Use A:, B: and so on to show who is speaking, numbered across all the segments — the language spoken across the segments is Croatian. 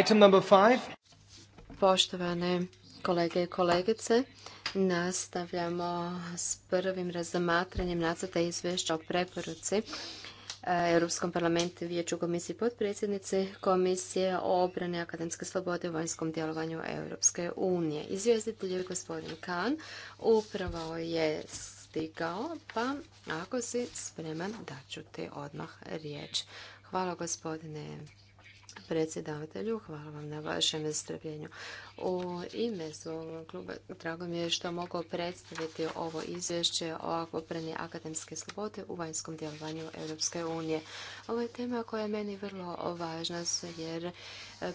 A: Item number Poštovane kolege i kolegice, nastavljamo s prvim razmatranjem nacrta izvješća o preporuci e, Europskom parlamentu i Vijeću komisije potpredsjednice Komisije o obrani akademske slobode u vanjskom djelovanju Europske unije. Izvjestitelj je gospodin Kan, upravo je stigao, pa ako si spreman ću ti odmah riječ. Hvala gospodine predsjedavatelju. Hvala vam na vašem strpljenju. U ime svog kluba drago mi je što mogu predstaviti ovo izvješće o opreni akademske slobode u vanjskom djelovanju Europske unije. Ovo je tema koja je meni vrlo važna jer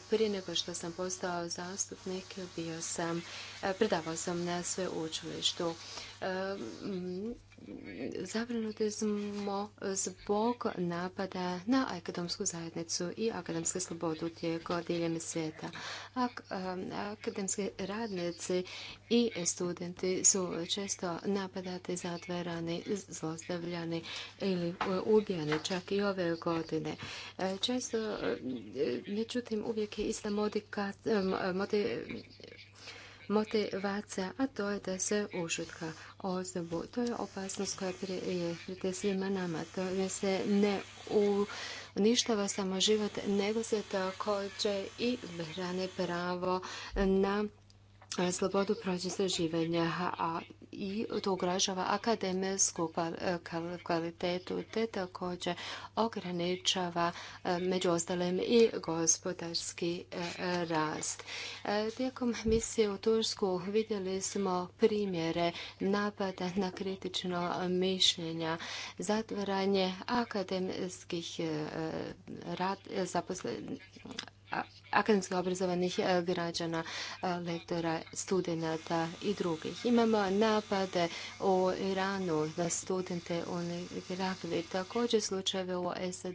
A: prije nego što sam postao zastupnik bio sam, predavao sam na sveučilištu. Ehm, zabrinuti smo zbog napada na akademsku zajednicu i akademske slobodu tijekom diljem svijeta. Ehm, akademske radnici i studenti su često napadati, zatvarani, zlostavljani ili e, ubijani čak i ove godine. E, često, e, međutim, uvijek je ista motivacija, a to je da se ušutka osobu. To je opasnost koja prijeti svima nama. To je se ne u uništava samo život, nego se također i brane pravo na slobodu proći življenja, a i to ugražava akademsku e, kvalitetu te također ograničava e, među ostalim i gospodarski e, rast. Tijekom misije u Tursku vidjeli smo primjere napada na kritično mišljenja, zatvaranje akademskih rad, zaposlenih akademski obrazovanih e, građana, e, lektora, studenata i drugih. Imamo napade u Iranu na studente u takođe također slučajeve u sad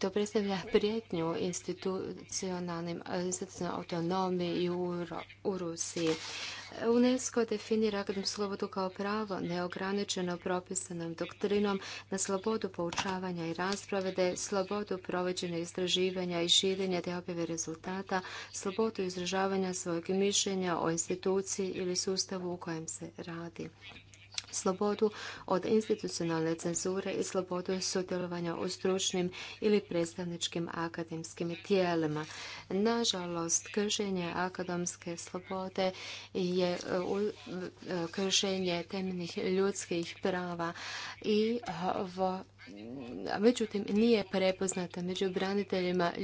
A: to predstavlja prijetnju institucionalnim, e, autonomi autonomiji i u Rusiji. UNESCO definira akademsku slobodu kao pravo neograničeno propisanom doktrinom na slobodu poučavanja i rasprave, slobodu provođenja istraživanja i širenja te objave rezultata, slobodu izražavanja svojeg mišljenja o instituciji ili sustavu u kojem se radi slobodu od institucionalne cenzure i slobodu sudjelovanja u stručnim ili predstavničkim akademskim tijelima. Nažalost, kršenje akademske slobode je kršenje temeljnih ljudskih prava i međutim nije prepoznata među braniteljima e,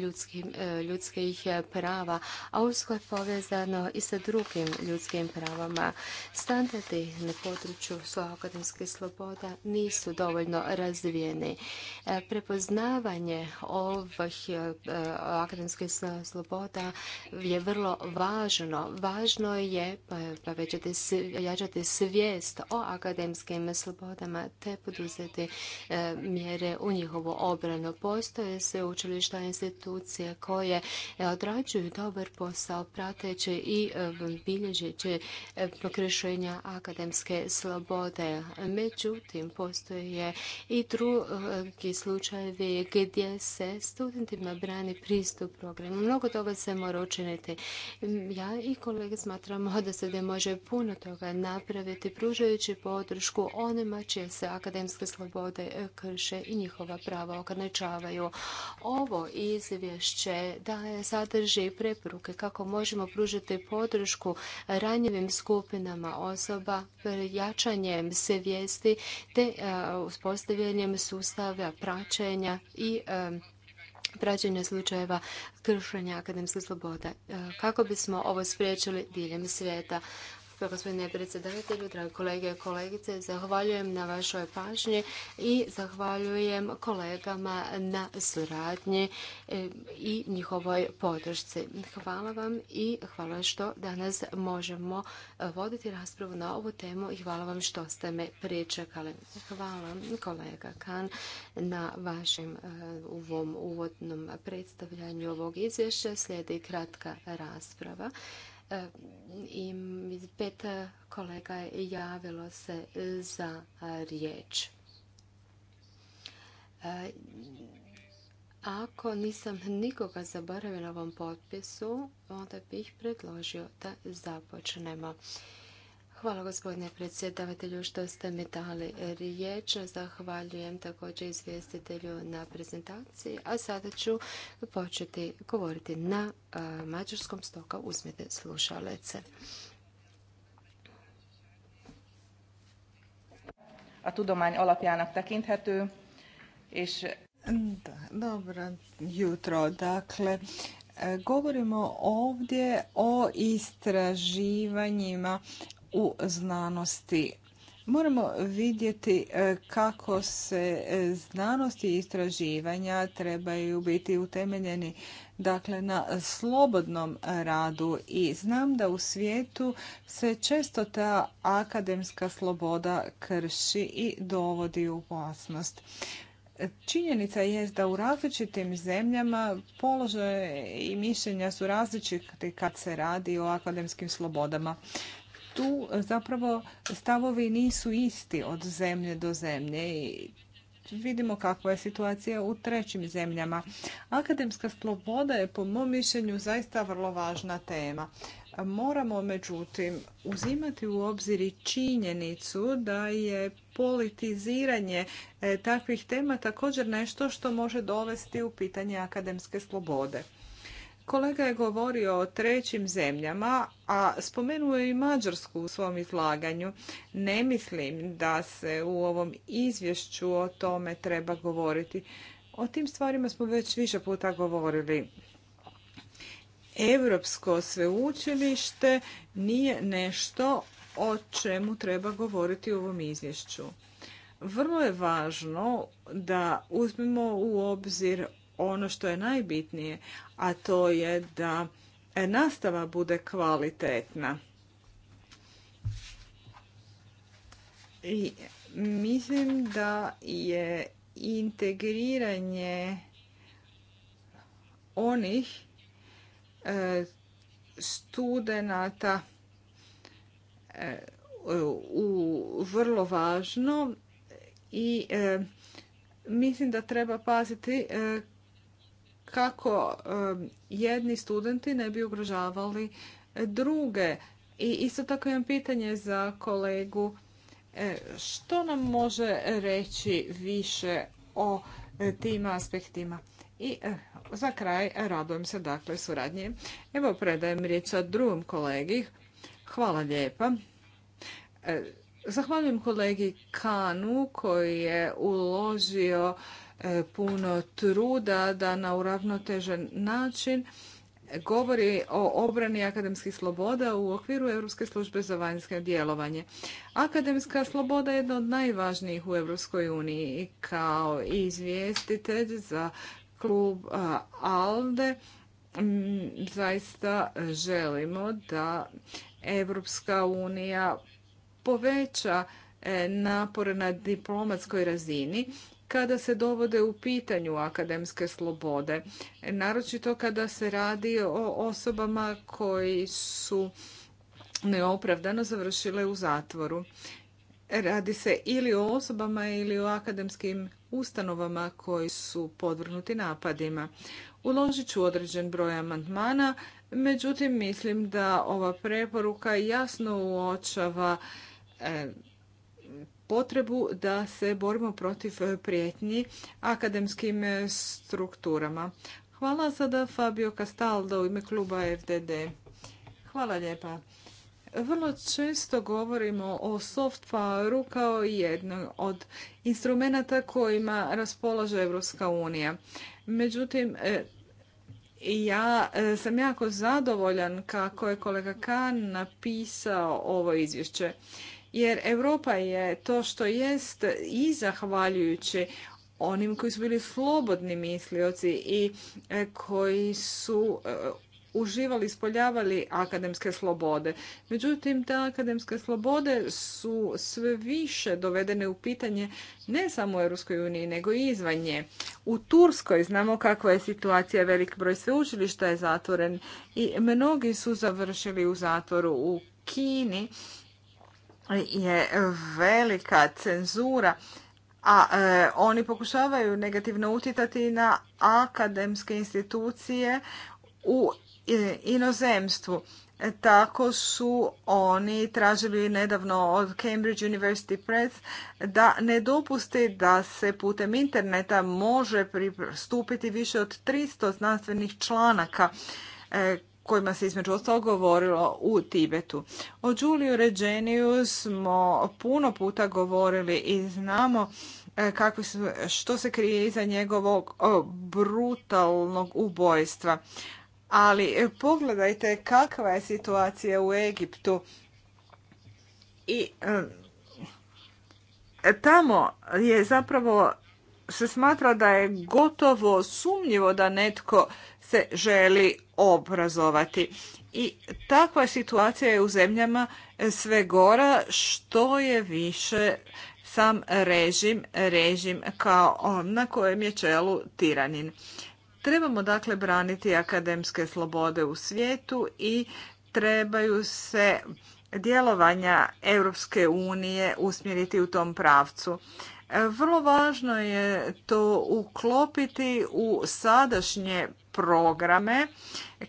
A: ljudskih, e, prava, a usko je povezano i sa drugim ljudskim pravama. Standardi na području akademske sloboda nisu dovoljno razvijeni. E, prepoznavanje ovih akademskih sloboda je vrlo važno. Važno je povećati, jačati svijest o akademskim slobodama te poduzeti mjere u njihovu obranu. Postoje se učilišta institucije koje e, odrađuju dobar posao prateći i e, bilježeći e, pokrešenja akademske slobode. Međutim, postoje i drugi slučajevi gdje se studentima brani pristup programu. Mnogo toga se mora učiniti. Ja i kolege smatramo da se da može puno toga napraviti, pružajući podršku onima čije se akademske slobode krši i njihova prava ograničavaju. Ovo izvješće daje sadrži preporuke kako možemo pružiti podršku ranjivim skupinama osoba jačanjem vijesti te e, uspostavljanjem sustava praćenja i e, praćenja slučajeva kršenja akademske sloboda e, kako bismo ovo spriječili diljem svijeta. Gospodine predsjedatelju, dragi kolege i kolegice, zahvaljujem na vašoj pažnji i zahvaljujem kolegama na suradnji e, i njihovoj podršci. Hvala vam i hvala što danas možemo e, voditi raspravu na ovu temu i hvala vam što ste me pričekali. Hvala kolega Kan na vašem e, uvodnom predstavljanju ovog izvješća. Slijedi kratka rasprava i pet kolega javilo se za riječ. E, ako nisam nikoga zaboravila na ovom potpisu, onda bih predložio da započnemo. Hvala gospodine predsjedavatelju što ste mi dali riječ. Zahvaljujem također izvjestitelju na prezentaciji, a sada ću početi govoriti na mađarskom stoka. Uzmite slušalece.
B: A tu tekinthető, Dobro jutro, dakle, e, Govorimo ovdje o istraživanjima u znanosti. Moramo vidjeti e, kako se e, znanosti i istraživanja trebaju biti utemeljeni dakle na slobodnom radu i znam da u svijetu se često ta akademska sloboda krši i dovodi u opasnost. Činjenica je da u različitim zemljama položaje i mišljenja su različiti kad se radi o akademskim slobodama tu e, zapravo stavovi nisu isti od zemlje do zemlje i vidimo kakva je situacija u trećim zemljama. Akademska sloboda je po mom mišljenju zaista vrlo važna tema. Moramo međutim uzimati u obzir i činjenicu da je politiziranje e, takvih tema također nešto što može dovesti u pitanje akademske slobode. Kolega je govorio o trećim zemljama, a spomenuo je i Mađarsku u svom izlaganju. Ne mislim da se u ovom izvješću o tome treba govoriti. O tim stvarima smo već više puta govorili. Europsko sveučilište nije nešto o čemu treba govoriti u ovom izvješću. Vrlo je važno da uzmemo u obzir ono što je najbitnije, a to je da nastava bude kvalitetna. I mislim da je integriranje onih e, studenata e, u vrlo važno i e, mislim da treba paziti kako jedni studenti ne bi ugrožavali druge. I isto tako imam pitanje za kolegu e, što nam može reći više o e, tim aspektima? I e, za kraj radujem se dakle suradnje. Evo predajem riječ sa drugom kolegi. Hvala lijepa. Zahvaljujem kolegi Kanu koji je uložio E, puno truda da na uravnotežen način govori o obrani akademskih sloboda u okviru Europske službe za vanjsko djelovanje. Akademska sloboda je jedna od najvažnijih u Europskoj uniji kao izvjestitelj za klub ALDE. Zaista želimo da Europska unija poveća e, napore na diplomatskoj razini kada se dovode u pitanju akademske slobode, naročito kada se radi o osobama koji su neopravdano završile u zatvoru. Radi se ili o osobama ili o akademskim ustanovama koji su podvrnuti napadima. Uložit ću određen broj amandmana, međutim mislim da ova preporuka jasno uočava e, potrebu da se borimo protiv e, prijetnji akademskim e, strukturama. Hvala sada Fabio Castaldo u ime kluba FDD. Hvala lijepa. Vrlo često govorimo o soft poweru kao jednom od instrumenata kojima raspolaže Evropska unija. Međutim, e, ja sam jako zadovoljan kako je kolega Kahn napisao ovo izvješće jer Europa je to što jest i zahvaljujući onim koji su bili slobodni mislioci i e, koji su e, uživali, ispoljavali akademske slobode. Međutim, te akademske slobode su sve više dovedene u pitanje ne samo u Europskoj uniji, nego i izvan nje. U Turskoj znamo kakva je situacija, velik broj sveučilišta je zatvoren i mnogi su završili u zatvoru u Kini je velika cenzura, a e, oni pokušavaju negativno utjecati na akademske institucije u e, inozemstvu. E, tako su oni tražili nedavno od Cambridge University Press da ne dopusti da se putem interneta može pristupiti više od 300 znanstvenih članaka kojima se između ostalog govorilo u Tibetu. O Juliju Ređeniju smo puno puta govorili i znamo e, kako su, što se krije iza njegovog brutalnog ubojstva. Ali e, pogledajte kakva je situacija u Egiptu. I e, tamo je zapravo se smatra da je gotovo sumnjivo da netko se želi obrazovati. I takva situacija je u zemljama sve gora što je više sam režim, režim kao on na kojem je čelu tiranin. Trebamo dakle braniti akademske slobode u svijetu i trebaju se djelovanja Europske unije usmjeriti u tom pravcu. Vrlo važno je to uklopiti u sadašnje programe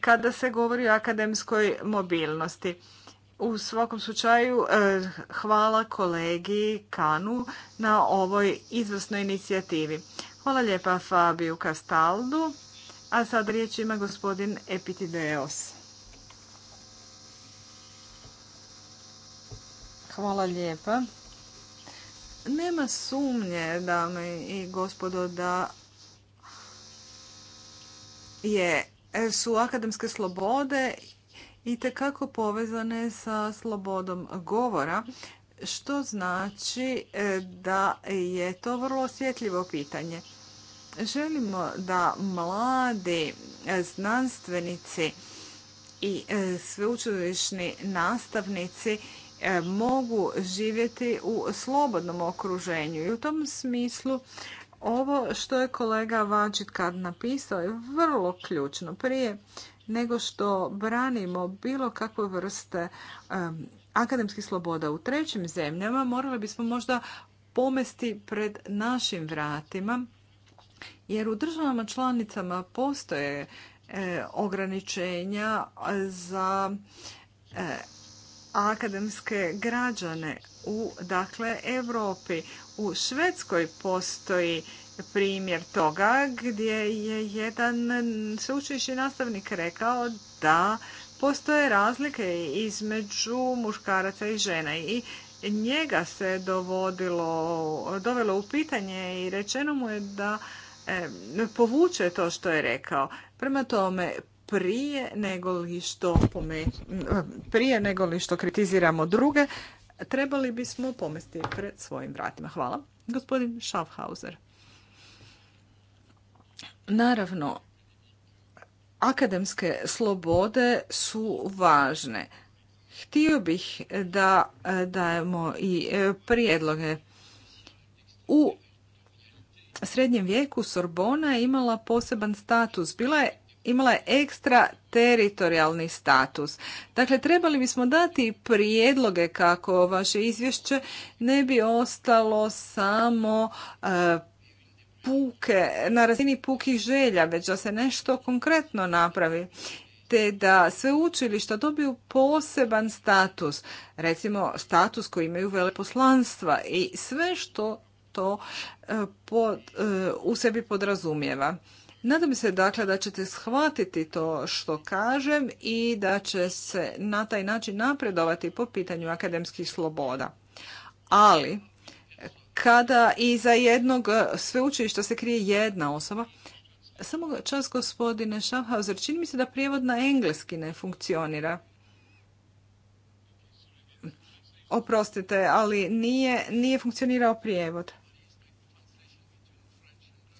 B: kada se govori o akademskoj mobilnosti. U svakom slučaju e, hvala kolegi Kanu na ovoj izvrsnoj inicijativi. Hvala lijepa Fabiju Kastaldu. A sad riječ ima gospodin Epitideos. Hvala lijepa. Nema sumnje, dame i gospodo, da je, su akademske slobode i tekako povezane sa slobodom govora, što znači e, da je to vrlo osjetljivo pitanje. Želimo da mladi znanstvenici i e, sveučilišni nastavnici E, mogu živjeti u slobodnom okruženju. I u tom smislu ovo što je kolega kad napisao je vrlo ključno. Prije nego što branimo bilo kakve vrste um, akademskih sloboda u trećim zemljama, morali bismo možda pomesti pred našim vratima, jer u državama članicama postoje e, ograničenja za akademske građane u dakle Europi. U Švedskoj postoji primjer toga gdje je jedan sveučilišni nastavnik rekao da postoje razlike između muškaraca i žena i njega se dovodilo, dovelo u pitanje i rečeno mu je da povuče to što je rekao. Prema tome, prije nego li što, prije nego što kritiziramo druge, trebali bismo pomesti pred svojim vratima. Hvala. Gospodin Schaffhauser. Naravno, akademske slobode su važne. Htio bih da e, dajemo i e, prijedloge. U srednjem vijeku Sorbona je imala poseban status. Bila je imala je ekstra teritorijalni status. Dakle, trebali bismo dati prijedloge kako vaše izvješće ne bi ostalo samo e, puke, na razini pukih želja, već da se nešto konkretno napravi te da sve učilišta dobiju poseban status, recimo status koji imaju veleposlanstva i sve što to e, pod, e, u sebi podrazumijeva. Nadam se dakle da ćete shvatiti to što kažem i da će se na taj način napredovati po pitanju akademskih sloboda. Ali kada iza jednog sveučilišta se krije jedna osoba, samo čas gospodine Schaffhauser, čini mi se da prijevod na engleski ne funkcionira. Oprostite, ali nije, nije funkcionirao prijevod.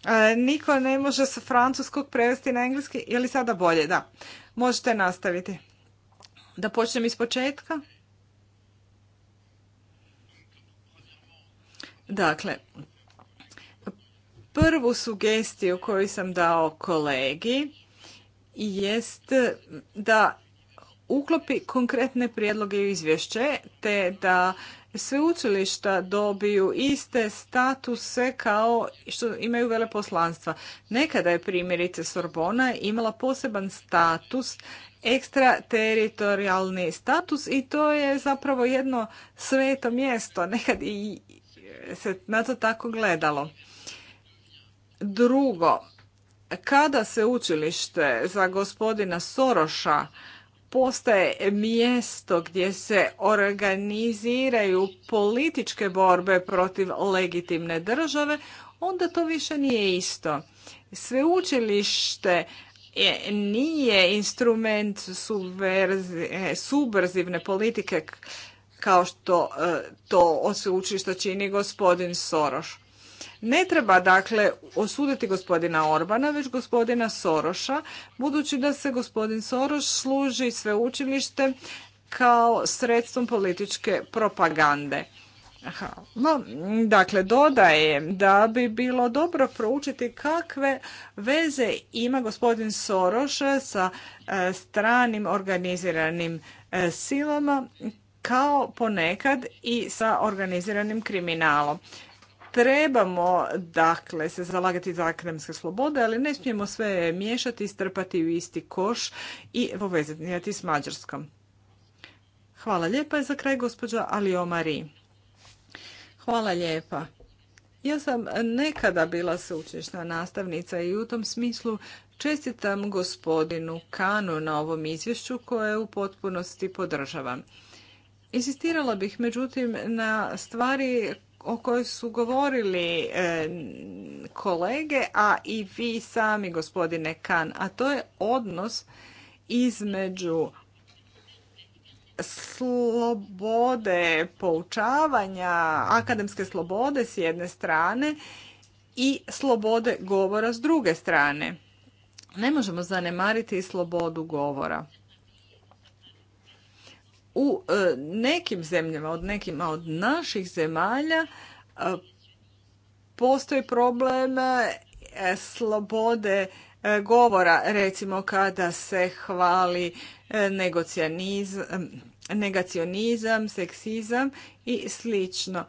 B: E, niko ne može sa francuskog prevesti na engleski. ili sada bolje? Da. Možete nastaviti. Da počnem iz početka? Dakle, prvu sugestiju koju sam dao kolegi jest da uklopi konkretne prijedloge i izvješće, te da sveučilišta dobiju iste statuse kao što imaju veleposlanstva. Nekada je primjerice Sorbona imala poseban status ekstrateritorijalni status i to je zapravo jedno sveto mjesto. Nekad i se na to tako gledalo. Drugo, kada se učilište za gospodina Soroša postaje mjesto gdje se organiziraju političke borbe protiv legitimne države, onda to više nije isto. Sveučilište e, nije instrument e, subverzivne politike kao što e, to od sveučilišta čini gospodin Soroš. Ne treba dakle osuditi gospodina Orbana, već gospodina Soroša, budući da se gospodin Soroš služi sveučilište kao sredstvom političke propagande. Aha. No, dakle, dodaje da bi bilo dobro proučiti kakve veze ima gospodin Soroš sa e, stranim organiziranim e, silama kao ponekad i sa organiziranim kriminalom. Trebamo, dakle, se zalagati za akademske slobode, ali ne smijemo sve miješati i strpati u isti koš i povezati s Mađarskom. Hvala lijepa je za kraj gospođa Alio Mari. Hvala lijepa. Ja sam nekada bila sveučilišna nastavnica i u tom smislu čestitam gospodinu Kanu na ovom izvješću koje u potpunosti podržavam. Insistirala bih međutim na stvari o kojoj su govorili e, kolege, a i vi sami gospodine Kan, a to je odnos između slobode poučavanja, akademske slobode s jedne strane i slobode govora s druge strane. Ne možemo zanemariti slobodu govora u e, nekim zemljama, od nekima od naših zemalja, e, postoji problem e, slobode govora, recimo kada se hvali negacionizam, seksizam i slično.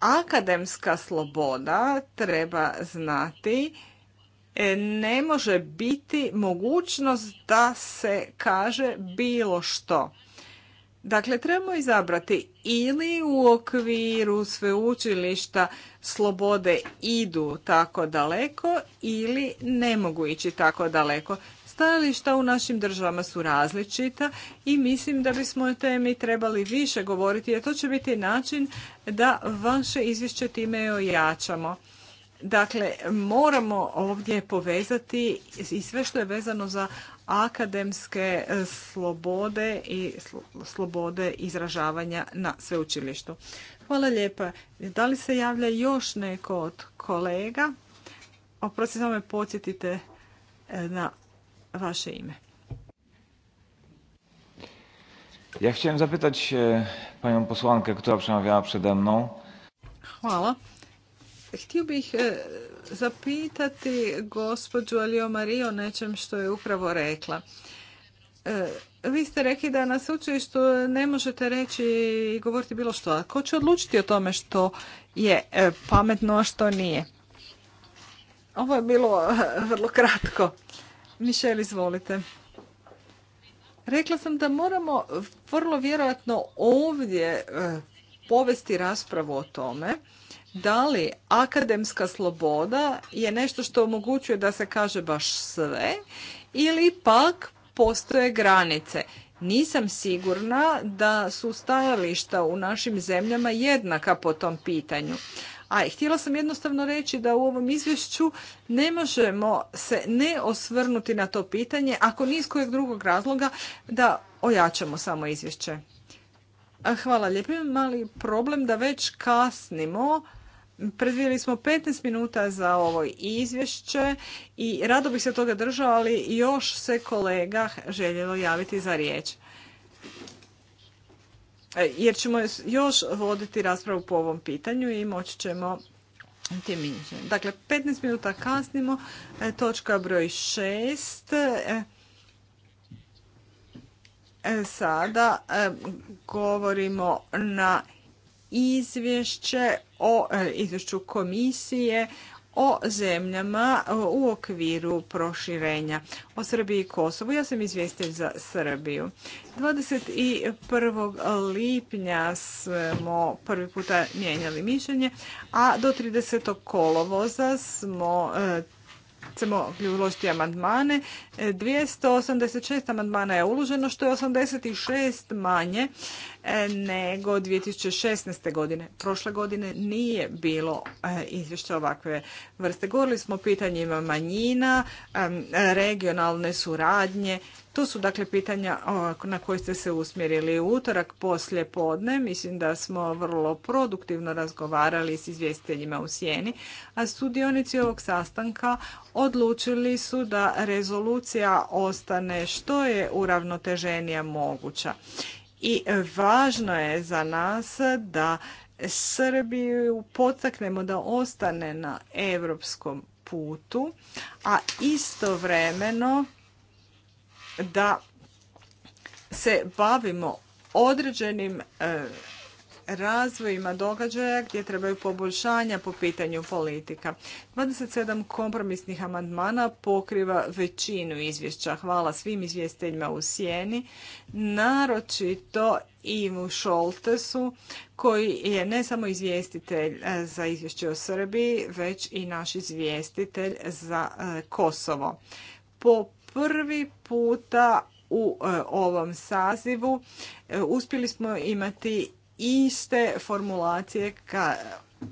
B: Akademska sloboda, treba znati, ne može biti mogućnost da se kaže bilo što. Dakle, trebamo izabrati ili u okviru sveučilišta slobode idu tako daleko ili ne mogu ići tako daleko. Stajališta u našim državama su različita i mislim da bismo o temi trebali više govoriti jer to će biti način da vaše izvješće time ojačamo. Dakle, moramo ovdje povezati i sve što je vezano za akademske e, slobode i slobode izražavanja na sveučilištu. Hvala lijepa. Da li se javlja još neko od kolega? Oprosti, samo me podsjetite e, na vaše ime.
C: Ja htjelim zapytać e,
D: panią posłankę, koja przemawiała przede mną.
B: Hvala. Htio bih zapitati gospođu Alio Mario o nečem što je upravo rekla. E, vi ste rekli da na sveučilištu ne možete reći i govoriti bilo što. A će odlučiti o tome što je e, pametno, a što nije? Ovo je bilo e, vrlo kratko. Mišel, izvolite. Rekla sam da moramo vrlo vjerojatno ovdje povesti raspravu o tome da li akademska sloboda je nešto što omogućuje da se kaže baš sve ili pak postoje granice. Nisam sigurna da su stajališta u našim zemljama jednaka po tom pitanju. A htjela sam jednostavno reći da u ovom izvješću ne možemo se ne osvrnuti na to pitanje ako ni kojeg drugog razloga da ojačamo samo izvješće. Hvala lijepo. Imam mali problem da već kasnimo Predvidjeli smo 15 minuta za ovo izvješće i rado bih se toga držao, ali još se kolega željelo javiti za riječ. E, jer ćemo još voditi raspravu po ovom pitanju i moći ćemo tim Dakle, 15 minuta kasnimo, e, točka broj 6. E, sada govorimo na izvješće o e, izvješću komisije o zemljama e, u okviru proširenja o Srbiji i Kosovu. Ja sam izvjestitelj za Srbiju. 21. lipnja smo prvi puta mijenjali mišljenje, a do 30. kolovoza smo e, ćemo uložiti amandmane. 286 amandmana je uloženo, što je 86 manje E, nego 2016. godine. Prošle godine nije bilo e, izvješća ovakve vrste. Govorili smo o pitanjima manjina, e, regionalne suradnje. To su dakle pitanja na koje ste se usmjerili u utorak poslje podne. Mislim da smo vrlo produktivno razgovarali s izvjestiteljima u Sjeni, a studionici ovog sastanka odlučili su da rezolucija ostane što je uravnoteženija moguća i e, važno je za nas da Srbiju potaknemo da ostane na europskom putu, a istovremeno da se bavimo određenim e, razvojima događaja gdje trebaju poboljšanja po pitanju politika. 27 kompromisnih amandmana pokriva većinu izvješća. Hvala svim izvjestiteljima u sjeni, naročito Ivu Šoltesu, koji je ne samo izvjestitelj e, za izvješće o Srbiji, već i naš izvjestitelj za e, Kosovo. Po prvi puta u e, ovom sazivu uspjeli smo imati iste formulacije ka,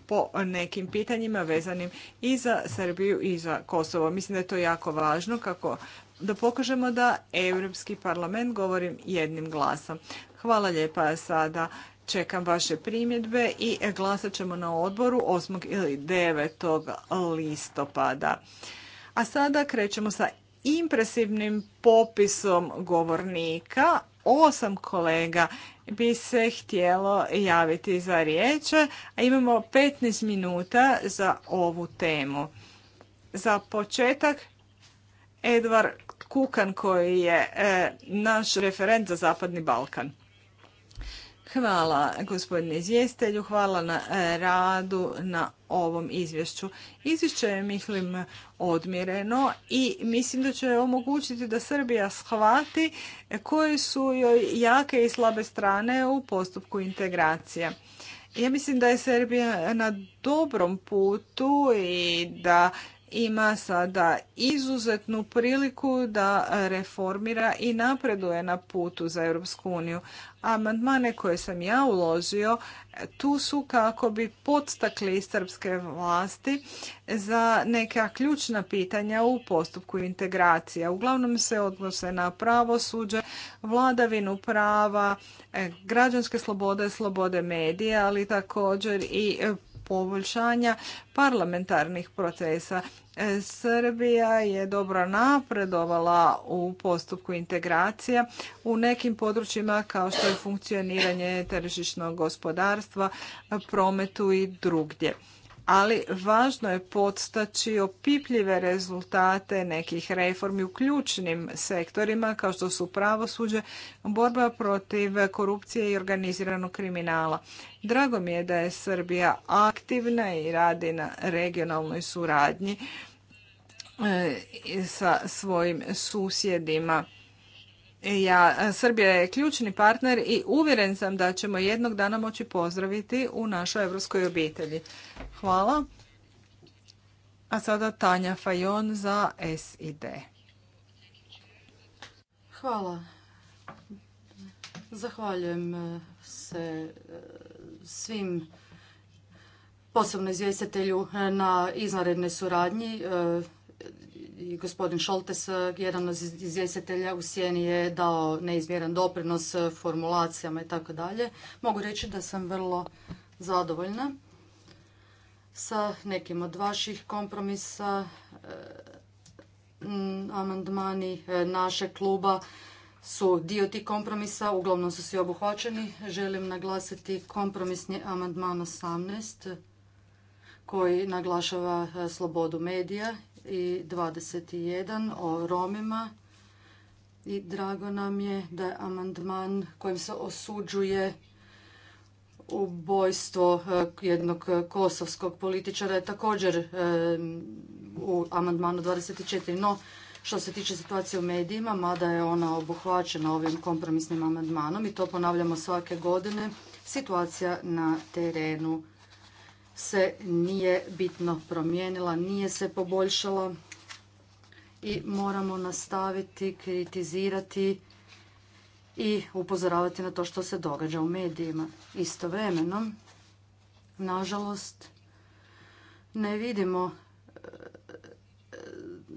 B: po nekim pitanjima vezanim i za Srbiju i za Kosovo. Mislim da je to jako važno kako da pokažemo da Europski parlament govorim jednim glasom. Hvala lijepa sada. Čekam vaše primjedbe i glasat ćemo na odboru 8. ili 9. listopada. A sada krećemo sa impresivnim popisom govornika, osam kolega bi se htjelo javiti za riječ, a imamo 15 minuta za ovu temu. Za početak, Edvard Kukan koji je eh, naš referent za Zapadni Balkan. Hvala gospodine izvjestelju, hvala na e, radu na ovom izvješću. Izvješće je, mislim, odmjereno i mislim da će omogućiti da Srbija shvati koje su joj jake i slabe strane u postupku integracije. Ja mislim da je Srbija na dobrom putu i da ima sada izuzetnu priliku da reformira i napreduje na putu za Europsku uniju. Amandmane koje sam ja uložio tu su kako bi podstakli srpske vlasti za neka ključna pitanja u postupku integracija. Uglavnom se odnose na pravosuđe, vladavinu prava, e, građanske slobode, slobode medija, ali također i poboljšanja parlamentarnih procesa. Srbija je dobro napredovala u postupku integracija u nekim područjima kao što je funkcioniranje tržišnog gospodarstva, prometu i drugdje ali važno je podstaći opipljive rezultate nekih reformi u ključnim sektorima kao što su pravosuđe, borba protiv korupcije i organiziranog kriminala. Drago mi je da je Srbija aktivna i radi na regionalnoj suradnji e, sa svojim susjedima E, ja, e, Srbija je ključni partner i uvjeren sam da ćemo jednog dana moći pozdraviti u našoj evropskoj obitelji. Hvala. A sada Tanja Fajon za SID.
E: Hvala. Zahvaljujem e, se svim posebno izvjestitelju na izvanrednoj suradnji i gospodin Šoltes, jedan od izvjestitelja u sjeni je dao neizmjeran doprinos e, formulacijama i tako dalje. Mogu reći da sam vrlo zadovoljna sa nekim od vaših kompromisa, e, amandmani e, našeg kluba su dio tih kompromisa, uglavnom su svi obuhvaćeni. Želim naglasiti kompromisni amandman 18 koji naglašava slobodu medija i 21 o Romima i drago nam je da je amandman kojim se osuđuje ubojstvo e, jednog kosovskog političara je također e, u amandmanu 24. No, što se tiče situacije u medijima, mada je ona obuhvaćena ovim kompromisnim amandmanom i to ponavljamo svake godine, situacija na terenu se nije bitno promijenila, nije se poboljšala i moramo nastaviti kritizirati i upozoravati na to što se događa u medijima. Istovremeno, nažalost, ne vidimo e,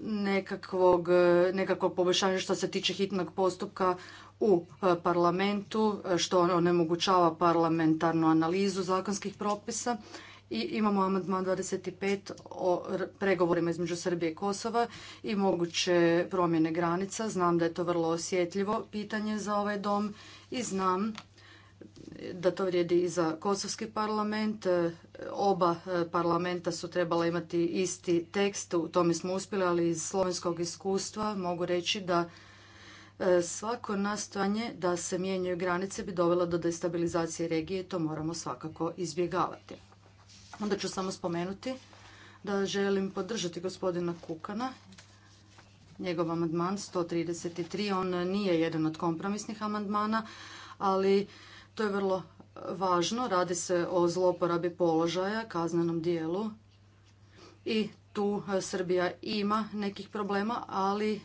E: nekakvog, e, nekakvog poboljšanja što se tiče hitnog postupka u e, parlamentu, što onemogućava parlamentarnu analizu zakonskih propisa i imamo amandman 25 o pregovorima između Srbije i Kosova i moguće promjene granica. Znam da je to vrlo osjetljivo pitanje za ovaj dom i znam da to vrijedi i za Kosovski parlament. E, oba e, parlamenta su trebala imati isti tekst, u tome smo uspjeli, ali iz slovenskog iskustva mogu reći da e, svako nastojanje da se mijenjaju granice bi dovelo do destabilizacije regije, to moramo svakako izbjegavati. Onda ću samo spomenuti da želim podržati gospodina Kukana. Njegov amandman 133, on nije jedan od kompromisnih amandmana, ali to je vrlo važno. Radi se o zloporabi položaja, kaznenom dijelu i tu e, Srbija ima nekih problema, ali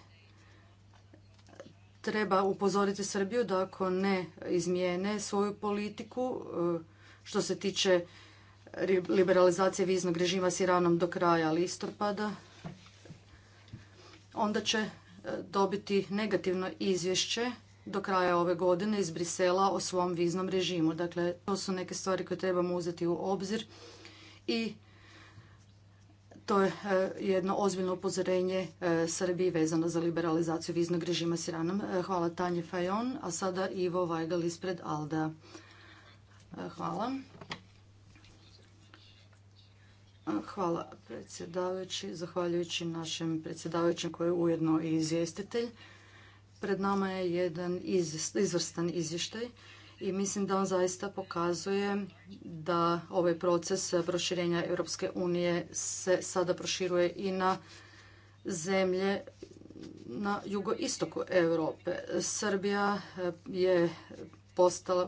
E: treba upozoriti Srbiju da ako ne izmijene svoju politiku e, što se tiče liberalizacije viznog režima s Iranom do kraja listopada, onda će e, dobiti negativno izvješće do kraja ove godine iz Brisela o svom viznom režimu. Dakle, to su neke stvari koje trebamo uzeti u obzir i to je e, jedno ozbiljno upozorenje e, Srbiji vezano za liberalizaciju viznog režima s Iranom. Hvala Tanje Fajon, a sada Ivo Vajgal ispred Alda. Hvala. Hvala predsjedavajući. Zahvaljujući našem predsjedavajućem koji je ujedno i izvjestitelj. Pred nama je jedan izvrstan izvještaj i mislim da on zaista pokazuje da ovaj proces proširenja Europske unije se sada proširuje i na zemlje na jugoistoku Europe. Srbija eh, je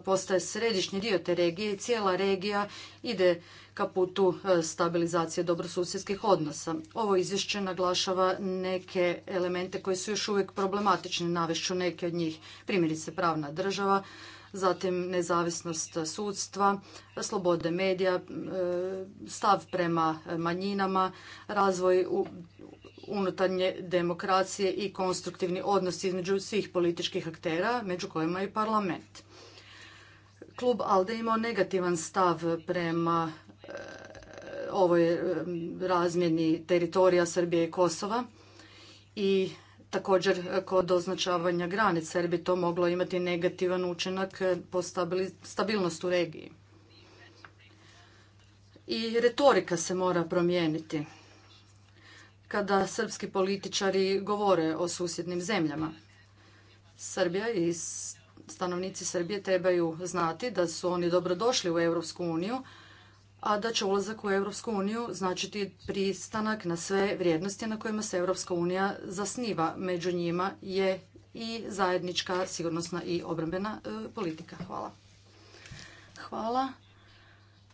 E: postaje središnji dio te regije i cijela regija ide ka putu e, stabilizacije dobrosusjedskih odnosa. Ovo izvješće naglašava neke elemente koji su još uvijek problematični, navešću neke od njih, primjerice pravna država, zatim nezavisnost sudstva, slobode medija, e, stav prema manjinama, razvoj unutarnje demokracije i konstruktivni odnos između svih političkih aktera, među kojima i parlament. Klub ALDE imao negativan stav prema E, ovoj e, razmjeni teritorija Srbije i Kosova i također e, kod označavanja granica jer bi to moglo imati negativan učinak po stabilnost u regiji. I retorika se mora promijeniti kada srpski političari govore o susjednim zemljama. Srbija i stanovnici Srbije trebaju znati da su oni dobrodošli u Europsku uniju, a da će ulazak u Europsku uniju značiti pristanak na sve vrijednosti na kojima se Europska unija zasniva. Među njima je i zajednička sigurnosna i obrambena e, politika. Hvala. Hvala.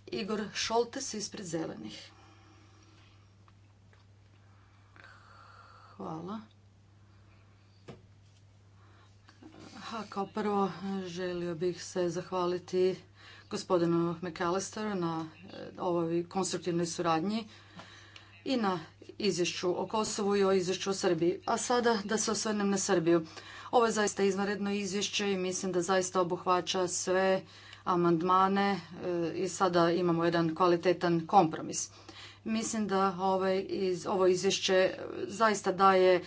E: Igor Šoltes ispred zelenih. Hvala. kao prvo želio bih se zahvaliti gospodinu McAllisteru na eh, ovoj konstruktivnoj suradnji i na izvješću o Kosovu i o izvješću o Srbiji. A sada da se osvrnem na Srbiju. Ovo je zaista izvanredno izvješće i mislim da zaista obuhvaća sve amandmane eh, i sada imamo jedan kvalitetan kompromis. Mislim da ovo izvješće eh, zaista daje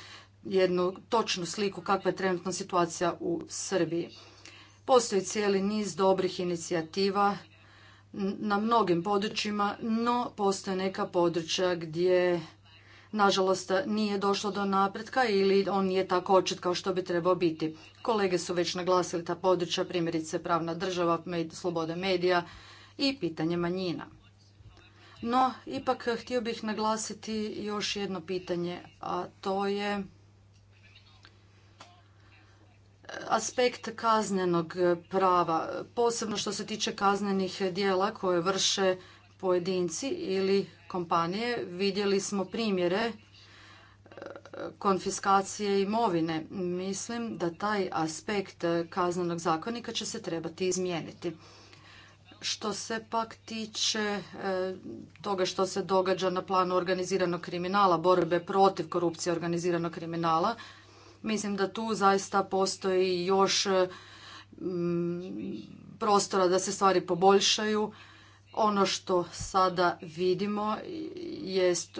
E: jednu točnu sliku kakva je trenutna situacija u Srbiji. Postoji cijeli niz dobrih inicijativa na mnogim područjima, no postoje neka područja gdje nažalost nije došlo do napretka ili on nije tako očit kao što bi trebao biti. Kolege su već naglasili ta područja, primjerice pravna država, sloboda medija i pitanje manjina. No, ipak htio bih naglasiti još jedno pitanje, a to je aspekt kaznenog prava, posebno što se tiče kaznenih dijela koje vrše pojedinci ili kompanije. Vidjeli smo primjere e, konfiskacije imovine. Mislim da taj aspekt kaznenog zakonika će se trebati izmijeniti. Što se pak tiče e, toga što se događa na planu organiziranog kriminala, borbe protiv korupcije organiziranog kriminala, Mislim da tu zaista postoji još mm, prostora da se stvari poboljšaju. Ono što sada vidimo jest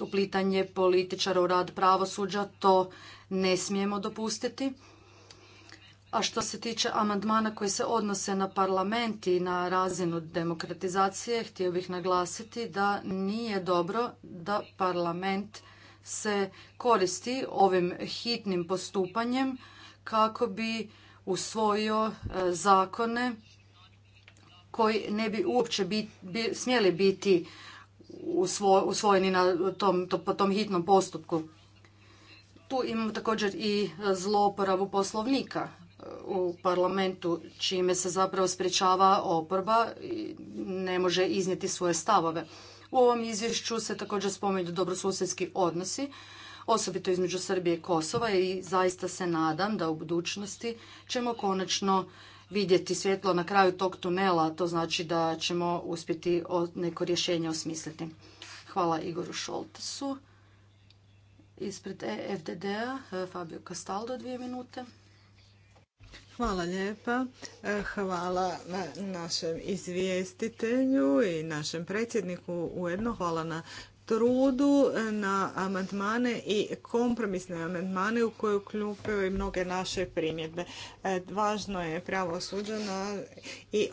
E: uplitanje političara u rad pravosuđa. To ne smijemo dopustiti. A što se tiče amandmana koji se odnose na parlament i na razinu demokratizacije, htio bih naglasiti da nije dobro da parlament se koristi ovim hitnim postupanjem kako bi usvojio e, zakone koji ne bi uopće smjeli biti usvojeni na tom, po tom hitnom postupku. Tu imamo također i e, zlouporabu poslovnika e, u parlamentu, čime se zapravo sprječava oporba i ne može iznijeti svoje stavove. U ovom izvješću se također spominju dobrosusjedski odnosi, osobito između Srbije i Kosova i zaista se nadam da u budućnosti ćemo konačno vidjeti svjetlo na kraju tog tunela, to znači da ćemo uspjeti neko rješenje osmisliti. Hvala Igoru Šoltesu. Ispred e fdd a Fabio Castaldo dvije minute. Hvala lijepa. E, hvala našem
B: izvjestitelju i našem predsjedniku ujedno. Hvala na trudu e, na amandmane i kompromisne amandmane u koje uključuju i mnoge naše primjedbe. E, važno je pravo suđeno i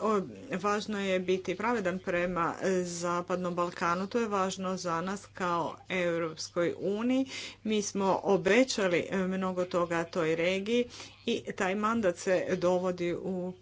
B: važno je biti pravedan prema e, Zapadnom Balkanu. To je važno za nas kao Europskoj uniji. Mi smo obećali mnogo toga toj regiji i taj mandat se dovodi u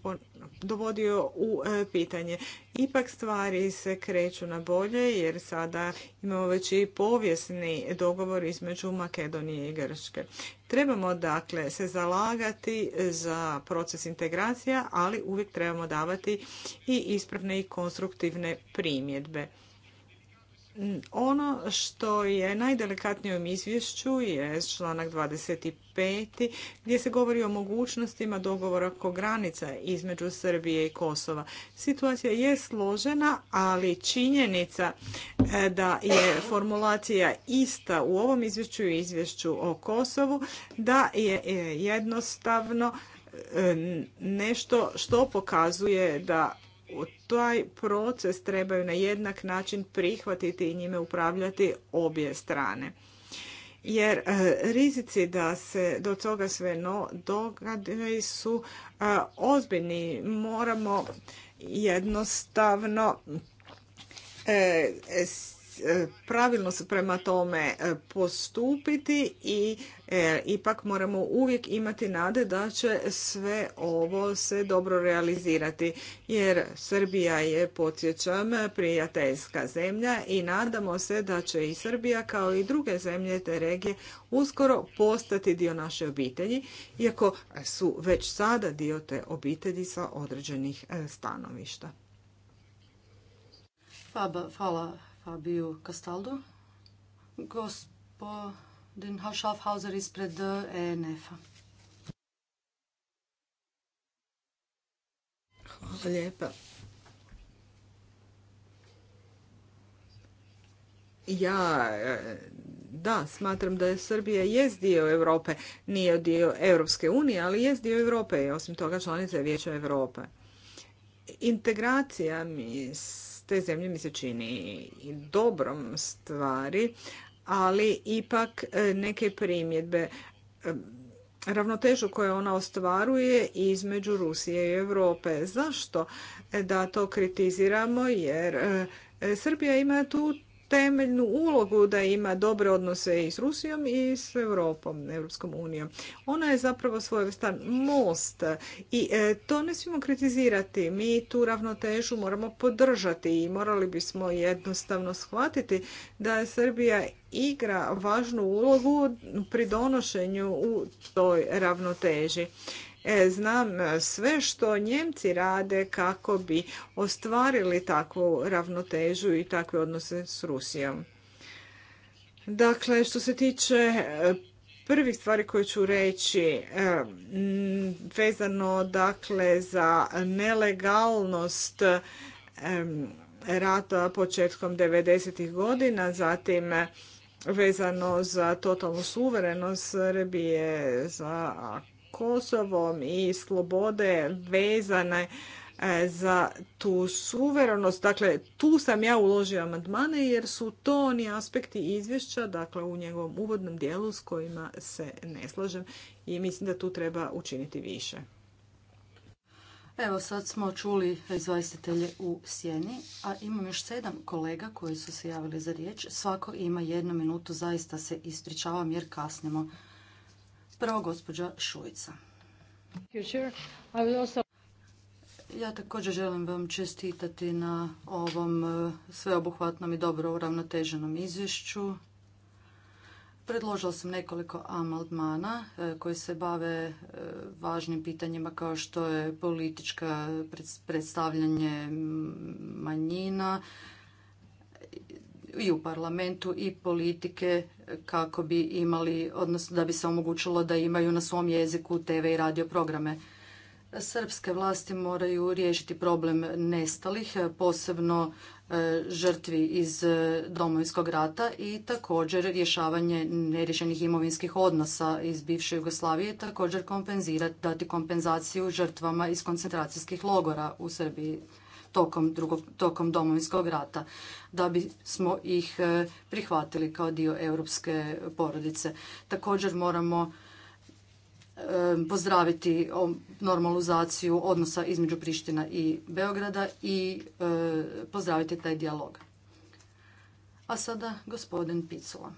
B: dovodio u e, pitanje. Ipak stvari se kreću na bolje jer sada imamo već i povijesni dogovor između Makedonije i Grčke. Trebamo dakle se zalagati za proces integracija, ali uvijek trebamo davati i ispravne i konstruktivne primjedbe. Ono što je najdelikatnije u izvješću je članak 25. gdje se govori o mogućnostima dogovora oko granica između Srbije i Kosova. Situacija je složena, ali činjenica e, da je formulacija ista u ovom izvješću i izvješću o Kosovu, da je e, jednostavno e, nešto što pokazuje da u taj proces trebaju na jednak način prihvatiti i njime upravljati obje strane. Jer e, rizici da se do toga sve no događaju su e, ozbiljni. Moramo jednostavno e, E, pravilno se prema tome e, postupiti i e, ipak moramo uvijek imati nade da će sve ovo se dobro realizirati jer Srbija je podsjećam prijateljska zemlja i nadamo se da će i Srbija kao i druge zemlje te regije uskoro postati dio naše obitelji iako su već sada dio te obitelji sa određenih stanovišta.
E: Hvala Fabiju Castaldo, Gospodin Schaffhauser ispred ENF-a. Hvala lijepa.
B: Ja, e, da, smatram da je Srbija jest dio Europe, nije dio Europske unije, ali jest dio Europe i osim toga članica je Vijeća Europe. Integracija mi te zemlje mi se čini dobrom stvari, ali ipak e, neke primjedbe e, ravnotežu koju ona ostvaruje između Rusije i Europe. Zašto e, da to kritiziramo? Jer Srbija ima tu temeljnu ulogu da ima dobre odnose i s Rusijom i s Europom, Europskom unijom. Ona je zapravo svojevrstan most i e, to ne smijemo kritizirati. Mi tu ravnotežu moramo podržati i morali bismo jednostavno shvatiti da je Srbija igra važnu ulogu pri donošenju u toj ravnoteži. E, znam e, sve što Njemci rade kako bi ostvarili takvu ravnotežu i takve odnose s Rusijom. Dakle, što se tiče e, prvih stvari koje ću reći vezano dakle za nelegalnost rata početkom 90. godina, zatim vezano za totalnu suverenost Srbije, za Kosovom i slobode vezane e, za tu suverenost. Dakle, tu sam ja uložio amandmane jer su to oni aspekti izvješća, dakle u njegovom uvodnom dijelu s kojima se ne slažem i mislim da tu treba učiniti više.
E: Evo sad smo čuli izvajstitelje u sjeni, a imam još sedam kolega koji su se javili za riječ. Svako ima jednu minutu, zaista se ispričavam jer kasnimo. Prvo gospođa Šujica. Ja također želim vam čestitati na ovom e, sveobuhvatnom i dobro uravnoteženom izvješću. Predložila sam nekoliko amaldmana e, koji se bave e, važnim pitanjima kao što je politička predstavljanje manjina, i u parlamentu i politike kako bi imali, odnosno da bi se omogućilo da imaju na svom jeziku TV i radio programe. Srpske vlasti moraju riješiti problem nestalih, posebno e, žrtvi iz e, Domovinskog rata i također rješavanje neriješenih imovinskih odnosa iz bivše Jugoslavije, također kompenzirati, dati kompenzaciju žrtvama iz koncentracijskih logora u Srbiji tokom, domovinskog rata da smo ih e, prihvatili kao dio europske porodice. Također moramo e, pozdraviti normalizaciju odnosa između Priština i Beograda i e, pozdraviti taj dijalog. A sada gospodin Picula.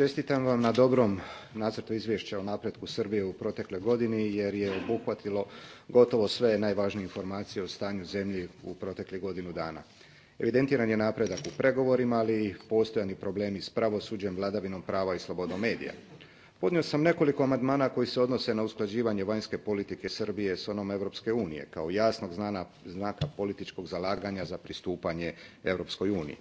C: Čestitam vam na dobrom nacrtu izvješća o napretku Srbije u protekloj godini jer je obuhvatilo gotovo sve najvažnije informacije o stanju zemlji u proteklih godinu dana. Evidentiran je napredak u pregovorima, ali i postojani problemi s pravosuđem, vladavinom prava i slobodom medija. Podnio sam nekoliko amandmana koji se odnose na usklađivanje vanjske politike Srbije s onom Europske unije kao jasnog znaka političkog zalaganja za pristupanje Europskoj uniji.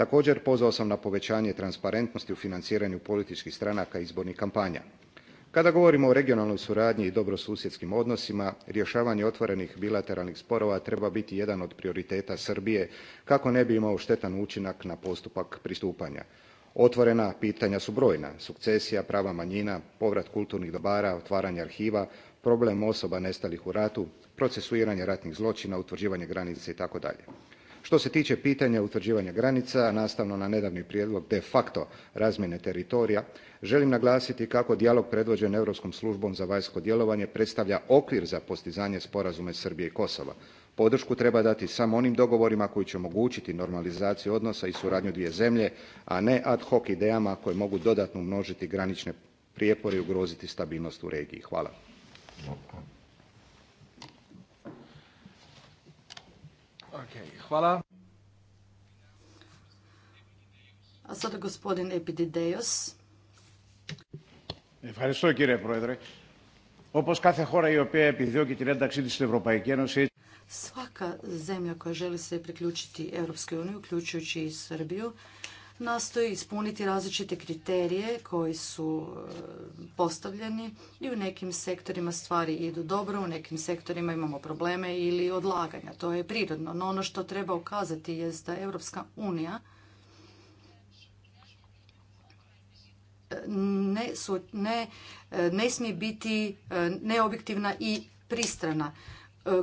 C: Također pozvao sam na povećanje transparentnosti u financiranju političkih stranaka i izbornih kampanja. Kada govorimo o regionalnoj suradnji i dobrosusjedskim odnosima rješavanje otvorenih bilateralnih sporova treba biti jedan od prioriteta Srbije kako ne bi imao štetan učinak na postupak pristupanja. Otvorena pitanja su brojna, sukcesija, prava manjina, povrat kulturnih dobara, otvaranje arhiva, problem osoba nestalih u ratu, procesuiranje ratnih zločina, utvrđivanje granice itd. Što se tiče pitanja utvrđivanja granica, nastavno na nedavni prijedlog de facto razmjene teritorija, želim naglasiti kako dijalog predvođen Europskom službom za vanjsko djelovanje predstavlja okvir za postizanje sporazuma Srbije i Kosova. Podršku treba dati samo onim dogovorima koji će omogućiti normalizaciju odnosa i suradnju dvije zemlje, a ne ad hoc idejama koje mogu dodatno umnožiti granične prijepore i ugroziti stabilnost u regiji. Hvala. Hvala.
E: A sada gospodin Epididejos.
C: Ευχαριστώ κύριε Πρόεδρε. Όπως κάθε χώρα η οποία επιδιώκει την ένταξή
E: Svaka zemlja koja želi se priključiti Europskoj uniji, uključujući i Srbiju, nastoji ispuniti različite kriterije koji su e, postavljeni i u nekim sektorima stvari idu dobro, u nekim sektorima imamo probleme ili odlaganja. To je prirodno. No ono što treba ukazati je da Europska unija e, ne, su, ne, e, ne smije biti neobjektivna i pristrana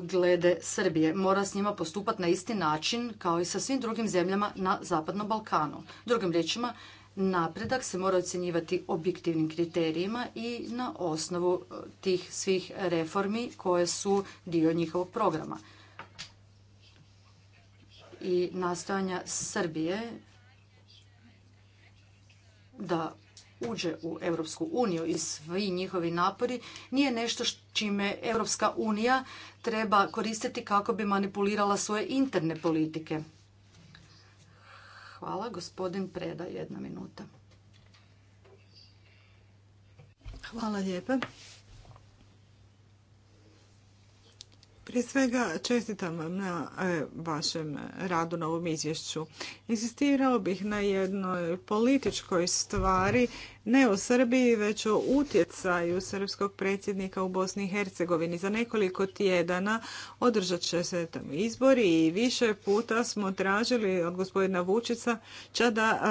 E: glede Srbije. Mora s njima postupati na isti način kao i sa svim drugim zemljama na Zapadnom Balkanu. Drugim riječima, napredak se mora ocjenjivati objektivnim kriterijima i na osnovu eh, tih svih reformi koje su dio njihovog programa. I nastojanja Srbije da uđe u Europsku uniju i svi njihovi napori nije nešto čime Europska unija treba koristiti kako bi manipulirala svoje interne politike. Hvala, gospodin Preda, jedna minuta. Hvala lijepa.
B: Prije svega čestitam vam na e, vašem radu na ovom izvješću. Insistirao bih na jednoj političkoj stvari ne o Srbiji, već o utjecaju srpskog predsjednika u Bosni i Hercegovini. Za nekoliko tjedana održat će se tamo izbori i više puta smo tražili od gospodina Vučića da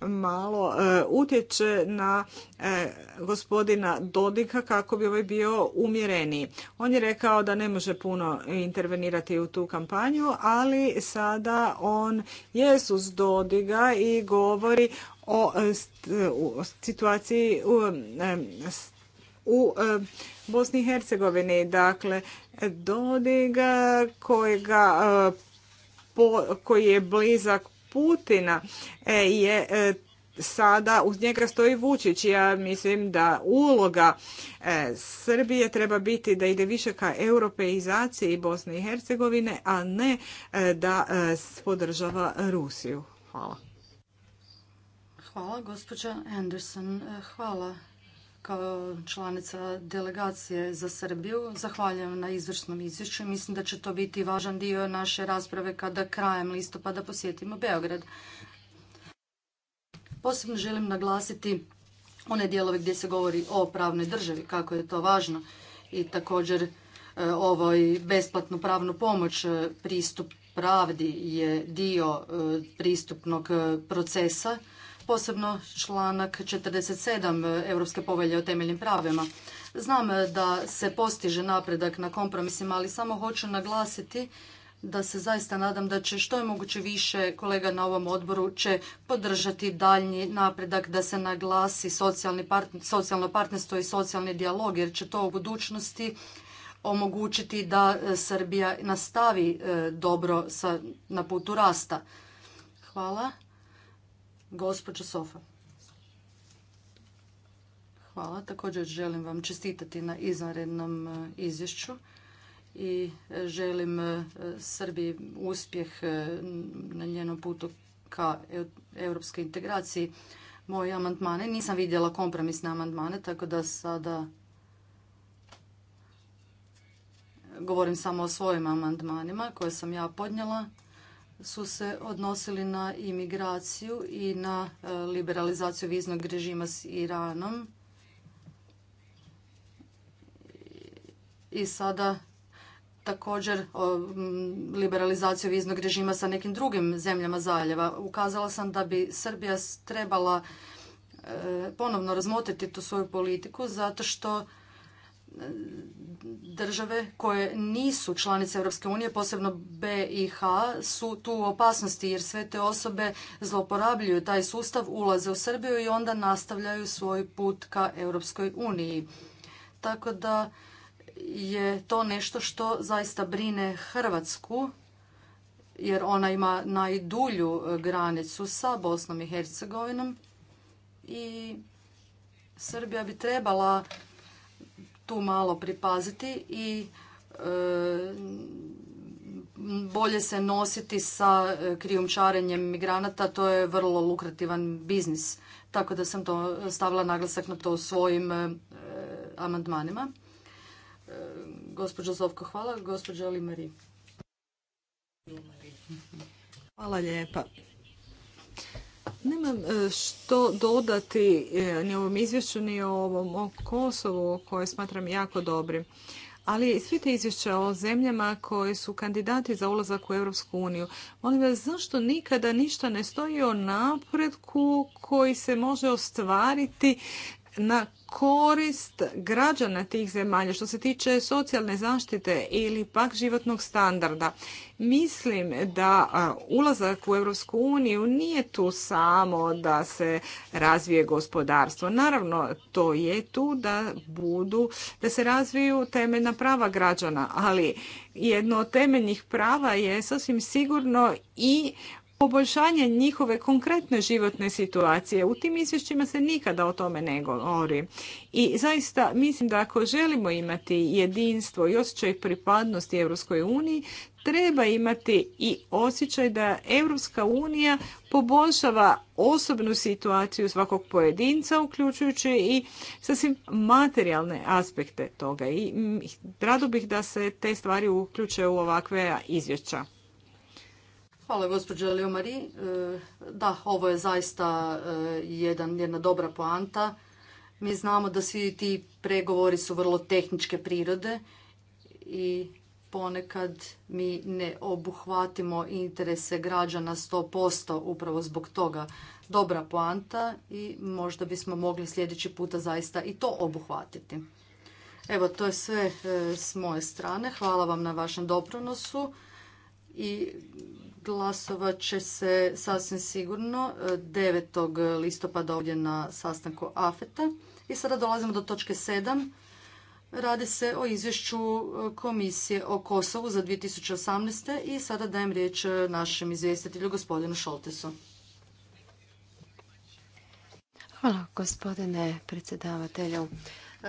B: e, malo e, utječe na e, gospodina Dodika kako bi ovaj bio umjereniji. On je rekao da ne može puno intervenirati u tu kampanju, ali sada on je uz Dodiga i govori E, o situaciji u, e, e, Bosni i Hercegovini. Dakle, Dodig koji je blizak Putina je sada uz njega stoji Vučić. Ja mislim da uloga Srbije treba biti da ide više ka europeizaciji Bosne i Hercegovine, a ne da podržava Rusiju. Hvala.
E: Hvala, gospođa Anderson. E, hvala kao članica delegacije za Srbiju. Zahvaljujem na izvrsnom izvješću. Mislim da će to biti važan dio naše rasprave kada krajem listopada posjetimo Beograd. Posebno želim naglasiti one dijelove gdje se govori o pravnoj državi, kako je to važno i također e, ovoj besplatnu pravnu pomoć e, pristup pravdi je dio pristupnog procesa posebno članak 47 Europske povelje o temeljnim pravima. Znam da se postiže napredak na kompromisima, ali samo hoću naglasiti da se zaista nadam da će što je moguće više kolega na ovom odboru će podržati daljnji napredak da se naglasi socijalno partnerstvo i socijalni dijalog jer će to u budućnosti omogućiti da e, Srbija nastavi e, dobro sa, na putu rasta. Hvala. Gospođo Sofa. Hvala. Također želim vam čestitati na izvanrednom e, izvješću i e, želim e, Srbiji uspjeh na njenom putu ka europskoj integraciji. Moje amandmane, nisam vidjela kompromisne amandmane, tako da sada govorim samo o svojim amandmanima koje sam ja podnjela su se odnosili na imigraciju i na e, liberalizaciju viznog režima s Iranom. I sada također liberalizaciju viznog režima sa nekim drugim zemljama zaljeva. Ukazala sam da bi Srbija trebala e, ponovno razmotriti tu svoju politiku zato što države koje nisu članice Europske unije, posebno BiH, su tu u opasnosti jer sve te osobe zloporabljuju taj sustav, ulaze u Srbiju i onda nastavljaju svoj put ka Europskoj uniji. Tako da je to nešto što zaista brine Hrvatsku jer ona ima najdulju granicu sa Bosnom i Hercegovinom i Srbija bi trebala tu malo pripaziti i e, bolje se nositi sa e, krijumčarenjem migranata, to je vrlo lukrativan biznis. Tako da sam to stavila naglasak na to svojim e, amandmanima. E, gospođo Zovko, hvala. Gospođo Hvala lijepa. Nemam e,
B: što dodati e, ni ovom izvješću, ni ovom o Kosovu koje smatram jako dobrim. Ali svi te izvješća o zemljama koje su kandidati za ulazak u Europsku uniju. Molim vas, zašto nikada ništa ne stoji o napretku koji se može ostvariti na korist građana tih zemalja što se tiče socijalne zaštite ili pak životnog standarda. Mislim da ulazak u Europsku uniju nije tu samo da se razvije gospodarstvo. Naravno, to je tu da budu, da se razviju temeljna prava građana, ali jedno od temeljnih prava je sasvim sigurno i poboljšanje njihove konkretne životne situacije. U tim izvješćima se nikada o tome ne govori. I zaista mislim da ako želimo imati jedinstvo i osjećaj pripadnosti Europskoj uniji, treba imati i osjećaj da Europska unija poboljšava osobnu situaciju svakog pojedinca, uključujući i sasvim materijalne aspekte toga. I rado bih da se te stvari uključe u ovakve izvješća.
E: Hvala gospođo Leomari. E, da, ovo je zaista e, jedan, jedna dobra poanta. Mi znamo da svi ti pregovori su vrlo tehničke prirode i ponekad mi ne obuhvatimo interese građana 100% upravo zbog toga. Dobra poanta i možda bismo mogli sljedeći puta zaista i to obuhvatiti. Evo, to je sve e, s moje strane. Hvala vam na vašem doprinosu i Glasovat će se sasvim sigurno 9. E, listopada ovdje na sastanku AFETA. I sada dolazimo do točke 7. Radi se o izvješću e, Komisije o Kosovu za 2018. I sada dajem riječ e, našem izvjestitelju gospodinu Šoltesu.
A: Hvala gospodine predsjedavatelju.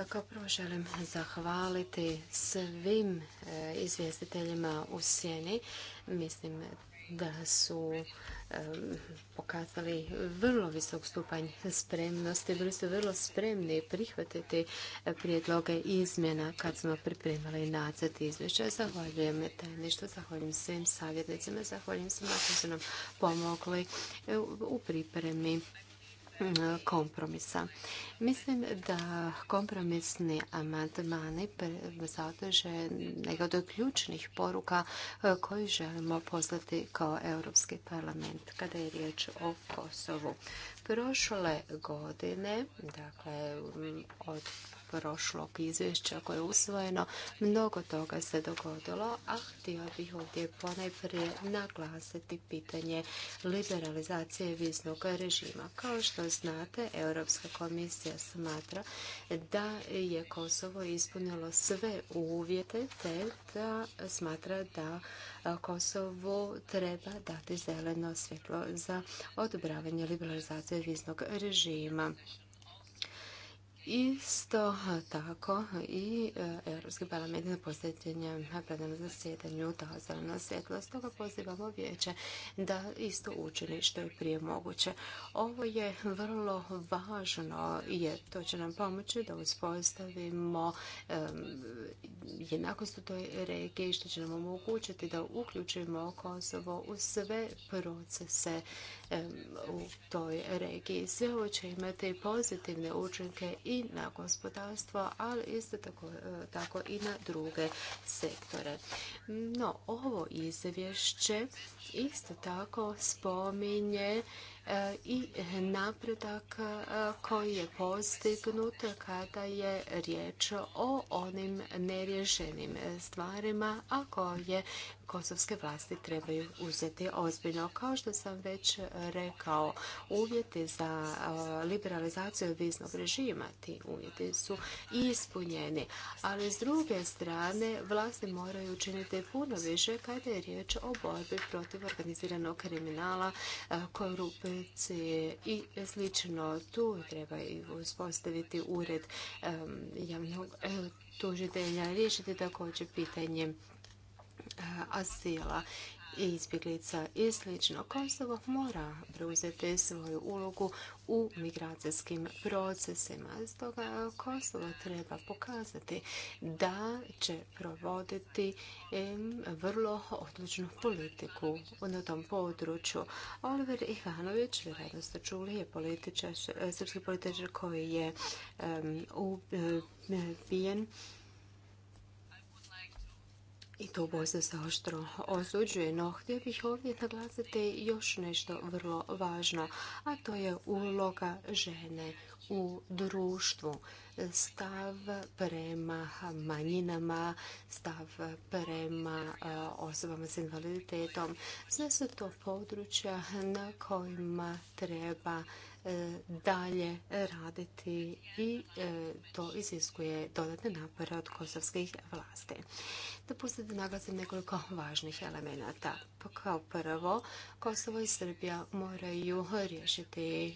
E: Kao prvo želim
A: zahvaliti svim izvjestiteljima u Sjeni. Mislim da su pokazali vrlo visok stupanj spremnosti. Bili su vrlo spremni prihvatiti prijedloge izmjena kad smo pripremali nacrt izvješća. Zahvaljujem tajništvu, zahvaljujem svim savjetnicima, zahvaljujem svima koji su nam pomogli u pripremi kompromisa. Mislim da kompromisni amandmani sadrže neka od ključnih poruka e, koji želimo poslati kao Europski parlament kada je riječ o Kosovu. Prošle godine, dakle od prošlog izvješća koje je usvojeno, mnogo toga se dogodilo, a htio bih ovdje ponajprije naglasiti pitanje liberalizacije viznog režima. Kao što znate, Europska komisija smatra da je Kosovo ispunilo sve uvjete te da smatra da Kosovo treba dati zeleno svjetlo za odobravanje liberalizacije viznog režima. Isto tako i e, Europski parlament na posljednje plenarnom zasjedanju dao zelena stoga pozivamo vijeće da isto učini što je prije moguće. Ovo je vrlo važno jer to će nam pomoći da uspostavimo jednakost u toj regiji što će nam omogućiti da uključimo Kosovo u sve procese u toj regiji. Sve ovo će imati pozitivne učinke i i na gospodarstvo, ali isto tako, e, tako i na druge sektore. No, ovo izvješće isto tako spominje e, i napredak e, koji je postignut kada je riječ o onim nerješenim stvarima, a koje kosovske vlasti trebaju uzeti ozbiljno. Kao što sam već rekao, uvjeti za liberalizaciju viznog režima, ti uvjeti su ispunjeni. Ali s druge strane, vlasti moraju učiniti puno više kada je riječ o borbi protiv organiziranog kriminala, korupcije i slično. Tu treba i uspostaviti ured javnog e, tužitelja, riješiti također pitanje i izbjeglica i sl. Kosovo mora preuzeti svoju ulogu u migracijskim procesima. Stoga Kosovo treba pokazati da će provoditi vrlo odlučnu politiku na tom području. Oliver Ivanović, vjerojatno ste čuli, je političar, srpski političar koji je ubijen i to ubojstvo se oštro osuđuje, no htio bih ovdje naglasiti još nešto vrlo važno, a to je uloga žene u društvu, stav prema manjinama, stav prema e, osobama s invaliditetom. Sve su to područja na kojima treba E, dalje raditi i e, to iziskuje dodatne napore od kosovskih vlasti. Dopustite naglasim nekoliko važnih elemenata. Pa kao prvo, Kosovo i Srbija moraju riješiti e,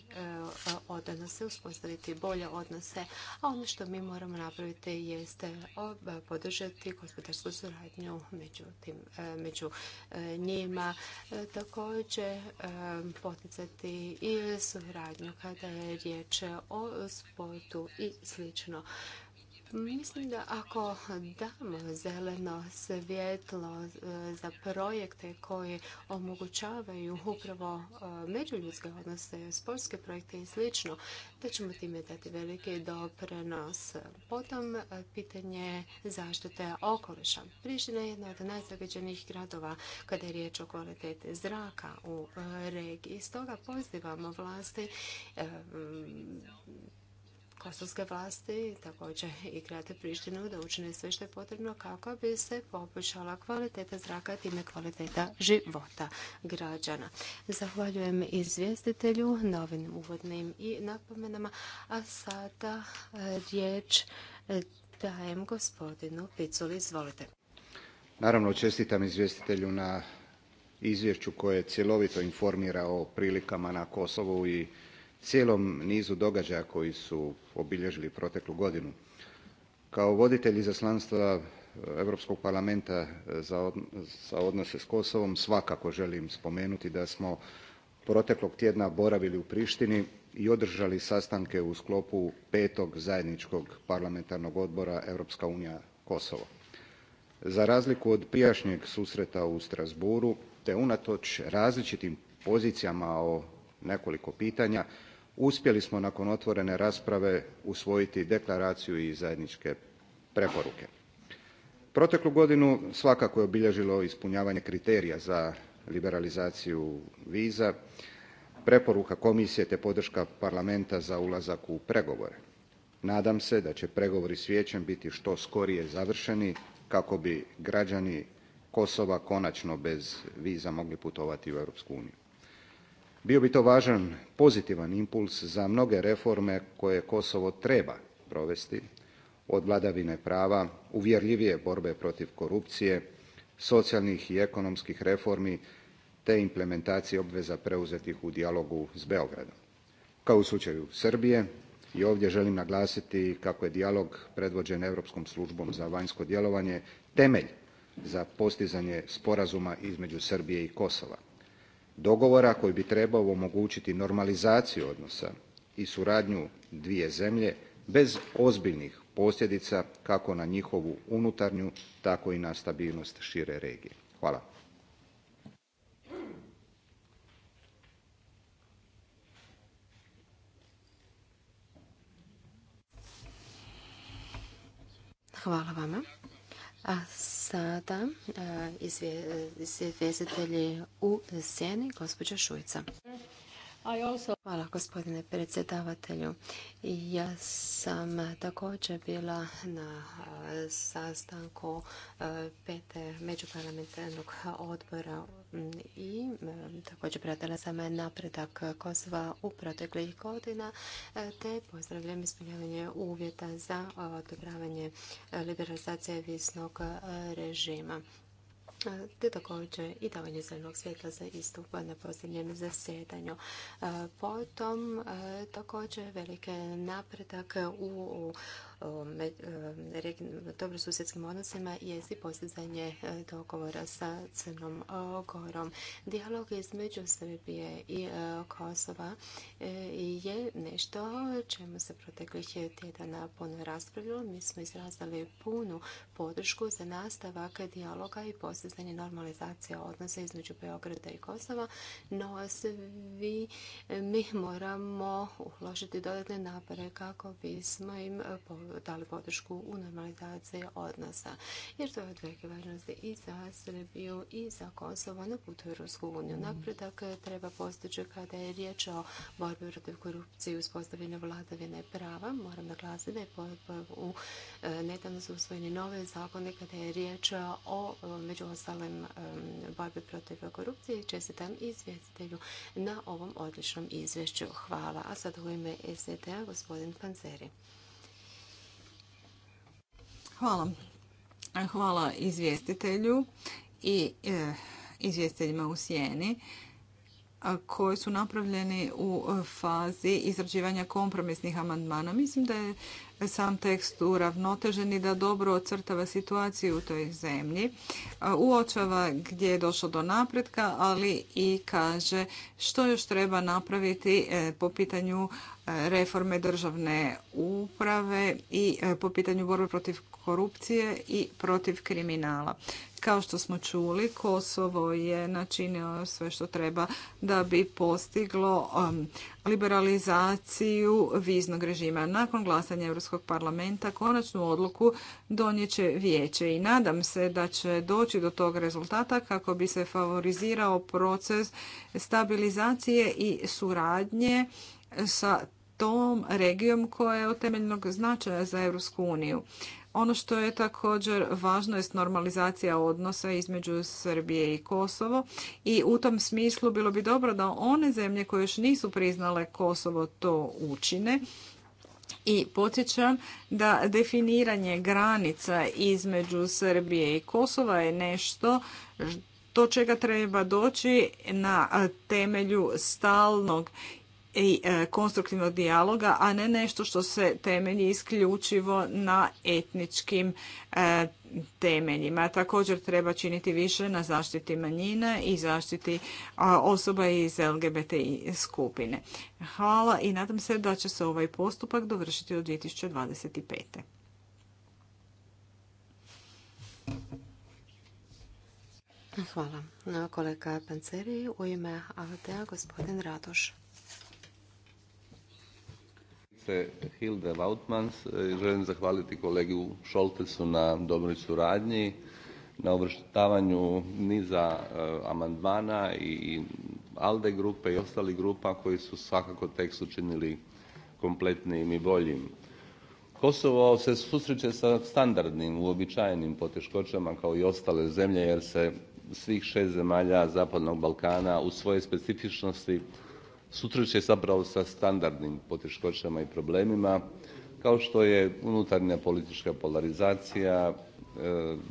A: odnose, uspostaviti bolje odnose, a ono što mi moramo napraviti jeste podržati gospodarsku suradnju među, e, među e, njima, također poticati i suradnju kada je riječ o sportu i slično. Mislim da ako damo zeleno svjetlo e, za projekte koje omogućavaju upravo e, međuljudske odnose, sportske projekte i sl. da ćemo time dati veliki doprinos. Potom e, pitanje zaštite okoliša. Priština je jedna od najzagađenijih gradova kada je riječ o kvaliteti zraka u regiji. Stoga pozivamo vlasti kosovske vlasti, također i grad Prištinu, da učine sve što je potrebno kako bi se poboljšala kvaliteta zraka, time kvaliteta života građana. Zahvaljujem izvjestitelju na ovim uvodnim i napomenama, a sada e, riječ e, dajem gospodinu Piculi. Izvolite.
C: Naravno, čestitam izvjestitelju na izvješću koje cjelovito informira o prilikama na Kosovu i cijelom nizu događaja koji su obilježili proteklu godinu. Kao voditelj Izaslanstva e, Europskog parlamenta e, za odnose s Kosovom svakako želim spomenuti da smo proteklog tjedna boravili u Prištini i održali sastanke u sklopu petog zajedničkog parlamentarnog odbora Europska unija Kosovo. Za razliku od prijašnjeg susreta u Strasburu te unatoč različitim pozicijama o nekoliko pitanja uspjeli smo nakon otvorene rasprave usvojiti deklaraciju i zajedničke preporuke. Proteklu godinu svakako je obilježilo ispunjavanje kriterija za liberalizaciju viza, preporuka komisije te podrška parlamenta za ulazak u pregovore. Nadam se da će pregovori s vijećem biti što skorije završeni kako bi građani Kosova konačno bez viza mogli putovati u Europsku uniju bio bi to važan pozitivan impuls za mnoge reforme koje kosovo treba provesti od vladavine prava uvjerljivije borbe protiv korupcije socijalnih i ekonomskih reformi te implementacije obveza preuzetih u dijalogu s beogradom. kao u slučaju srbije i ovdje želim naglasiti kako je dijalog predvođen europskom službom za vanjsko djelovanje temelj za postizanje sporazuma između srbije i kosova dogovora koji bi trebao omogućiti normalizaciju odnosa i suradnju dvije zemlje bez ozbiljnih posljedica kako na njihovu unutarnju tako i na stabilnost šire regije. Hvala.
A: Hvala a sada e, izvjezitelji u sjeni, gospođa Šujca. Hvala gospodine predsjedavatelju. Ja sam također bila na e, sastanku e, pete međuparlamentarnog odbora i e, također pratila sam napredak Kosova u proteklih godina e, te pozdravljam ispunjavanje uvjeta za odobravanje liberalizacije visnog e, režima te također i davanje zelenog svjetla za istup na posljednjem zasjedanju. Potom također velike napredak u dobro e, dobrosusjedskim odnosima jest i postizanje e, dogovora sa Crnom e, Gorom. Dijalog između Srbije i Kosova je nešto čemu se proteklih tjedana puno raspravilo. Mi smo izrazili punu podršku za nastavak dijaloga i postizanje normalizacije odnosa između Beograda i Kosova, no svi mi moramo uložiti dodatne napore kako bismo im povijeli dali podršku u normalizaciji odnosa. Jer to je od velike važnosti i za Srbiju i za Kosovo na putu u Europsku uniju. Napredak treba postići kada je riječ o borbi protiv korupcije i uspostavljene vladavine prava. Moram naglasiti da je u e, nedavno su usvojeni nove zakone kada je riječ o među ostalim borbi protiv korupcije i čestitam izvjestitelju na ovom odličnom izvješću. Hvala. A sad u ime SDA gospodin Panzeri.
B: Hvala. Hvala izvjestitelju i e, izvjestiteljima u sjeni koji su napravljeni u e, fazi izrađivanja kompromisnih amandmana. Mislim da je sam tekst uravnotežen i da dobro ocrtava situaciju u toj zemlji. Uočava gdje je došlo do napretka, ali i kaže što još treba napraviti e, po pitanju reforme državne uprave i po pitanju borbe protiv korupcije i protiv kriminala. Kao što smo čuli, Kosovo je načinio sve što treba da bi postiglo um, liberalizaciju viznog režima. Nakon glasanja Europskog parlamenta konačnu odluku donjeće vijeće i nadam se da će doći do tog rezultata kako bi se favorizirao proces stabilizacije i suradnje sa tom regijom koja je od temeljnog značaja za Europsku uniju. Ono što je također važno je normalizacija odnosa između Srbije i Kosovo i u tom smislu bilo bi dobro da one zemlje koje još nisu priznale Kosovo to učine. I podsjećam da definiranje granica između Srbije i Kosova je nešto do čega treba doći na temelju stalnog i e, konstruktivnog dijaloga, a ne nešto što se temelji isključivo na etničkim e, temeljima. Također treba činiti više na zaštiti manjina i zaštiti e, osoba iz LGBTI skupine. Hvala i nadam se da će se ovaj postupak dovršiti do 2025. Hvala. Kolega
A: Panceri, u ime AVD-a gospodin Radoš.
D: Hilde Vautmans. E, želim zahvaliti kolegi Šoltesu na dobroj suradnji, na uvrštavanju niza e, amandmana i ALDE grupe i ostalih grupa koji su svakako tekst učinili kompletnijim i boljim. Kosovo se susreće sa standardnim, uobičajenim poteškoćama kao i ostale zemlje jer se svih šest zemalja Zapadnog Balkana u svoje specifičnosti susreće zapravo sa standardnim poteškoćama i problemima kao što je unutarnja politička polarizacija, e,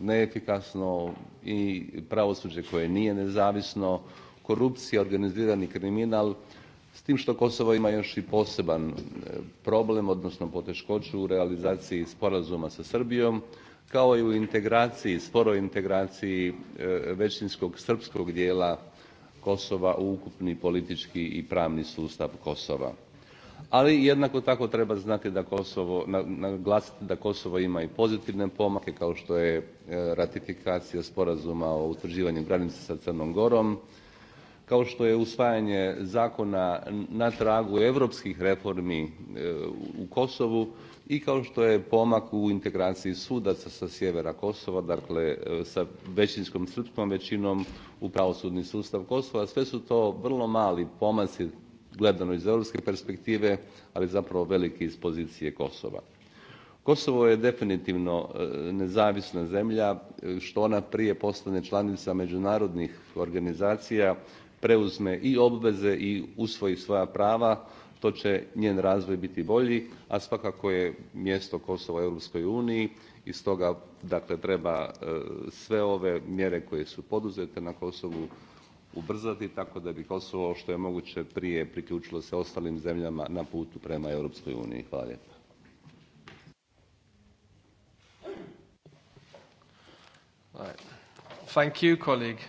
D: neefikasno i pravosuđe koje nije nezavisno, korupcija, organizirani kriminal, s tim što Kosovo ima još i poseban e, problem, odnosno poteškoću u realizaciji sporazuma sa Srbijom, kao i u integraciji, sporoj integraciji e, većinskog srpskog dijela Kosova u ukupni politički i pravni sustav Kosova. Ali jednako tako treba znati da Kosovo, naglasiti da Kosovo ima i pozitivne pomake kao što je e, ratifikacija sporazuma o utvrđivanju granice sa Crnom Gorom, kao što je usvajanje zakona na tragu europskih reformi e, u Kosovu i kao što je pomak u integraciji sudaca sa sjevera Kosova, dakle e, sa većinskom srpskom većinom u pravosudni sustav Kosova. Sve su to vrlo mali pomaci gledano iz europske perspektive, ali zapravo veliki iz pozicije Kosova. Kosovo je definitivno e, nezavisna zemlja, e, što ona prije postane članica međunarodnih organizacija, preuzme i obveze i usvoji svoja prava, to će njen razvoj biti bolji, a svakako je mjesto Kosova u Europskoj uniji i stoga dakle treba e, sve ove mjere koje su poduzete na Kosovu ubrzati tako da bi Kosovo što je moguće prije priključilo se ostalim zemljama na putu prema Europskoj uniji. Hvala lijepa. Thank you, colleague.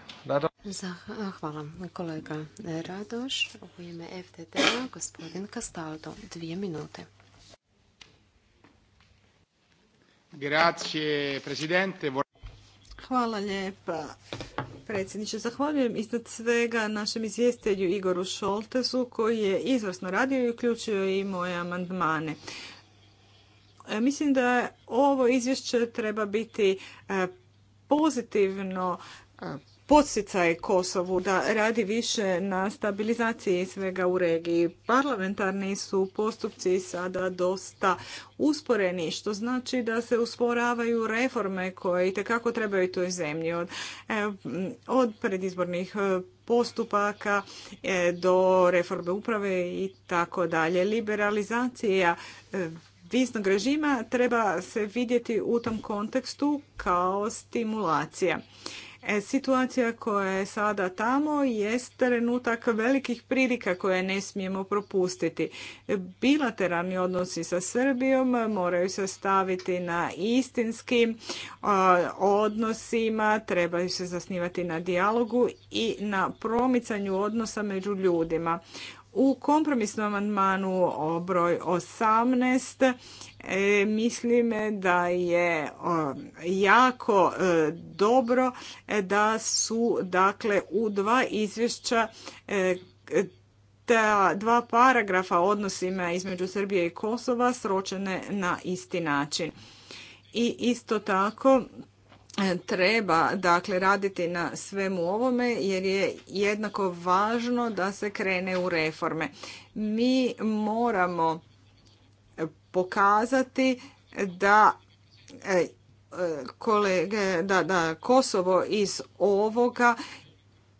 A: Hvala kolega Radoš. U ime FDD-a gospodin Castaldo. Dvije
B: minute.
C: Grazie, presidente.
B: Hvala lijepa predsjedniče. Zahvaljujem iznad svega našem izvjestitelju Igoru Šoltesu koji je izvrsno radio i uključio i moje amandmane. E, mislim da ovo izvješće treba biti e, pozitivno podsjecaj Kosovu da radi više na stabilizaciji svega u regiji. Parlamentarni su postupci sada dosta usporeni, što znači da se usporavaju reforme koje itekako trebaju toj zemlji. Od, e, od predizbornih e, postupaka e, do reforme uprave i tako dalje. Liberalizacija viznog režima treba se vidjeti u tom kontekstu kao stimulacija. E, situacija koja je sada tamo jest trenutak velikih prilika koje ne smijemo propustiti. Bilateralni odnosi sa Srbijom moraju se staviti na istinskim e, odnosima, trebaju se zasnivati na dijalogu i na promicanju odnosa među ljudima. U kompromisnom amandmanu broj 18 e, mislim da je jako e, dobro e, da su dakle u dva izvješća ta dva paragrafa odnosima između Srbije i Kosova sročene na isti način. I isto tako treba dakle raditi na svemu ovome jer je jednako važno da se krene u reforme. Mi moramo pokazati da e, kolege, da, da Kosovo iz ovoga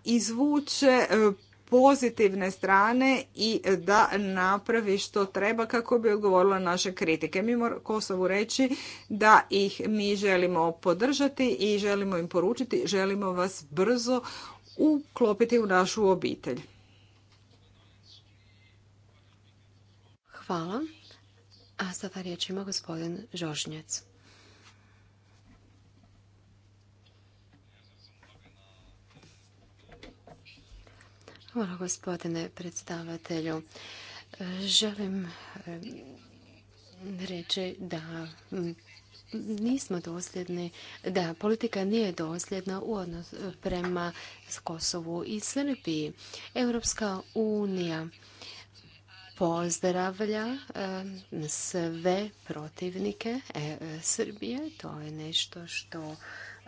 B: izvuče e, pozitivne strane i da napravi što treba kako bi odgovorila naše kritike. Mi moramo Kosovu reći da ih mi želimo podržati i želimo im poručiti, želimo vas brzo uklopiti u našu obitelj.
E: Hvala.
A: A sada riječ ima gospodin Žožnjec. Hvala gospodine predstavatelju. Želim eh, reći da mm, nismo dosljedni, da politika nije dosljedna u odnos eh, prema Kosovu i Srbiji. Europska unija pozdravlja eh, sve protivnike Srbije. To je nešto što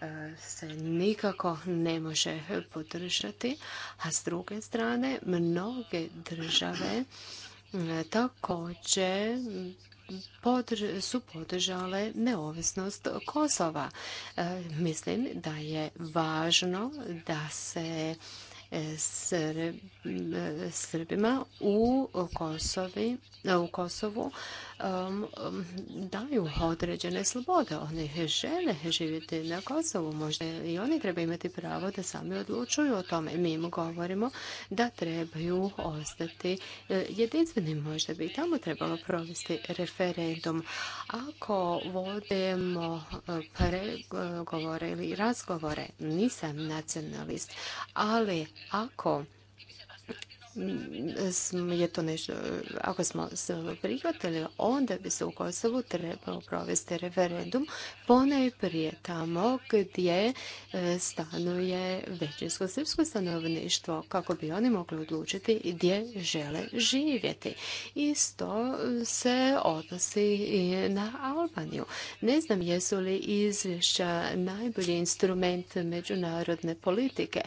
A: E, se nikako ne može podržati, a s druge strane mnoge države e, također su podržale neovisnost Kosova. E, mislim da je važno da se Srbima u, u Kosovu daju određene slobode. Oni žele živjeti na Kosovu, možda i oni treba imati pravo da sami odlučuju o tome. Mi im govorimo da trebaju ostati e, jedinstveni. Možda bi i tamo trebalo provesti referendum. Ako vodimo e, pregovore ili razgovore, nisam nacionalist, ali ako je to nešto, ako smo se prihvatili, onda bi se u Kosovu trebao provesti referendum pone prije tamo gdje e, stanuje većinsko srpsko stanovništvo kako bi oni mogli odlučiti gdje žele živjeti. Isto se odnosi i na Albaniju. Ne znam jesu li izvješća najbolji instrument međunarodne politike.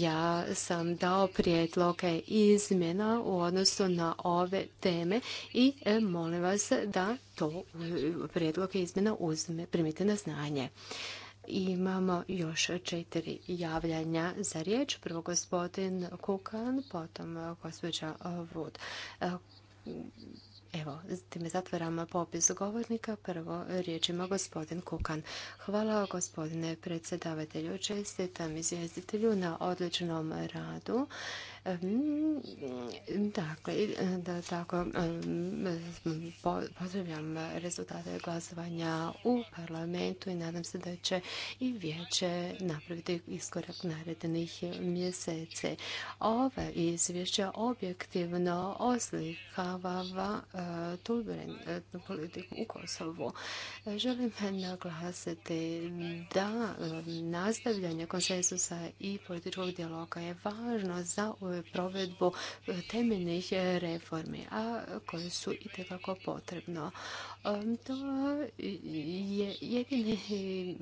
A: Ja sam dao prijedlog prijedloge je izmjena u odnosu na ove teme i e, molim vas da to e, prijedloge izmjena uzme, primite na znanje. Imamo još četiri javljanja za riječ. Prvo gospodin Kukan, potom e, gospođa Wood. Evo, time zatvaram popis govornika. Prvo riječ ima gospodin Kukan. Hvala gospodine predsjedavatelju. Čestitam izvjestitelju na odličnom radu Dakle, e, da tako pozdravljam rezultate glasovanja u parlamentu i nadam se da će i vijeće napraviti iskorak narednih mjesece. Ova izvješća objektivno oslikava e, turbulentnu e, politiku u Kosovu. Želim naglasiti da nastavljanje konsensusa i političkog dijaloga je važno za provedbu temeljnih reformi, a koje su itekako potrebno. To je jedini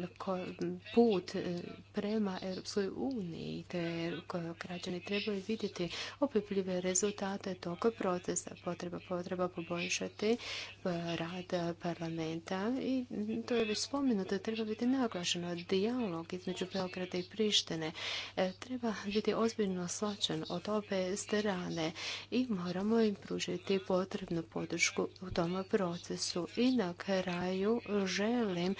A: put e, prema Europskoj uniji, te građani trebaju vidjeti opipljive rezultate tog procesa. Potreba potreba poboljšati e, rad parlamenta i to je već spomenuto, treba biti naglašeno dijalog između Beograda i Prištine. E, treba biti ozbiljno slačen od obe strane i moramo im pružiti potrebnu podršku u tom procesu i na kraju želim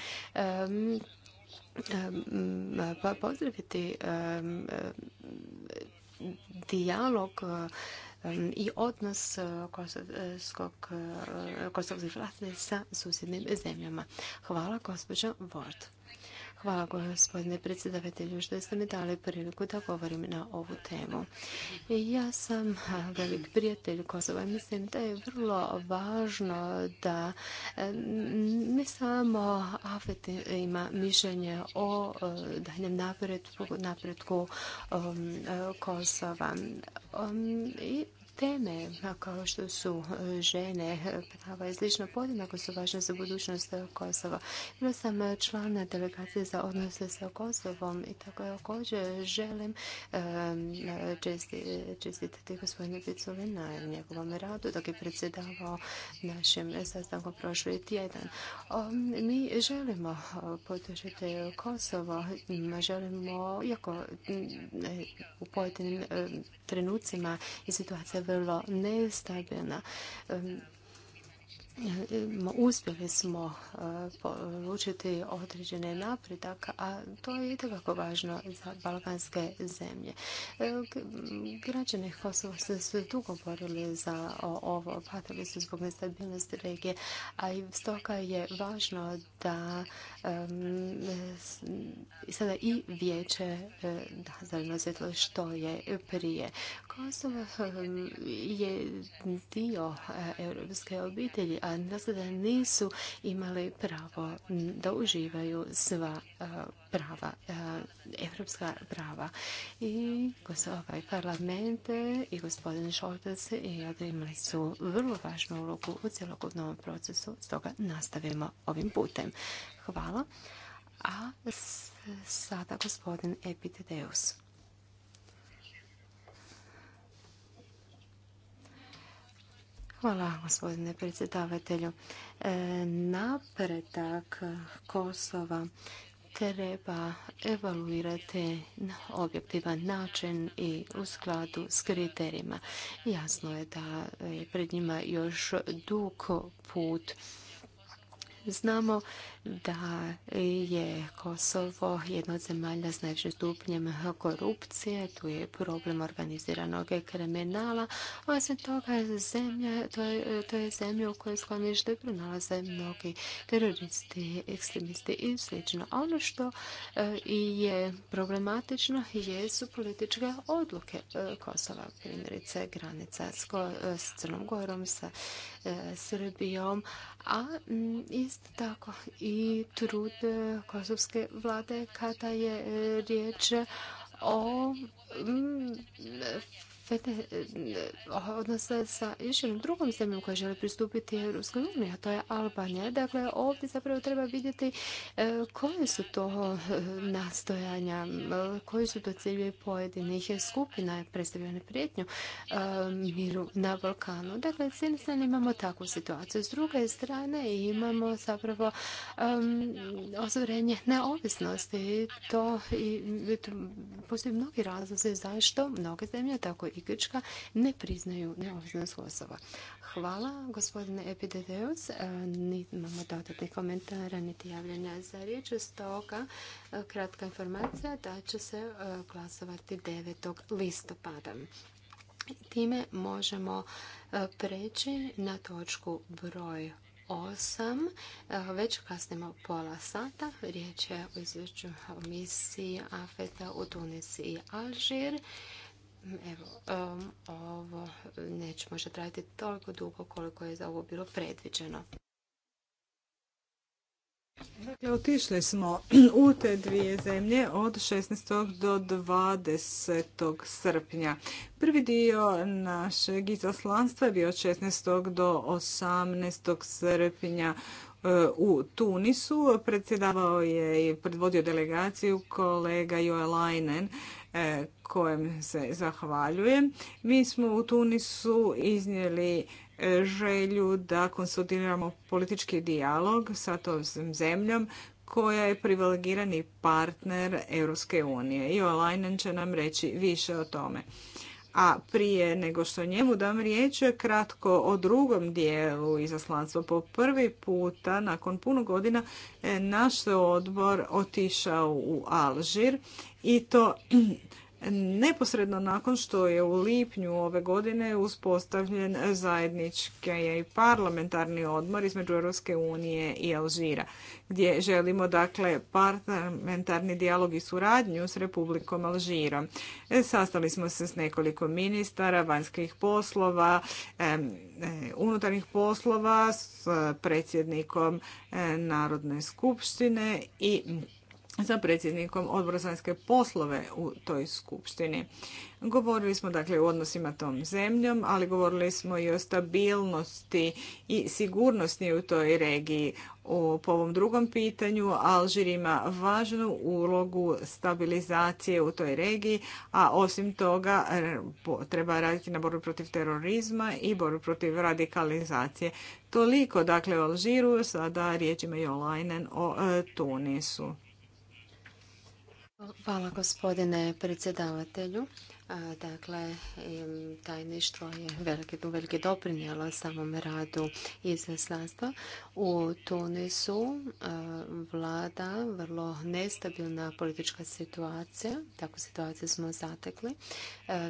A: pa pozdraviti dijalog i odnos kosovskih sa susjednim zemljama. Hvala, gospođo vort. Hvala gospodine predsjedavatelju što ste mi dali priliku da govorim na ovu temu. Ja sam velik prijatelj Kosova i mislim da je vrlo važno da ne samo AFET ima mišljenje o eh, daljem napretku, eh, Kosova. I Teme kao što su e, žene, e, prava i slično podjednako su važne za budućnost Kosova. Bila sam e, člana delegacije za odnose sa Kosovom i tako okođe želim čestitati gospodine Piculi na njegovom radu dok je predsjedavao našim sastankom prošli tjedan. Mi želimo podržati Kosovo, želimo, iako u pojedinim trenucima i situacija vrlo nestabilna. Ehm, uspjeli smo eh, polučiti određene napredak, a to je itekako važno za balkanske zemlje. Ehm, građani Kosova su se dugo borili za ovo, patili su zbog nestabilnosti regije, a i stoga je važno da ehm, sada i vijeće eh, da što je prije. Kosovo je dio eh, europske obitelji, da nisu imali pravo da uživaju sva e, prava, e, evropska prava. I ovaj parlament i gospodin Šoltes i imali su vrlo važnu ulogu u cjelokupnom procesu, stoga nastavimo ovim putem. Hvala. A sada gospodin Epitedeus. Hvala gospodine predsjedavatelju. E, Napretak Kosova treba evaluirati na objektivan način i u skladu s kriterijima. Jasno je da je pred njima još dug put Znamo da je Kosovo jedna od zemalja s najvišim stupnjem korupcije, tu je problem organiziranog kriminala, osim toga zemlja, to, je, zemlja u kojoj sklonište pronalaze mnogi teroristi, ekstremisti i sl. ono što e, je problematično jesu političke odluke e, Kosova, primjerice granica s Crnom Gorom, sa e, Srbijom, a i tako i trud e, kosovske vlade kada je e, riječ o E, e, odnose sa još jednom drugom zemljom koja žele pristupiti Europskoj uniji, a to je Albanija. Dakle, ovdje zapravo treba vidjeti e, koje su to nastojanja, koji su to ciljevi pojedinih skupina predstavljene prijetnju miru na Balkanu. Dakle, s jedne strane imamo takvu situaciju, s druge strane imamo zapravo ozvorenje neovisnosti. To i postoji mnogi razlozi zašto mnoge zemlje, tako i Grčka ne priznaju neovisnost Kosova. Hvala gospodine Epidedeus. E, Nimamo dodatnih komentara niti javljanja za riječ. Stoga e, kratka informacija da će se e, glasovati 9. listopada. Time možemo preći na točku broj 8. Već kasnimo pola sata. Riječ je o izvješću o misiji AFETA u Tunisi i Alžir. Evo, um, ovo neće možda trajati toliko dugo koliko je za ovo bilo predviđeno.
B: Dakle, otišli smo u te dvije zemlje od 16. do 20. srpnja. Prvi dio našeg izaslanstva je bio od 16. do 18. srpnja uh, u Tunisu. Predsjedavao je i predvodio delegaciju kolega Joel Leinen, E, kojem se zahvaljujem. Mi smo u Tunisu iznijeli e, želju da konsultiramo politički dijalog sa tom zemljom koja je privilegirani partner Europske unije. I Olajnen će nam reći više o tome. A prije nego što njemu dam riječ, kratko o drugom dijelu izaslanstva. Po prvi puta, nakon puno godina, e, naš odbor otišao u Alžir i to neposredno nakon što je u lipnju ove godine uspostavljen zajednički parlamentarni odmor između Europske unije i Alžira, gdje želimo dakle parlamentarni dijalog i suradnju s Republikom Alžirom. E, sastali smo se s nekoliko ministara, vanjskih poslova, e, unutarnjih poslova, s e, predsjednikom Narodne skupštine i sa predsjednikom odbora za vanjske poslove u toj skupštini. Govorili smo dakle o odnosima tom zemljom, ali govorili smo i o stabilnosti i sigurnosti u toj regiji. O, po ovom drugom pitanju Alžir ima važnu ulogu stabilizacije u toj regiji, a osim toga treba raditi na borbi protiv terorizma i borbi protiv radikalizacije. Toliko dakle o Alžiru, sada riječ ima Jolajnen o e, Tunisu.
A: Hvala gospodine predsjedavatelju. Dakle, tajništvo je veliki, veliki doprinijelo samom radu izaslanstva. U Tunisu e, vlada vrlo nestabilna politička situacija. Takvu situaciju smo zatekli. E,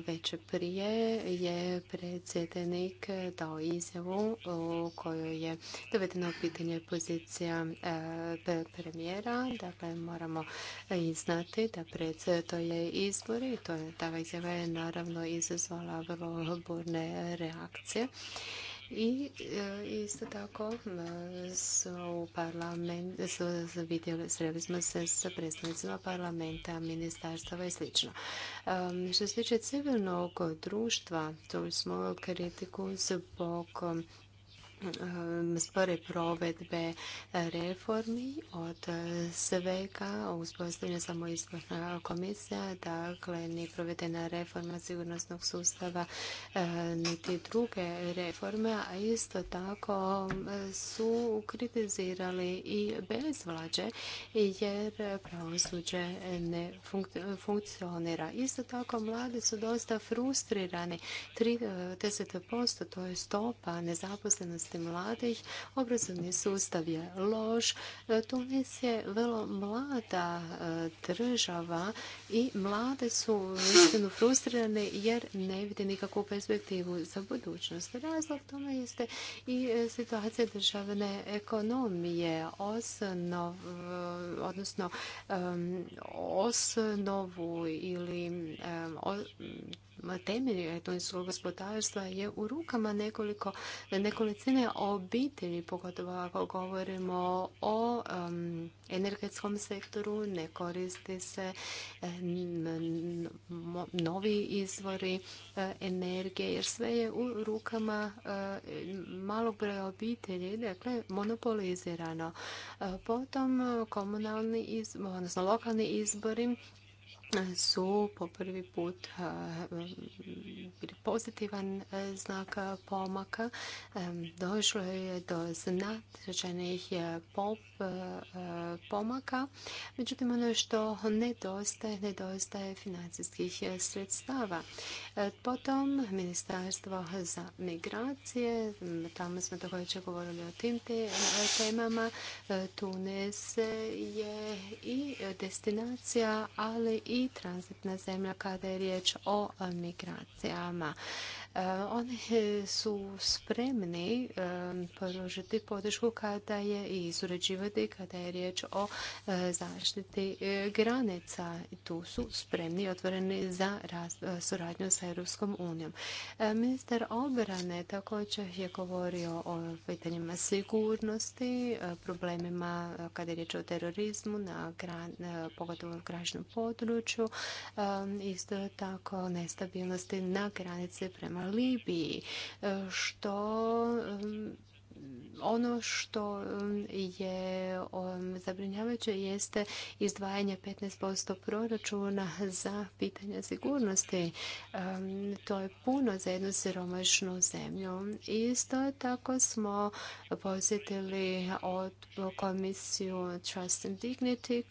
A: već prije je predsjednik dao izjavu u kojoj je dovedeno pitanje pozicija e, premijera. Dakle, moramo i znati da pred to je izbor i to je ta izjava je naravno izazvala vrlo burne reakcije. I e, isto tako e, su parlament, vidjeli, sreli smo se sa predstavnicima parlamenta, ministarstava i sl. E, što se tiče civilnog društva, tu smo kritiku zbog Um, spore provedbe reformi od svega uspostavljena samo izborna komisija, dakle ni provedena reforma sigurnosnog sustava uh, niti druge reforme, a isto tako um, su kritizirali i bezvlađe jer pravosuđe ne funkcionira. Isto tako mladi su dosta frustrirani. 30% uh, to je stopa nezaposlenosti mladih, obrazovni sustav je loš. E, Tunis je vrlo mlada e, država i mlade su istinu frustrirane jer ne vide nikakvu perspektivu za budućnost. Razlog tome jeste i e, situacija državne ekonomije, odnosno osnovu ili temelju tunskog gospodarstva je u rukama nekoliko, nekolicine obitelji, pogotovo ako govorimo o energetskom sektoru, ne koristi se novi izvori e, energije, jer sve je u rukama e, malog broja obitelji, dakle monopolizirano. E, potom komunalni, izbor, odnosno lokalni izbori su po prvi put e, pozitivan e, znak pomaka. E, došlo je do značajnih pomaka. Međutim, ono što nedostaje, nedostaje financijskih sredstava. Potom, Ministarstvo za migracije, tamo smo također govorili o tim temama, Tunes je i destinacija, ali i i tranzitna zemlja kada je riječ o migracijama. E, oni e, su spremni e, pružiti podršku kada je i surađivati kada je riječ o zaštiti granica. Tu su spremni i otvoreni za suradnju sa Europskom unijom. Ministar obrane također je govorio o pitanjima sigurnosti, problemima kada je riječ o terorizmu, na, pogotovo u gražnom području, isto tako nestabilnosti na granici prema Libiji, e, što e, ono što e, je zabrinjavajuće jeste izdvajanje 15% proračuna za pitanja sigurnosti. To je puno za jednu siromašnu zemlju. Isto tako smo posjetili od komisiju Trust and Dignity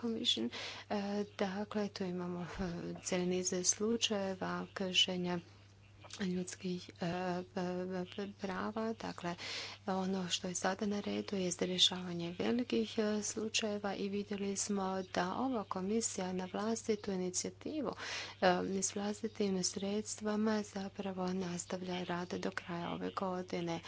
A: Commission. Dakle, tu imamo cijeli niz slučajeva kršenja ljudskih e, prava. Dakle, ono što je sada na redu je rješavanje velikih e, slučajeva i vidjeli smo da ova komisija na vlastitu inicijativu e, s vlastitim sredstvama zapravo nastavlja rad do kraja ove godine.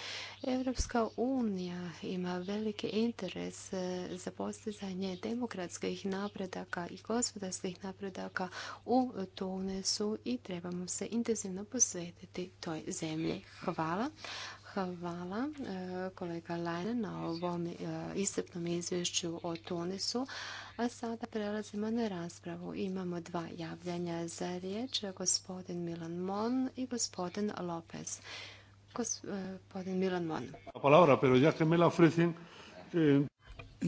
A: Evropska unija ima veliki interes za postizanje demokratskih napredaka i gospodarskih napredaka u Tunisu i trebamo se intenzivno posvetiti toj zemlji. Hvala. Hvala e, kolega Lajne na ovom e, iscrpnom izvješću o Tunisu. A sada prelazimo na raspravu. Imamo dva javljanja za riječ, gospodin Milan Mon i gospodin Lopez. E, gospodin Milan Mon. Eh,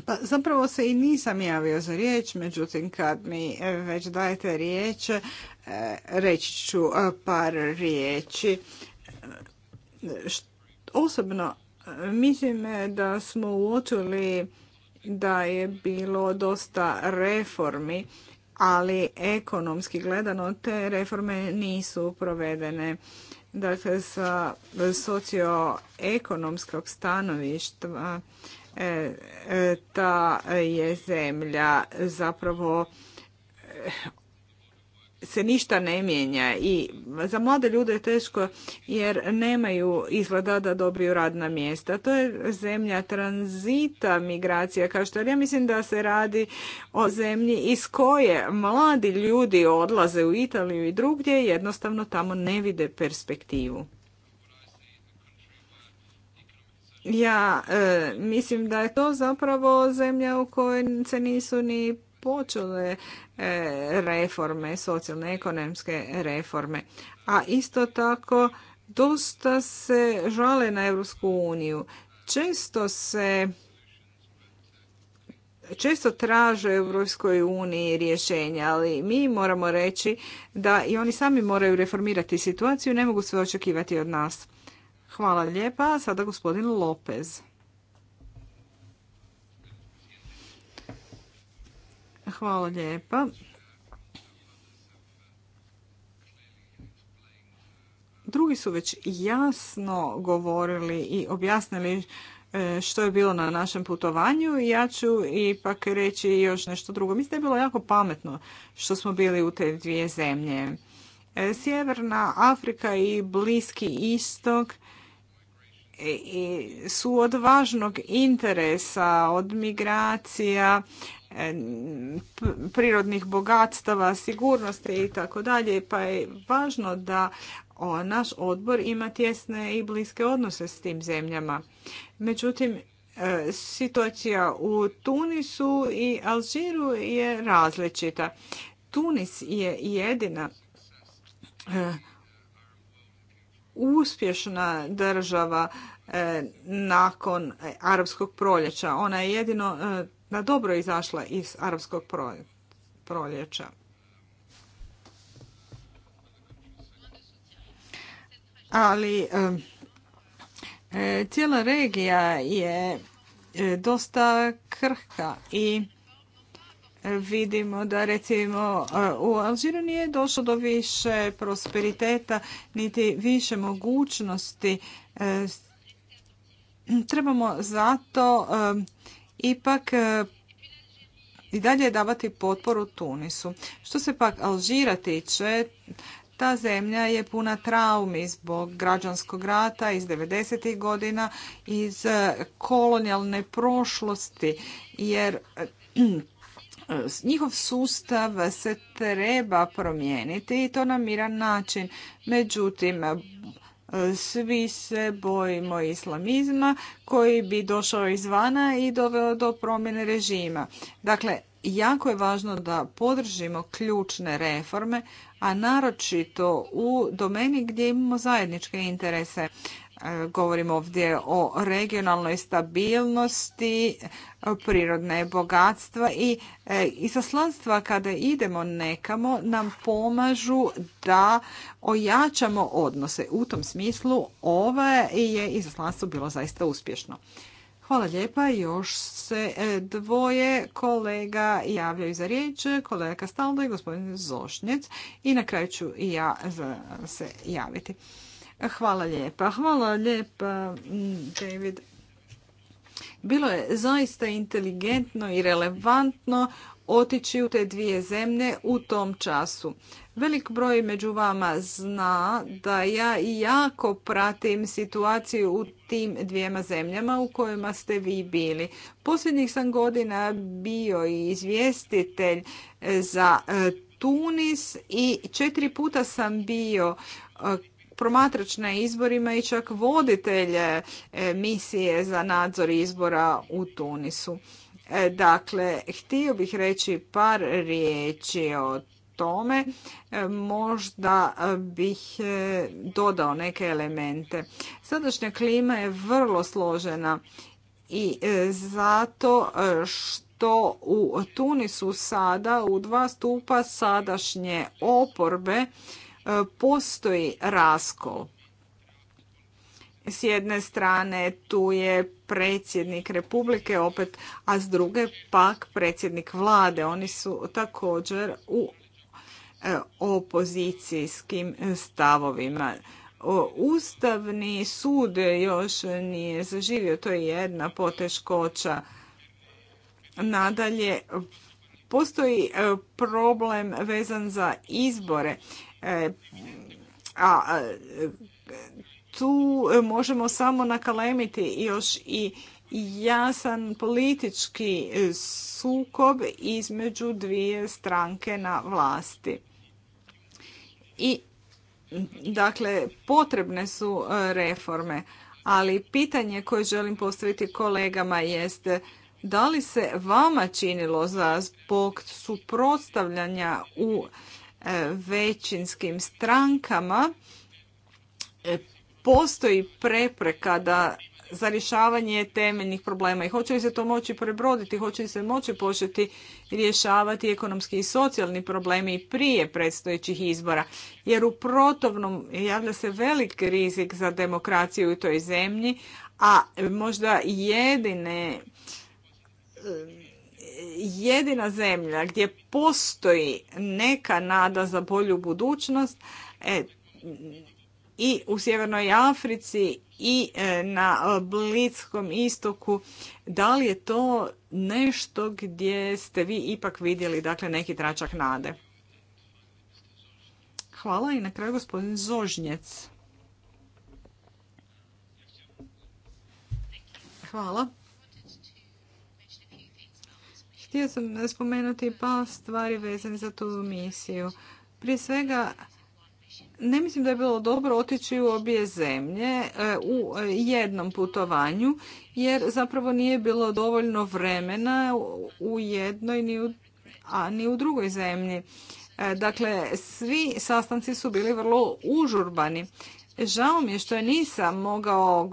D: pa zapravo se i nisam javio
B: za riječ, međutim kad mi e, već dajete riječ, e, reći ću e, par riječi. Osobno mislim da smo uočili da je bilo dosta reformi, ali ekonomski gledano te reforme nisu provedene. Dakle, sa socioekonomskog stanovištva E, e, ta je zemlja zapravo e, se ništa ne mijenja i za mlade ljude je teško jer nemaju izgleda da dobiju radna mjesta. To je zemlja tranzita migracija kao što ja mislim da se radi o zemlji iz koje mladi ljudi odlaze u Italiju i drugdje jednostavno tamo ne vide perspektivu. Ja e, mislim da je to zapravo zemlja u kojoj se nisu ni počele e, reforme, socijalne ekonomske reforme. A isto tako dosta se žale na Europsku uniju. Često se često traže u Europskoj uniji rješenja, ali mi moramo reći da i oni sami moraju reformirati situaciju, ne mogu sve očekivati od nas. Hvala lijepa. Sada gospodin Lopez. Hvala lijepa. Drugi su već jasno govorili i objasnili e, što je bilo na našem putovanju. Ja ću ipak reći još nešto drugo. Mislim da je bilo jako pametno što smo bili u te dvije zemlje. E, Sjeverna Afrika i Bliski istok su od važnog interesa, od migracija, prirodnih bogatstava, sigurnosti i tako dalje, pa je važno da naš odbor ima tjesne i bliske odnose s tim zemljama. Međutim, e, situacija u Tunisu i Alžiru je različita. Tunis je jedina e, uspješna država e, nakon arapskog proljeća. Ona je jedino e, na dobro izašla iz arapskog proljeća. Ali e, cijela regija je dosta krhka i vidimo da recimo u Alžiru nije došlo do više prosperiteta niti više mogućnosti. E, trebamo zato e, ipak e, i dalje davati potporu Tunisu. Što se pak Alžira tiče, ta zemlja je puna traumi zbog građanskog rata iz 90. godina, iz kolonijalne prošlosti, jer njihov sustav se treba promijeniti i to na miran način. Međutim, svi se bojimo islamizma koji bi došao izvana i doveo do promjene režima. Dakle, jako je važno da podržimo ključne reforme, a naročito u domeni gdje imamo zajedničke interese govorimo ovdje o regionalnoj stabilnosti, prirodne bogatstva i e, izaslanstva kada idemo nekamo nam pomažu da ojačamo odnose. U tom smislu ova je izaslanstvo bilo zaista uspješno. Hvala lijepa. Još se e, dvoje kolega javljaju za riječ. Kolega Kastaldo i gospodin Zošnjec. I na kraju ću i ja se javiti. Hvala lijepa. Hvala lijepa, mm, David. Bilo je zaista inteligentno i relevantno otići u te dvije zemlje u tom času. Velik broj među vama zna da ja jako pratim situaciju u tim dvijema zemljama u kojima ste vi bili. Posljednjih sam godina bio i izvjestitelj e, za e, Tunis i četiri puta sam bio e, promatrač na izborima i čak voditelje e, misije za nadzor izbora u Tunisu. E, dakle, htio bih reći par riječi o tome. E, možda bih dodao neke elemente. Sadašnja klima je vrlo složena i zato što u Tunisu sada u dva stupa sadašnje oporbe E, postoji raskol. S jedne strane tu je predsjednik Republike opet, a s druge pak predsjednik vlade. Oni su također u e, opozicijskim stavovima. Ustavni sud još nije zaživio, to je jedna poteškoća. Nadalje, postoji e, problem vezan za izbore. E, a tu možemo samo nakalemiti još i jasan politički sukob između dvije stranke na vlasti. I dakle potrebne su e, reforme, ali pitanje koje želim postaviti kolegama jeste da li se vama činilo zbog suprotstavljanja u E, većinskim strankama e, postoji prepreka da za rješavanje temeljnih problema i hoće li se to moći prebroditi, hoće li se moći početi rješavati ekonomski i socijalni problemi prije predstojećih izbora. Jer u protovnom javlja se velik rizik za demokraciju u toj zemlji, a možda jedine jedina zemlja gdje postoji neka nada za bolju budućnost e, i u Sjevernoj Africi i e, na Bliskom istoku, da li je to nešto gdje ste vi ipak vidjeli dakle, neki tračak nade? Hvala i na kraju gospodin Zožnjec. Hvala. Htio sam spomenuti pa stvari vezane za tu misiju. Prije svega, ne mislim da je bilo dobro otići u obje zemlje e, u e, jednom putovanju, jer zapravo nije bilo dovoljno vremena u jednoj ni u, a ni u drugoj zemlji. E, dakle, svi sastanci su bili vrlo užurbani. Žao mi je što nisam mogao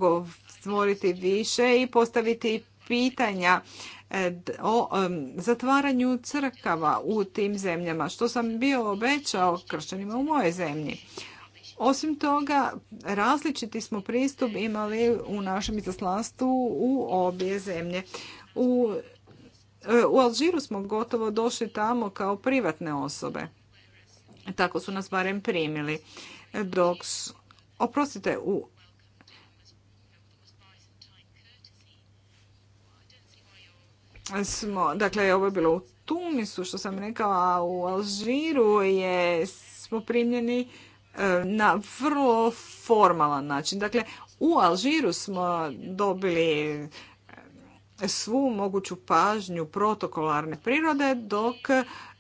B: govoriti više i postaviti pitanja E, o zatvaranju crkava u tim zemljama, što sam bio obećao kršćanima u moje zemlji. Osim toga, različiti smo pristup imali u našem izaslanstvu u obje zemlje. U, e, u Alžiru smo gotovo došli tamo kao privatne osobe. Tako su nas barem primili. Dok, oprostite, u smo, dakle ovo je bilo u Tunisu što sam rekao, a u Alžiru je, smo primljeni e, na vrlo formalan način. Dakle, u Alžiru smo dobili e, svu moguću pažnju protokolarne prirode, dok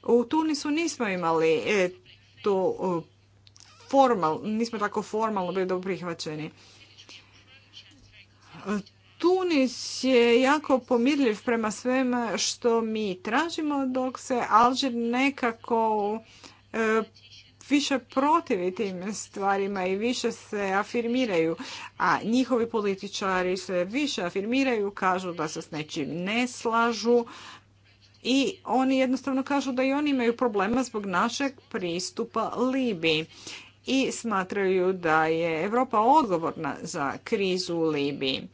B: u Tunisu nismo imali e, to formal, nismo tako formalno bili dobro prihvaćeni. Tunis je jako pomirljiv prema svema što mi tražimo, dok se Alžir nekako e, više protivi tim stvarima i više se afirmiraju, a njihovi političari se više afirmiraju, kažu da se s nečim ne slažu i oni jednostavno kažu da i oni imaju problema zbog našeg pristupa Libiji i smatraju da je Europa odgovorna za krizu u Libiji.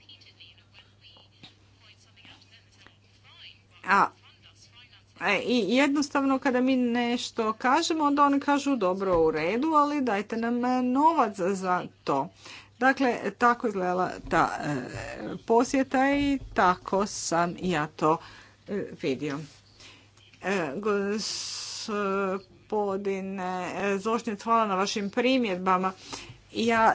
B: A e, i jednostavno kada mi nešto kažemo, onda oni kažu dobro u redu, ali dajte nam e, novac za to. Dakle, tako izgledala ta e, posjeta i tako sam ja to vidio. Gospodin Zošnjec, hvala na vašim primjedbama. Ja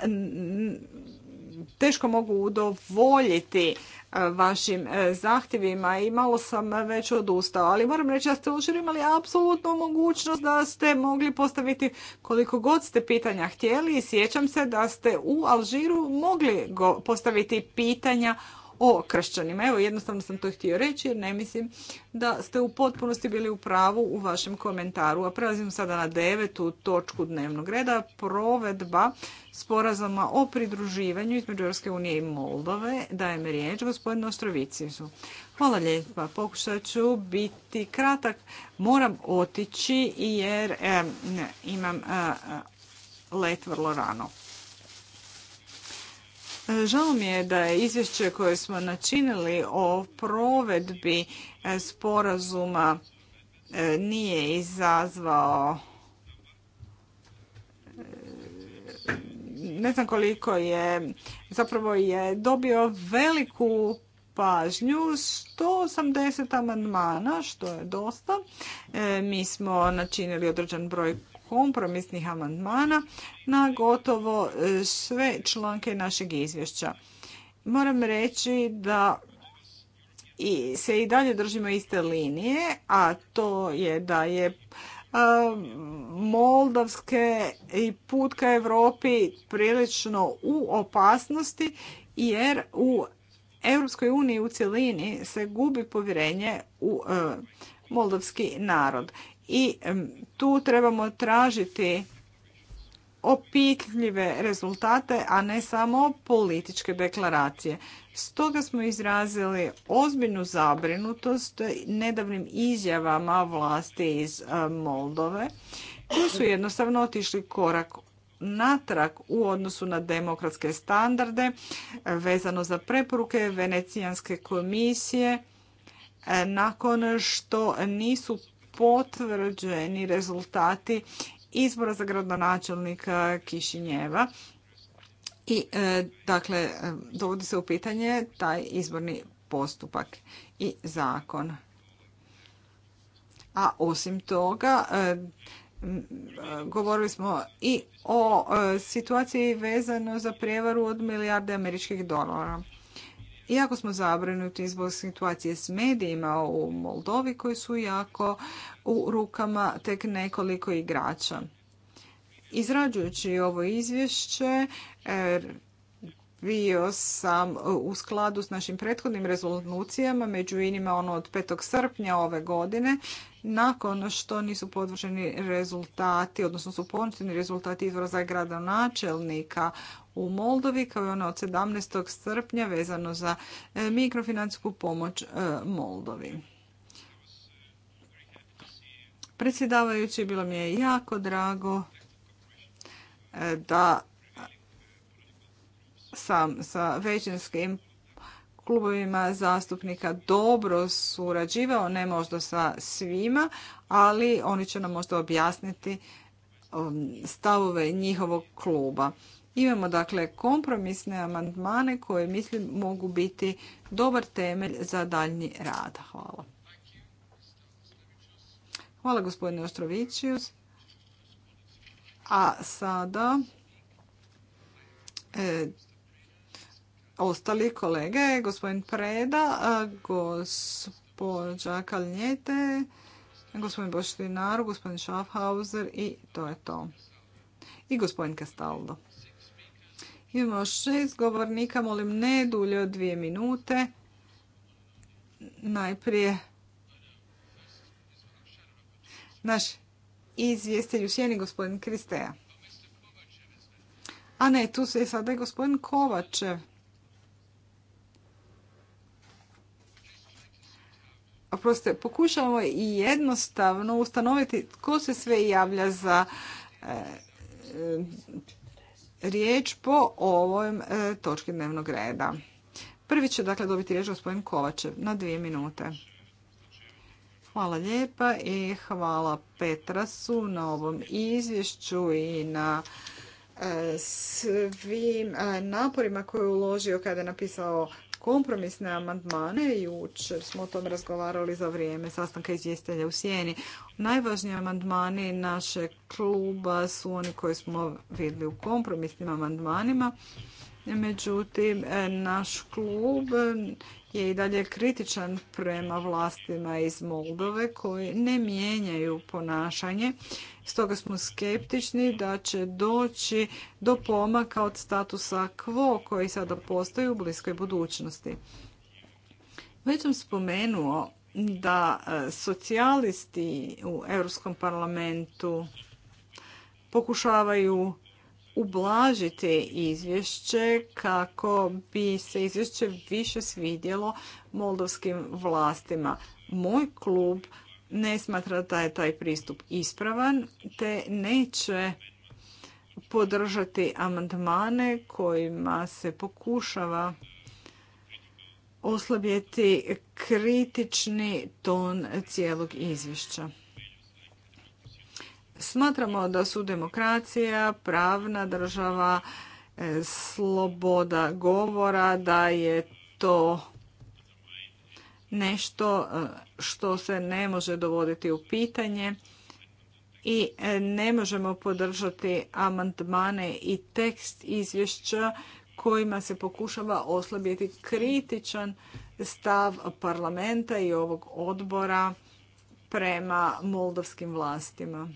B: teško mogu udovoljiti vašim e, zahtjevima i malo sam već odustao, ali moram reći da ste učer imali apsolutnu mogućnost da ste mogli postaviti koliko god ste pitanja htjeli i sjećam se da ste u Alžiru mogli postaviti pitanja o kršćanima. Evo, jednostavno sam to htio reći jer ne mislim da ste u potpunosti bili u pravu u vašem komentaru. A prelazim sada na devetu točku dnevnog reda, provedba sporazuma o pridruživanju između Europske unije i Moldove. Dajem riječ gospodinu Ostrovicisu. Hvala lijepa. Pokušat ću biti kratak. Moram otići jer imam eh, eh, let vrlo rano. Žao mi je da je izvješće koje smo načinili o provedbi e, sporazuma e, nije izazvao e, ne znam koliko je, zapravo je dobio veliku pažnju, 180 amandmana, što je dosta. mi smo načinili određen broj kompromisnih amandmana na gotovo e, sve članke našeg izvješća. Moram reći da se i dalje držimo iste linije, a to je da je e, Moldavske i put ka Europi prilično u opasnosti jer u Europskoj uniji u cjelini se gubi povjerenje u e, moldavski narod i tu trebamo tražiti opitljive rezultate, a ne samo političke deklaracije. Stoga smo izrazili ozbiljnu zabrinutost nedavnim izjavama vlasti iz e, Moldove, koji su jednostavno otišli korak natrag u odnosu na demokratske standarde e, vezano za preporuke Venecijanske komisije e, nakon što nisu potvrđeni rezultati izbora za gradonačelnika Kišinjeva. I e, dakle, e, dovodi se u pitanje taj izborni postupak i zakon. A osim toga, e, govorili smo i o situaciji vezano za prijevaru od milijarde američkih dolara. Iako smo zabrinuti zbog situacije s medijima u Moldovi koji su jako u rukama tek nekoliko igrača. Izrađujući ovo izvješće, bio sam e, u skladu s našim prethodnim rezolucijama, među inima ono od 5. srpnja ove godine, nakon što nisu podvrženi rezultati, odnosno su poništeni rezultati izvora za gradonačelnika u Moldovi, kao i ono od 17. srpnja vezano za e, mikrofinansku pomoć e, Moldovi. Predsjedavajući, bilo mi je jako drago da sam sa većinskim klubovima zastupnika dobro surađivao, ne možda sa svima, ali oni će nam možda objasniti um, stavove njihovog kluba. Imamo dakle kompromisne amandmane koje mislim mogu biti dobar temelj za daljnji rad. Hvala. Hvala gospodine Ostrovićius. A sada e, ostali kolege, gospodin Preda, gospođa Kalnjete, gospodin Boštinaru, gospodin Schaffhauser i to je to. I gospodin Castaldo. Imamo šest govornika, molim ne dulje od dvije minute. Najprije naš izvjestelj u sjeni, gospodin Kristeja. A ne, tu se je sada i gospodin Kovačev. proste, pokušamo i jednostavno ustanoviti tko se sve javlja za e, e riječ po ovoj e, točki dnevnog reda. Prvi će dakle dobiti riječ gospodin Kovačev na dvije minute. Hvala lijepa i hvala Petrasu na ovom izvješću i na e, svim naporima koje je uložio kada je napisao kompromisne amandmane. Jučer smo o tom razgovarali za vrijeme sastanka izvjestitelja u Sijeni. Najvažniji amandmani našeg kluba su oni koji smo vidjeli u kompromisnim amandmanima. Međutim, naš klub je i dalje kritičan prema vlastima iz Moldove koji ne mijenjaju ponašanje Stoga smo skeptični da će doći do pomaka od statusa quo koji sada postoji u bliskoj budućnosti. Već sam spomenuo da e, socijalisti u Europskom parlamentu pokušavaju ublažiti izvješće kako bi se izvješće više svidjelo moldovskim vlastima. Moj klub ne smatra da je taj pristup ispravan te neće podržati amandmane kojima se pokušava oslabjeti kritični ton cijelog izvješća. Smatramo da su demokracija, pravna država, e, sloboda govora, da je to nešto e, što se ne može dovoditi u pitanje i e, ne možemo podržati amandmane i tekst izvješća kojima se pokušava oslabiti kritičan stav parlamenta i ovog odbora prema moldovskim vlastima.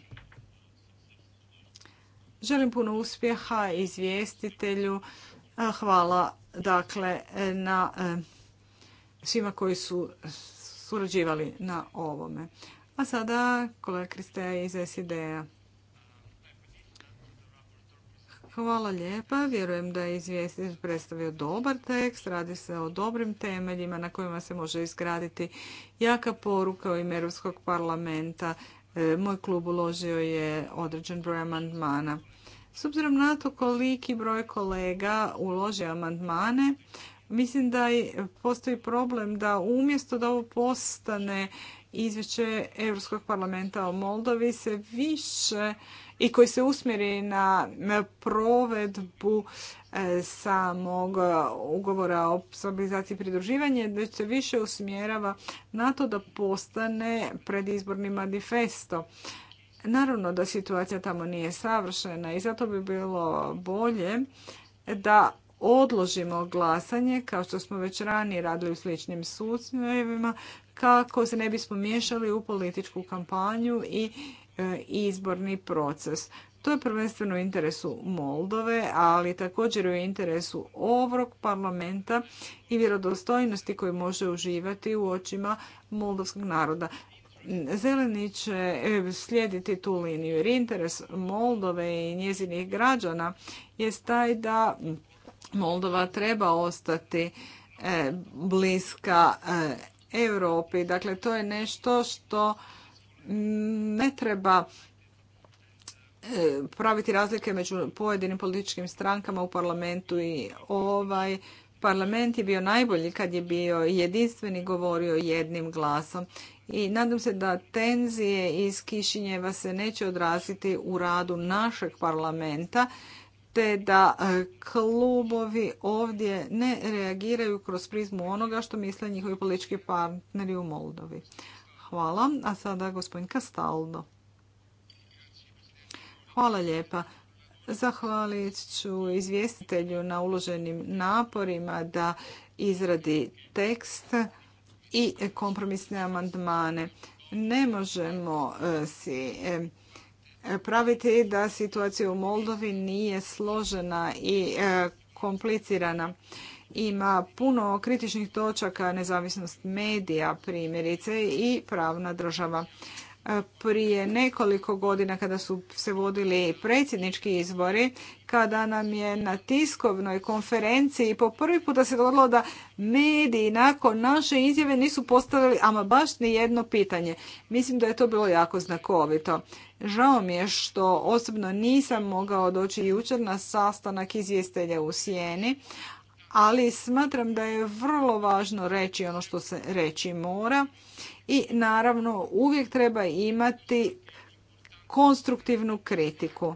B: Želim puno uspjeha izvjestitelju. E, hvala dakle na svima koji su surađivali na ovome. A sada kolega Kristeja iz SID-a. Hvala lijepa. Vjerujem da je predstavio dobar tekst. Radi se o dobrim temeljima na kojima se može izgraditi jaka poruka u ime Europskog parlamenta. E, moj klub uložio je određen broj amandmana. S obzirom na to koliki broj kolega uloži amandmane, Mislim da postoji problem da umjesto da ovo postane izvješće Europskog parlamenta o Moldovi se više i koji se usmjeri na provedbu e, samog e, ugovora o stabilizaciji pridruživanje, da se više usmjerava na to da postane predizborni manifesto. Naravno da situacija tamo nije savršena i zato bi bilo bolje da odložimo glasanje, kao što smo već ranije radili u sličnim sustavima, kako se ne bismo miješali u političku kampanju i e, izborni proces. To je prvenstveno u interesu Moldove, ali također u interesu ovog parlamenta i vjerodostojnosti koju može uživati u očima moldovskog naroda. Zeleni će e, slijediti tu liniju jer interes Moldove i njezinih građana je taj da Moldova treba ostati e, bliska e, Europi. Dakle, to je nešto što ne treba e, praviti razlike među pojedinim političkim strankama u parlamentu i ovaj parlament je bio najbolji kad je bio jedinstveni govorio jednim glasom. I nadam se da tenzije iz Kišinjeva se neće odraziti u radu našeg parlamenta te da e, klubovi ovdje ne reagiraju kroz prizmu onoga što misle njihovi politički partneri u Moldovi. Hvala. A sada gospodin Kastaldo. Hvala lijepa. Zahvalit ću izvjestitelju na uloženim naporima da izradi tekst i kompromisne amandmane. Ne možemo e, si praviti da situacija u Moldovi nije složena i e, komplicirana. Ima puno kritičnih točaka, nezavisnost medija primjerice i pravna država prije nekoliko godina kada su se vodili predsjednički izbori, kada nam je na tiskovnoj konferenciji po prvi da se dogodilo da mediji nakon naše izjave nisu postavili ama baš ni jedno pitanje. Mislim da je to bilo jako znakovito. Žao mi je što osobno nisam mogao doći jučer na sastanak izvjestelja u Sijeni, ali smatram da je vrlo važno reći ono što se reći mora i naravno uvijek treba imati konstruktivnu kritiku.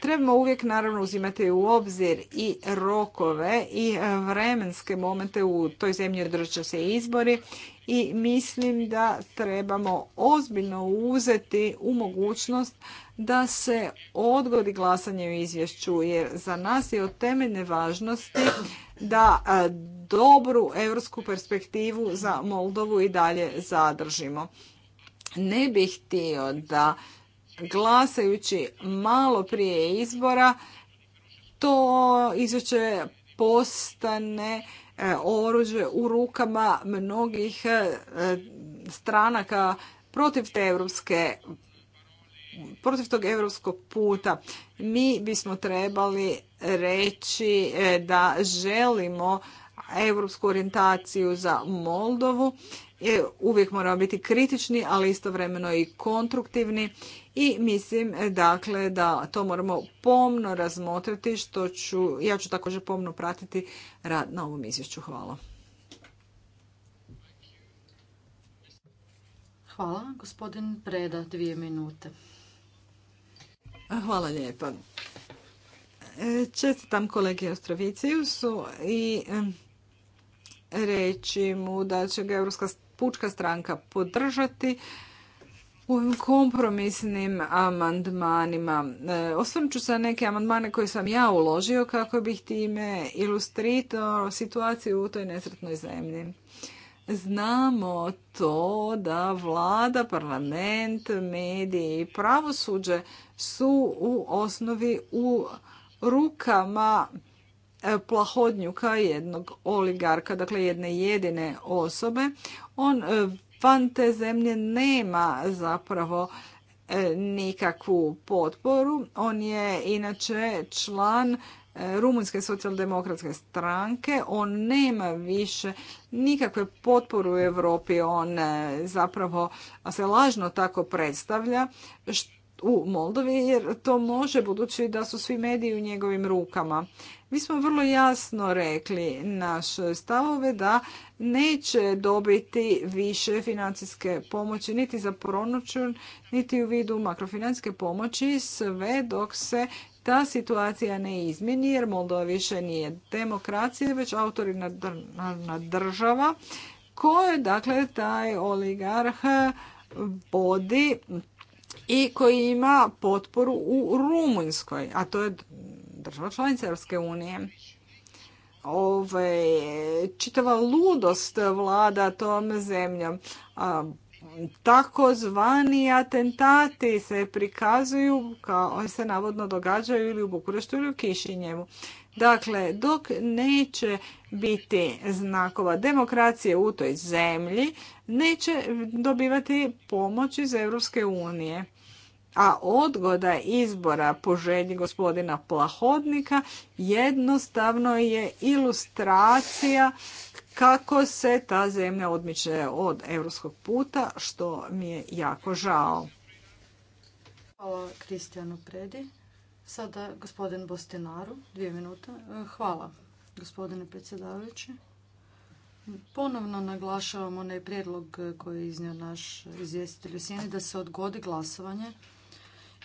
B: Trebamo uvijek naravno uzimati u obzir i rokove i vremenske momente u toj zemlji održat se izbori i mislim da trebamo ozbiljno uzeti u mogućnost da se odgodi glasanje u izvješću jer za nas je od temeljne važnosti da e, dobru europsku perspektivu za Moldovu i dalje zadržimo. Ne bih htio da glasajući malo prije izbora to izvješće postane e, oruđe u rukama mnogih e, stranaka protiv te protiv tog europskog puta mi bismo trebali reći e, da želimo europsku orijentaciju za Moldovu. E, uvijek moramo biti kritični, ali istovremeno i konstruktivni i mislim dakle da to moramo pomno razmotriti što ću, ja ću također pomno pratiti rad na ovom izvješću. Hvala.
E: Hvala. Gospodin Preda, dvije minute. Hvala lijepa.
B: Čestitam kolegi Ostrovicijusu i reći mu da će ga Europska pučka stranka podržati u ovim kompromisnim amandmanima. E, osvrnut ću se na neke amandmane koje sam ja uložio kako bih time ilustrirao situaciju u toj nesretnoj zemlji. Znamo to da vlada, parlament, mediji i pravosuđe su u osnovi u rukama e, plahodnjuka jednog oligarka, dakle jedne jedine osobe. On e, van te zemlje nema zapravo e, nikakvu potporu. On je inače član Rumunjske socijaldemokratske stranke. On nema više nikakve potporu u Europi. On zapravo se lažno tako predstavlja, što u Moldovi jer to može budući da su svi mediji u njegovim rukama. Mi smo vrlo jasno rekli naše stavove da neće dobiti više financijske pomoći niti za proračun, niti u vidu makrofinancijske pomoći sve dok se ta situacija ne izmjeni jer Moldova više nije demokracija već autoritarna država koje dakle taj oligarh vodi i koji ima potporu u Rumunjskoj, a to je država članica Europske unije. Ove, čitava ludost vlada tom zemljom. Tako takozvani atentati se prikazuju kao se navodno događaju ili u Bukureštu ili u Kišinjevu. Dakle, dok neće biti znakova demokracije u toj zemlji, neće dobivati pomoć iz Europske unije a odgoda izbora po želji gospodina Plahodnika jednostavno je ilustracija kako se ta zemlja odmiče od europskog puta, što mi je jako žao.
E: Hvala Kristijanu Predi. Sada gospodin Bostinaru, dvije minute. Hvala gospodine predsjedavajući. Ponovno naglašavamo onaj prijedlog koji je iznio naš izvjestitelj u sjeni da se odgodi glasovanje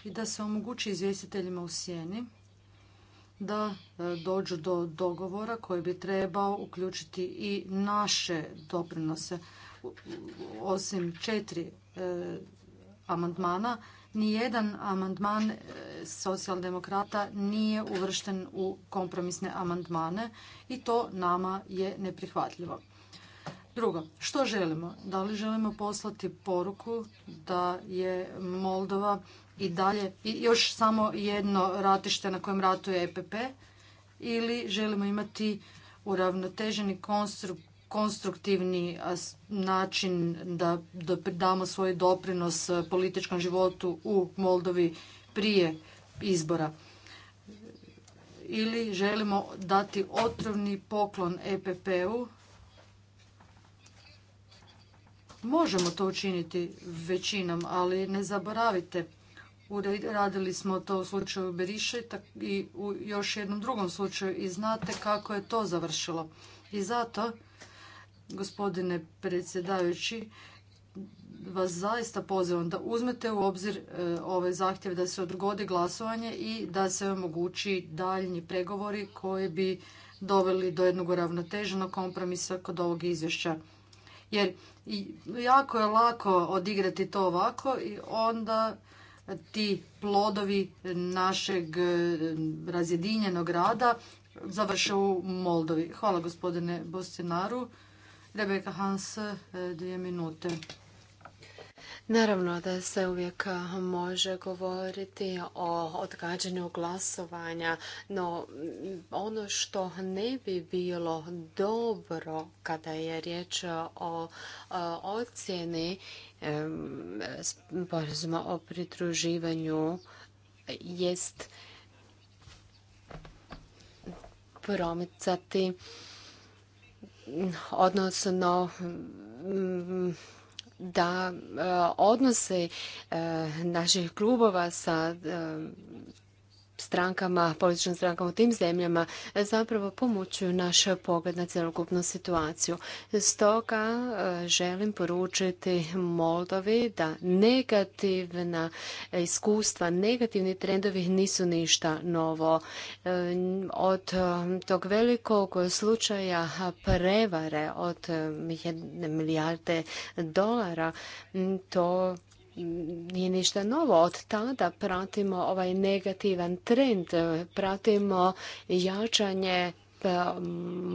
E: i da se omogući izvjestiteljima u sjeni da e, dođu do dogovora koji bi trebao uključiti i naše doprinose. Osim četiri e, amandmana, nijedan amandman e, socijaldemokrata nije uvršten u kompromisne amandmane i to nama je neprihvatljivo. Drugo, što želimo? Da li želimo poslati poruku da je Moldova i dalje još samo jedno ratište na kojem ratuje EPP ili želimo imati uravnoteženi konstruktivni način da damo svoj doprinos političkom životu u Moldovi prije izbora ili želimo dati otrovni poklon EPP-u Možemo to učiniti većinom, ali ne zaboravite radili smo to u slučaju Beriše i u još jednom drugom slučaju i znate kako je to završilo. I zato, gospodine predsjedajući, vas zaista pozivam da uzmete u obzir e, ove ovaj zahtjeve da se odgodi glasovanje i da se omogući daljnji pregovori koji bi doveli do jednog uravnoteženog kompromisa kod ovog izvješća. Jer jako je lako odigrati to ovako i onda ti plodovi našeg e, razjedinjenog rada završe u Moldovi. Hvala gospodine Bostinaru. Rebeka Hans, e, dvije minute. Naravno da se uvijek
A: može govoriti o odgađanju glasovanja, no ono što ne bi bilo dobro kada je riječ o ocjeni sporazuma o pridruživanju jest promicati odnosno mm, da e, odnose e, naših klubova sa e, strankama, političnim strankama u tim zemljama e, zapravo pomoćuju naš pogled na cjelokupnu situaciju. Stoga e, želim poručiti Moldovi da negativna iskustva, negativni trendovi nisu ništa novo. E, od tog velikog slučaja prevare od jedne milijarde dolara to nije ništa novo. Od tada pratimo ovaj negativan trend, pratimo jačanje um,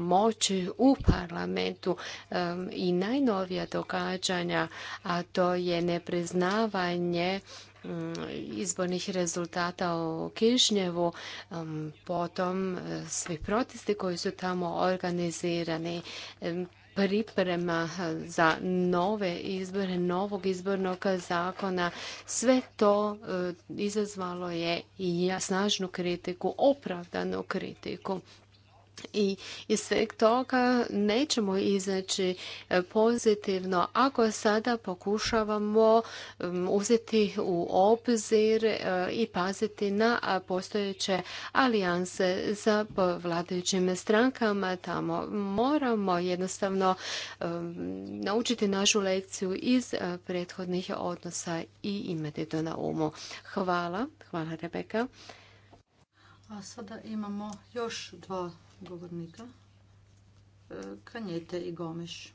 A: moći u parlamentu um, i najnovija događanja, a to je nepriznavanje um, izbornih rezultata u Kišnjevu, potom e, svi protesti koji su tamo organizirani priprema eh, za nove izbore, novog izbornog zakona, sve to eh, izazvalo je i snažnu kritiku, opravdanu kritiku i iz sveg toga nećemo izaći e, pozitivno ako sada pokušavamo uzeti u obzir e, i paziti na postojeće alijanse za vladajućim strankama tamo. Moramo jednostavno e, naučiti našu lekciju iz prethodnih odnosa i imati to na umu. Hvala. Hvala Rebeka.
E: A sada imamo još dva govornika. E, Kanjete i Gomeš.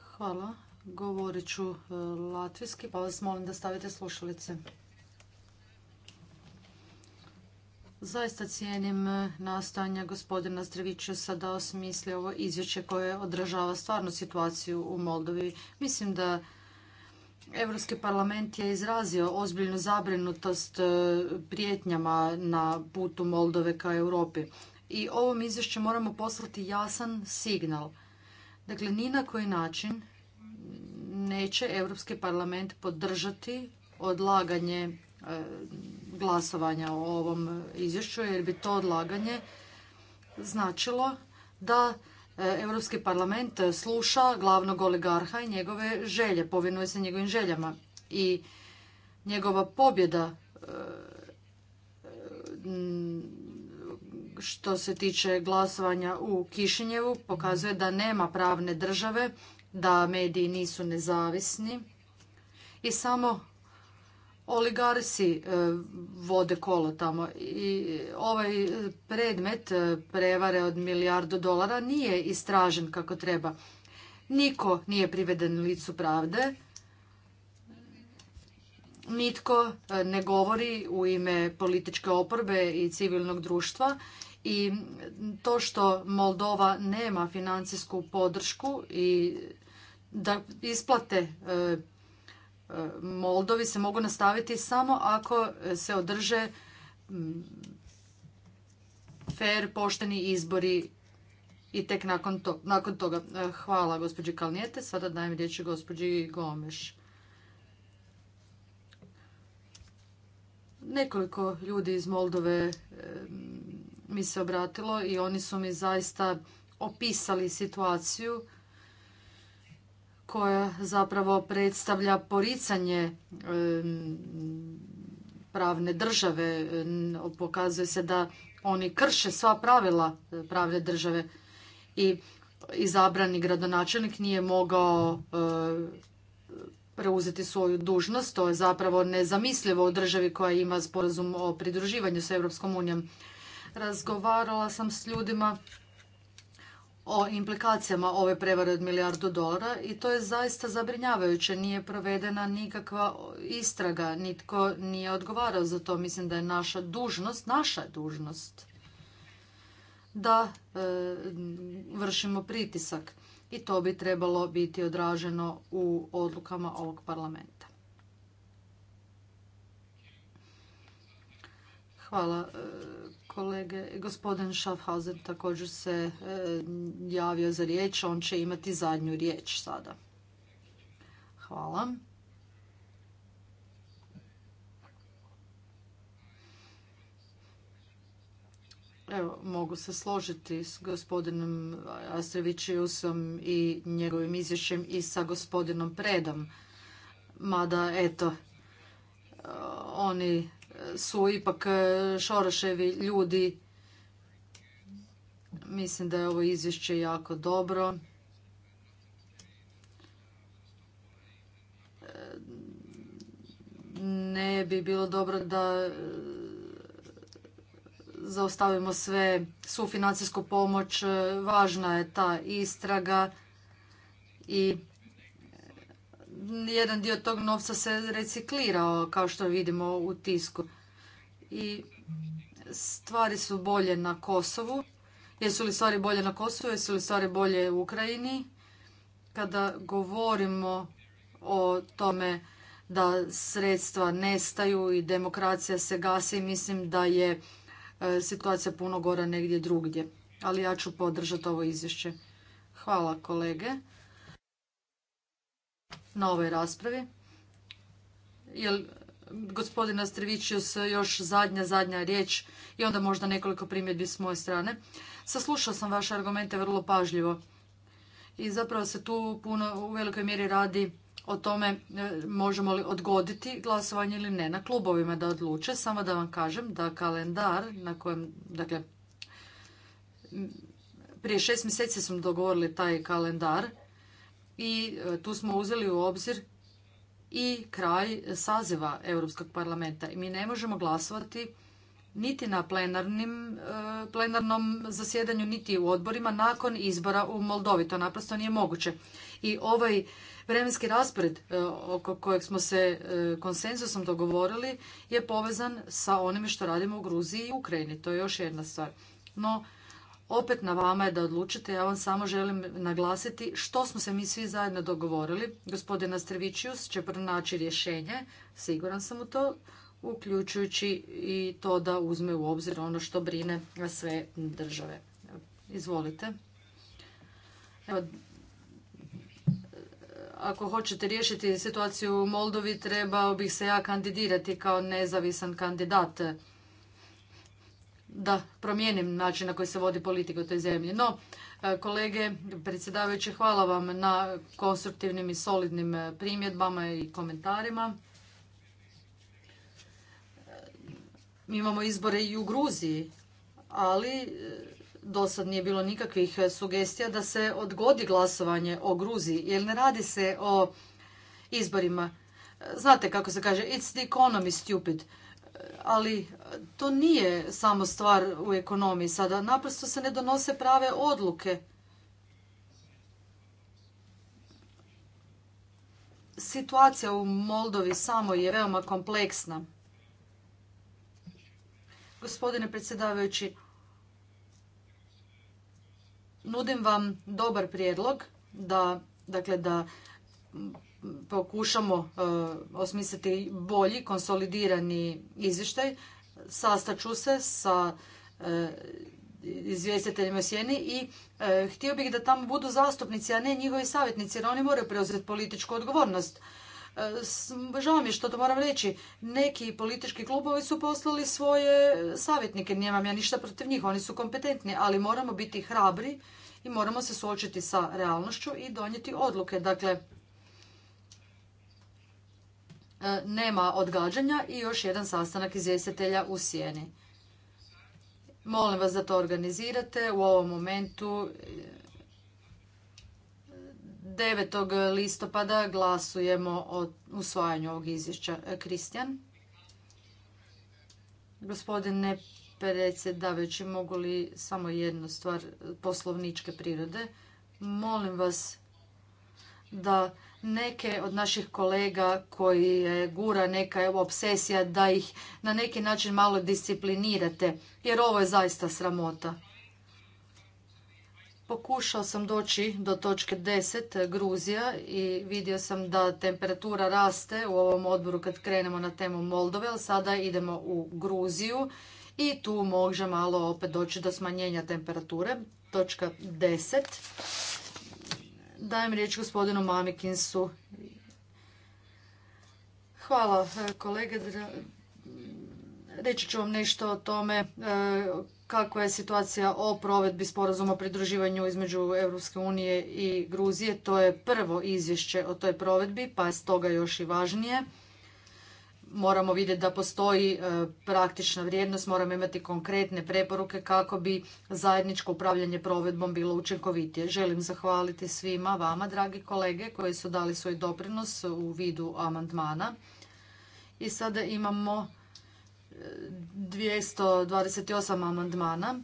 E: Hvala. Govorit ću e, latvijski, pa vas molim da stavite slušalice. Zaista cijenim e, nastojanja gospodina Strevićusa da osmisli ovo izvješće koje odražava stvarnu situaciju u Moldovi. Mislim da Europski parlament je izrazio ozbiljnu zabrinutost e, prijetnjama na putu Moldove ka Europi. I ovom izvješću moramo poslati jasan signal. Dakle, ni na koji način neće Europski parlament podržati odlaganje e, glasovanja o ovom izvješću, jer bi to odlaganje značilo da Europski parlament sluša glavnog oligarha i njegove želje, povinuje se njegovim željama i njegova pobjeda e, što se tiče glasovanja u Kišinjevu pokazuje da nema pravne države, da mediji nisu nezavisni i samo oligarsi e, vode kolo tamo i ovaj predmet e, prevare od milijardu dolara nije istražen kako treba. Niko nije priveden licu pravde. Nitko e, ne govori u ime političke oporbe i civilnog društva i to što Moldova nema financijsku podršku i da isplate Moldovi se mogu nastaviti samo ako se održe mm, fer, pošteni izbori i tek nakon, toga. E, hvala gospođi Kalnijete. Sada dajem riječ gospođi Gomeš. Nekoliko ljudi iz Moldove e, mi se obratilo i oni su mi zaista opisali situaciju koja zapravo predstavlja poricanje pravne države. Pokazuje se da oni krše sva pravila e, pravne države i izabrani gradonačelnik nije mogao e, preuzeti svoju dužnost. To je zapravo nezamislivo u državi koja ima sporazum o pridruživanju s Europskom unijom. Razgovarala sam s ljudima o implikacijama ove prevare od milijardu dolara i to je zaista zabrinjavajuće. Nije provedena nikakva istraga, nitko nije odgovarao za to. Mislim da je naša dužnost, naša dužnost, da e, vršimo pritisak i to bi trebalo biti odraženo u odlukama ovog parlamenta. Hvala e, kolege. Gospodin Schaffhauser također se e, javio za riječ. On će imati zadnju riječ sada. Hvala. Evo, mogu se složiti s gospodinom Astrevićijusom i njegovim izvješćem i sa gospodinom Predom. Mada, eto, e, oni su ipak e, Šoroševi ljudi. Mislim da je ovo izvješće jako dobro. E, ne bi bilo dobro da e, zaustavimo sve su financijsku pomoć. Važna je ta istraga i jedan dio tog novca se reciklirao, kao što vidimo u tisku. I stvari su bolje na Kosovu. Jesu li stvari bolje na Kosovu, jesu li stvari bolje u Ukrajini? Kada govorimo o tome da sredstva nestaju i demokracija se gasi, mislim da je e, situacija puno gora negdje drugdje. Ali ja ću podržati ovo izvješće. Hvala kolege na ovoj raspravi. Jel gospodina Strevićius još zadnja, zadnja riječ i onda možda nekoliko primjedbi s moje strane. Saslušao sam vaše argumente vrlo pažljivo i zapravo se tu puno u velikoj mjeri radi o tome e, možemo li odgoditi glasovanje ili ne. Na klubovima da odluče, samo da vam kažem da kalendar na kojem, dakle, prije šest mjeseci smo dogovorili taj kalendar i e, tu smo uzeli u obzir i kraj saziva Europskog parlamenta. I mi ne možemo glasovati niti na e, plenarnom zasjedanju, niti u odborima nakon izbora u Moldovi. To naprosto nije moguće. I ovaj vremenski raspored e, oko kojeg smo se konsenzusom dogovorili je povezan sa onime što radimo u Gruziji i Ukrajini. To je još jedna stvar. No, opet na vama je da odlučite. Ja vam samo želim naglasiti što smo se mi svi zajedno dogovorili. Gospodin Astrevićius će pronaći rješenje, siguran sam u to, uključujući i to da uzme u obzir ono što brine sve države. Izvolite. ako hoćete riješiti situaciju u Moldovi, trebao bih se ja kandidirati kao nezavisan kandidat da promijenim način na koji se vodi politika u toj zemlji. No, e, kolege, predsjedavajući, hvala vam na konstruktivnim i solidnim e, primjedbama i komentarima. E, mi imamo izbore i u Gruziji, ali do sad nije bilo nikakvih sugestija da se odgodi glasovanje o Gruziji, jer ne radi se o izborima. Znate kako se kaže, it's the economy stupid ali e, to nije samo stvar u ekonomiji sada. Naprosto se ne donose prave odluke. Situacija u Moldovi samo je veoma kompleksna. Gospodine predsjedavajući, nudim vam dobar prijedlog da, dakle, da pokušamo e, osmisliti bolji konsolidirani izvještaj. ću se sa e, izvjestiteljima sjeni i e, htio bih da tamo budu zastupnici, a ne njihovi savjetnici jer oni moraju preuzeti političku odgovornost. Žao mi je što to moram reći. Neki politički klubovi su poslali svoje savjetnike, nemam ja ništa protiv njih, oni su kompetentni, ali moramo biti hrabri i moramo se suočiti sa realnošću i donijeti odluke. Dakle, E, nema odgađanja i još jedan sastanak izvjestitelja u sjeni. Molim vas da to organizirate u ovom momentu 9. E, listopada glasujemo o usvajanju ovog izvješća. E, Kristjan. Gospodine predsjedavajući, mogu li samo jednu stvar poslovničke prirode? Molim vas da neke od naših kolega koji gura neka evo obsesija da ih na neki način malo disciplinirate, jer ovo je zaista sramota. Pokušao sam doći do točke 10, eh, Gruzija, i vidio sam da temperatura raste u ovom odboru kad krenemo na temu Moldove, ali sada idemo u Gruziju i tu može malo opet doći do smanjenja temperature. Točka 10. Dajem riječ gospodinu Mamikinsu. Hvala e, kolege. Reći ću vam nešto o tome e, kakva je situacija o provedbi sporazuma o pridruživanju između Europske unije i Gruzije. To je prvo izvješće o toj provedbi, pa je stoga još i važnije moramo vidjeti da postoji e, praktična vrijednost, moramo imati konkretne preporuke kako bi zajedničko upravljanje provedbom bilo učinkovitije. Želim zahvaliti svima vama, dragi kolege, koji su dali svoj doprinos u vidu amandmana. I sada imamo 228 e, amandmana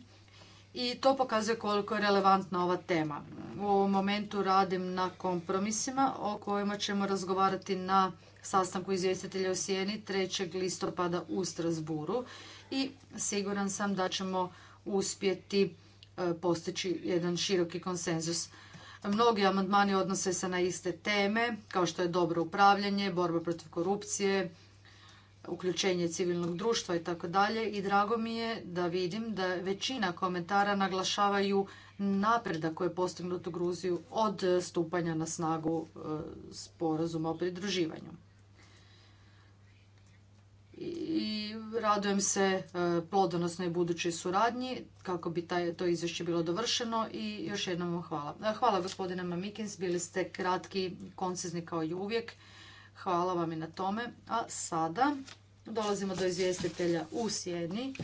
E: i to pokazuje koliko je relevantna ova tema. U ovom momentu radim na kompromisima o kojima ćemo razgovarati na sastanku izvjestitelja u Sijeni 3. listopada u Strasburu i siguran sam da ćemo uspjeti e, postići jedan široki konsenzus. Mnogi amandmani odnose se na iste teme, kao što je dobro upravljanje, borba protiv korupcije, uključenje civilnog društva i tako dalje i drago mi je da vidim da većina komentara naglašavaju napredak koji je postignut u Gruziju od stupanja na snagu e, sporazuma o pridruživanju i radujem se e, plodonosnoj budućoj suradnji kako bi to izvješće bilo dovršeno i još jednom vam hvala. E, hvala gospodine Mamikins, bili ste kratki, koncizni kao i uvijek. Hvala vam i na tome. A sada dolazimo do izvjestitelja u Sjedni.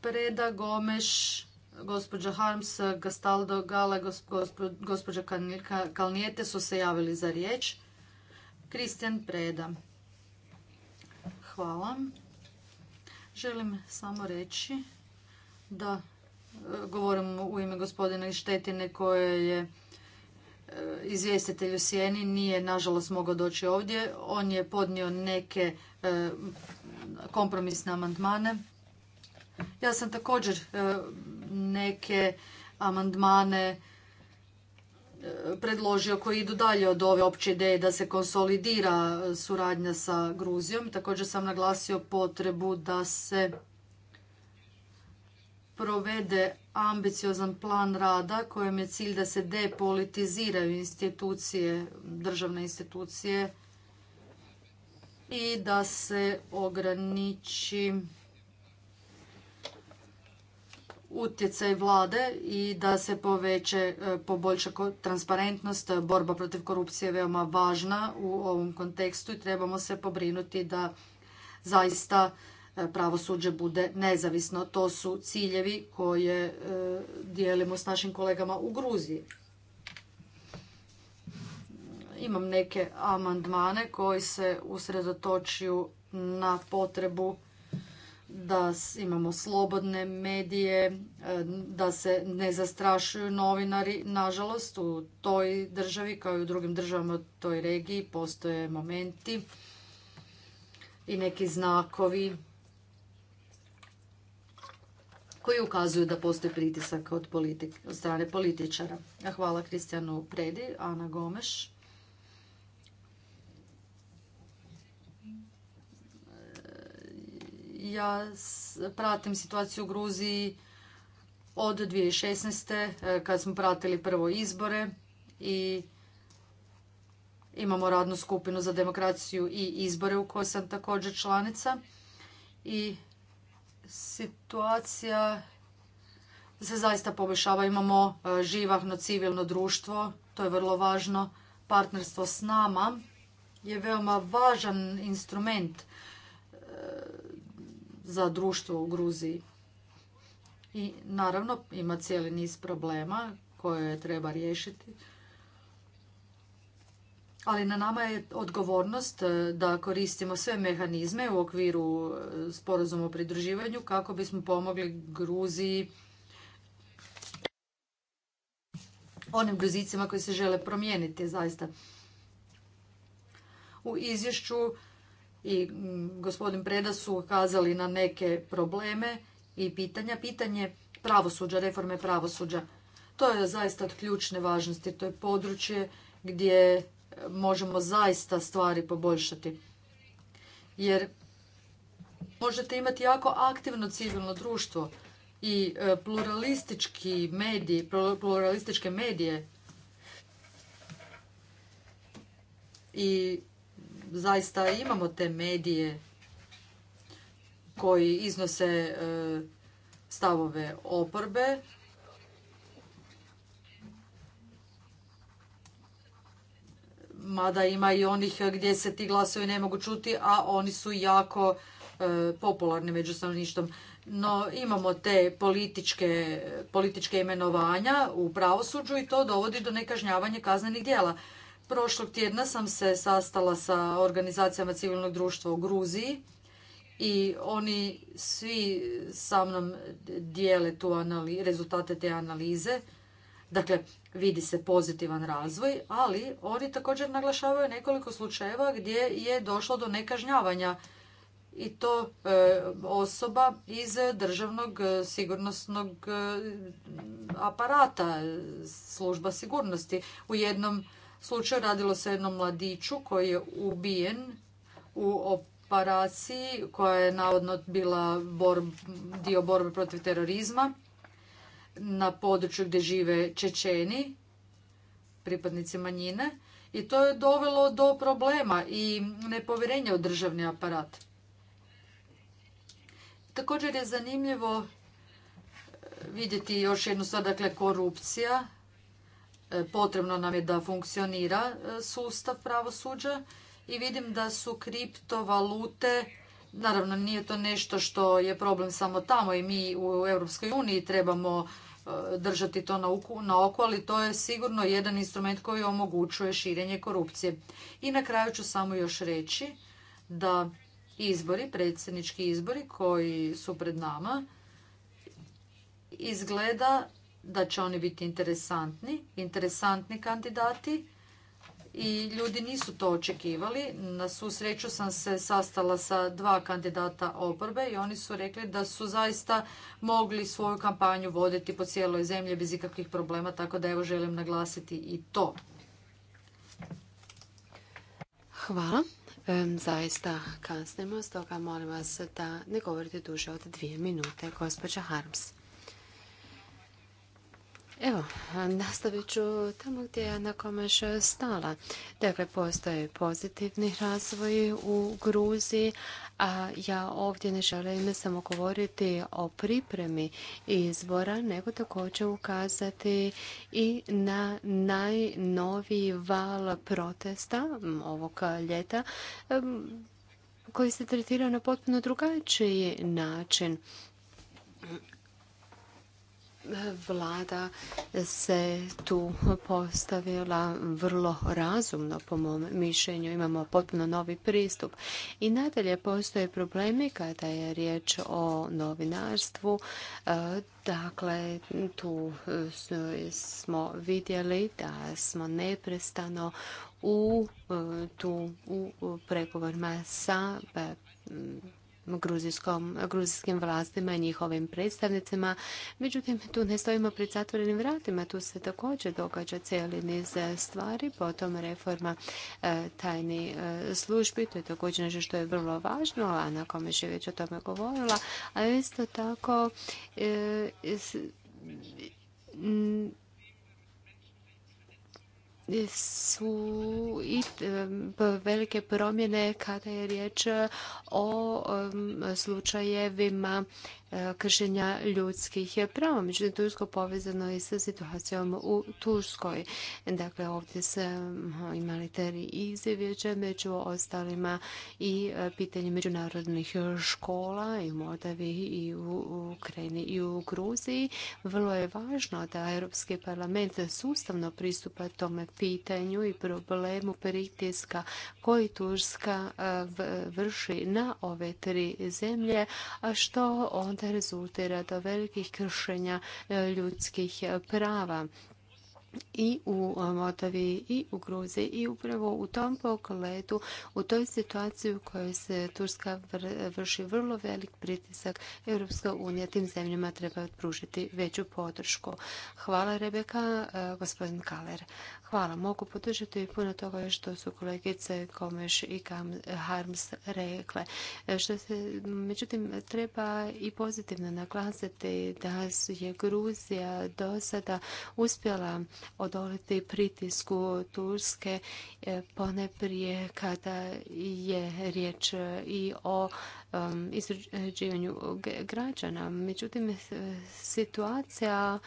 E: Preda Gomeš, gospođa Harms, Gastaldo Gala, gospođa Kalnijete su se javili za riječ. Kristjan Preda. Hvala. Želim samo reći da e, govorim u ime gospodina Štetine koje je e, izvjestitelj u Sjeni nije nažalost mogao doći ovdje. On je podnio neke e, kompromisne amandmane. Ja sam također neke amandmane predložio koji idu dalje od ove opće ideje da se konsolidira suradnja sa Gruzijom. Također sam naglasio potrebu da se provede ambiciozan plan rada kojem je cilj da se depolitiziraju institucije, državne institucije i da se ograniči utjecaj vlade i da se poveće, e, poboljša transparentnost, borba protiv korupcije je veoma važna u ovom kontekstu i trebamo se pobrinuti da zaista e, pravosuđe bude nezavisno. To su ciljevi koje e, dijelimo s našim kolegama u Gruziji. Imam neke amandmane koji se usredotočuju na potrebu da imamo slobodne medije, e, da se ne zastrašuju novinari. Nažalost, u toj državi kao i u drugim državama u toj regiji postoje momenti i neki znakovi koji ukazuju da postoji pritisak od, od strane političara. Hvala Kristijanu Predi, Ana Gomeš. Ja pratim situaciju u Gruziji od 2016. Eh, kad smo pratili prvo izbore i imamo radnu skupinu za demokraciju i izbore u kojoj sam također članica. I situacija se zaista poboljšava. Imamo eh, živahno civilno društvo, to je vrlo važno. Partnerstvo s nama je veoma važan instrument za društvo u Gruziji. I naravno ima cijeli niz problema koje treba riješiti. Ali na nama je odgovornost eh, da koristimo sve mehanizme u okviru eh, sporazuma o pridruživanju kako bismo pomogli Gruziji onim Gruzicima koji se žele promijeniti zaista. U izvješću i mm, gospodin Preda su ukazali na neke probleme i pitanja. Pitanje pravosuđa, reforme pravosuđa. To je zaista od ključne važnosti. To je područje gdje e, možemo zaista stvari poboljšati. Jer možete imati jako aktivno civilno društvo i e, pluralistički mediji, pluralističke medije i zaista imamo te medije koji iznose e, stavove oporbe. Mada ima i onih gdje se ti glasovi ne mogu čuti, a oni su jako e, popularni među stanovništvom. No imamo te političke, imenovanja u pravosuđu i to dovodi do nekažnjavanja kaznenih djela. Prošlog tjedna sam se sastala sa organizacijama civilnog društva u Gruziji i oni svi sa mnom dijele tu rezultate te analize. Dakle, vidi se pozitivan razvoj, ali oni također naglašavaju nekoliko slučajeva gdje je došlo do nekažnjavanja i to e, osoba iz državnog e, sigurnosnog e, aparata, služba sigurnosti. U jednom slučaju radilo se jednom mladiću koji je ubijen u operaciji koja je navodno bila dio borbe protiv terorizma na području gdje žive Čečeni, pripadnici manjine. I to je dovelo do problema i nepovjerenja u državni aparat. Također je zanimljivo vidjeti još jednu stvar, dakle korupcija E, potrebno nam je da funkcionira e, sustav pravosuđa i vidim da su kriptovalute Naravno, nije to nešto što je problem samo tamo i mi u Europskoj uniji trebamo e, držati to na oku, ali to je sigurno jedan instrument koji omogućuje širenje korupcije. I na kraju ću samo još reći da izbori, predsjednički izbori koji su pred nama, izgleda da će oni biti interesantni, interesantni kandidati i ljudi nisu to očekivali. Na svu sreću sam se sastala sa dva kandidata oporbe i oni su rekli da su zaista mogli svoju kampanju voditi po cijeloj zemlji bez ikakvih problema, tako da evo želim naglasiti i to.
A: Hvala. zaista
E: kasnimo, stoga molim vas da ne
A: govorite duže od dvije minute, gospođa Harms. Evo, nastavit ću tamo gdje je Ana komeš stala. Dakle, postoje pozitivni razvoj u Gruziji, a ja ovdje ne želim samo govoriti o pripremi izbora, nego također ukazati i na najnoviji val protesta ovog ljeta, koji se tretira na potpuno drugačiji način vlada se tu postavila vrlo razumno po mom mišljenju. Imamo potpuno novi pristup. I nadalje postoje problemi kada je riječ o novinarstvu. E, dakle, tu e, smo vidjeli da smo neprestano u, e, tu, u pregovorima sa gruzijskim vlastima i njihovim predstavnicima. Međutim, tu ne stojimo pred zatvorenim vratima, tu se također događa cijeli niz e, stvari, potom reforma e, tajni e, službi, to je također nešto što je vrlo važno, a na kome je već o tome govorila, a isto tako su i velike promjene kada je riječ o slučajevima kršenja ljudskih prava. Međutim, Tursko povezano je sa situacijom u Turskoj. Dakle, ovdje se imali teri izvječe među ostalima i e, pitanje međunarodnih škola i u Moldavi i u Ukrajini i u Gruziji. Vrlo je važno da Europski parlament sustavno pristupa tome pitanju i problemu pritiska koji Turska e, vrši na ove tri zemlje, a što onda rezultira do velikih kršenja e, ljudskih e, prava i u e, Motavi i u Gruziji i upravo u tom pogledu, u toj situaciji u kojoj se Turska vrši vrlo velik pritisak, Europska unija tim zemljama treba pružiti veću podršku. Hvala Rebeka, gospodin Kaler. Hvala. Mogu podržati puno toga što su kolegice Komeš i Harms rekle. E, se, međutim, treba i pozitivno naglasiti da je Gruzija do sada uspjela odoliti pritisku Turske e, poneprije kada je riječ i o um, izrađivanju građana. Međutim, situacija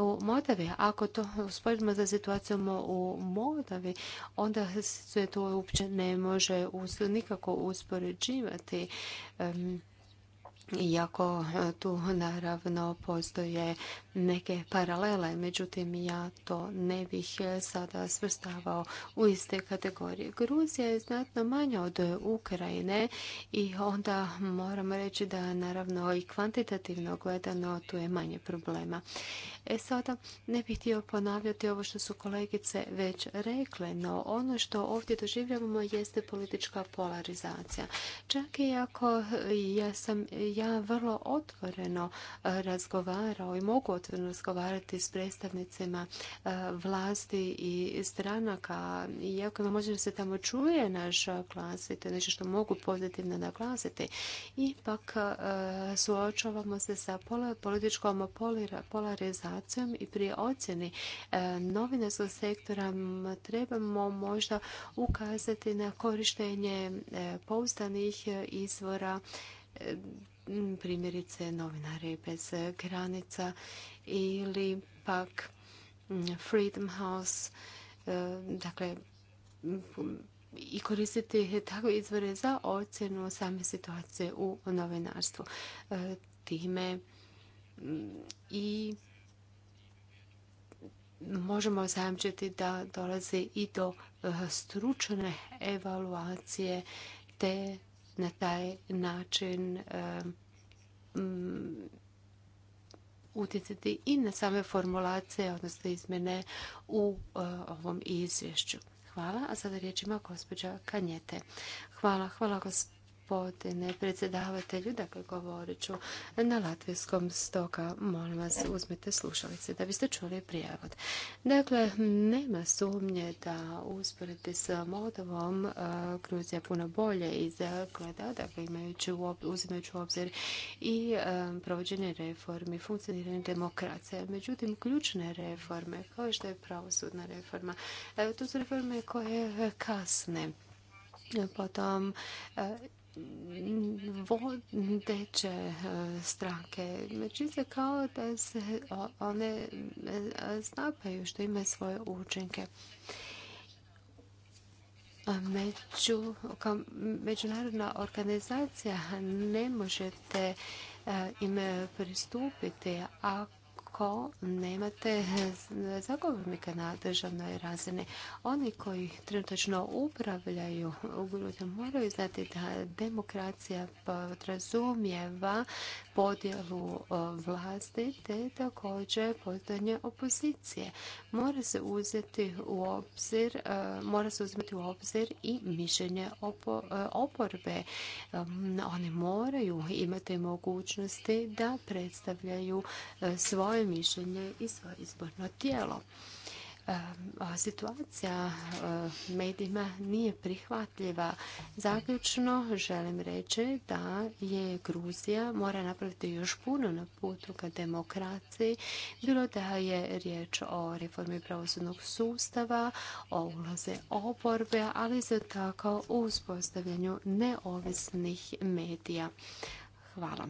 A: u Moldavi. Ako to usporedimo za situacijom u Moldavi, onda se to uopće ne može nikako uspoređivati. Iako tu naravno postoje neke paralele, međutim ja to ne bih eh, sada svrstavao u iste kategorije. Gruzija je znatno manja od eh, Ukrajine i onda moramo reći da naravno i kvantitativno gledano tu je manje problema. E sada ne bih htio ponavljati ovo što su kolegice već rekle, no ono što ovdje doživljavamo jeste politička polarizacija. Čak i ako eh, ja sam ja vrlo otvoreno razgovarao i mogu otvoreno razgovarati s predstavnicima e, vlasti i stranaka. Iako ima možda se tamo čuje naš glas to je nešto što mogu pozitivno naglasiti. Ipak e, suočavamo se sa političkom polarizacijom i prije ocjeni e, novinarskog sektora trebamo možda ukazati na korištenje pouzdanih izvora primjerice novinari bez granica ili pak mm, Freedom House, e, dakle i koristiti takve izvore za ocjenu same situacije u novinarstvu. E, time mm, i možemo zajamčiti da dolazi i do e, stručne evaluacije te na taj način mm, utjecati i na same formulacije, odnosno izmjene u e, ovom izvješću. Hvala, a sada riječ ima gospođa Kanjete. Hvala, hvala gospođa gospodine predsjedavatelju, dakle govorit ću na latvijskom stoka, molim vas uzmite slušalice da biste čuli prijevod. Dakle, nema sumnje da usporedbi s Moldovom e, Gruzija puno bolje izgleda, dakle imajući u, uzimajući u obzir i e, provođenje reformi, funkcioniranje demokracije. Međutim, ključne reforme, kao što je pravosudna reforma, e, to su reforme koje kasne potom vodeće e, stranke. Čini kao da se one snapaju e, što ima svoje učinke. međunarodna organizacija ne možete e, im pristupiti ako ako nemate zagovornika na državnoj razini. Oni koji trenutačno upravljaju u moraju znati da demokracija podrazumijeva podjelu e, vlasti te također postojanje opozicije. Mora se uzeti u obzir, e, mora se uzeti u obzir i mišljenje e, oporbe. Oni moraju imati mogućnosti da predstavljaju svoje mišljenje i svoje izborno tijelo. Ehm, situacija eh, medijima nije prihvatljiva. Zaključno želim reći da je Gruzija mora napraviti još puno na putu ka demokraciji, bilo da je riječ o reformi pravosudnog sustava, o ulaze oporbe, ali isto tako u uspostavljanju neovisnih medija. Hvala.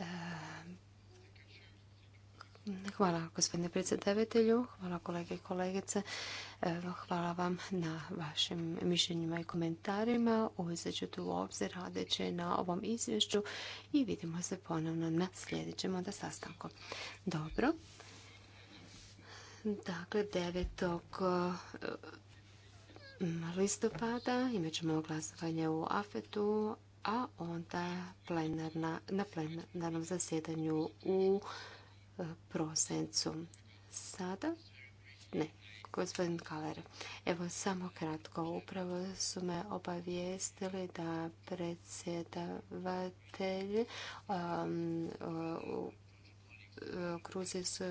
A: Ehm, Hvala gospodine predsjedavatelju, hvala kolege i kolegice, hvala vam na vašim mišljenjima i komentarima. Uzet ću tu u obzir radeći na ovom izvješću i vidimo se ponovno na sljedećem onda sastanku. Dobro. Dakle, 9 e, listopada imat ćemo glasovanje u AFET-u, a onda na plenarnom zasjedanju u prosincu. Sada? Ne, gospodin Kaler. Evo, samo kratko. Upravo su me obavijestili da predsjedavatelj Gruzijsko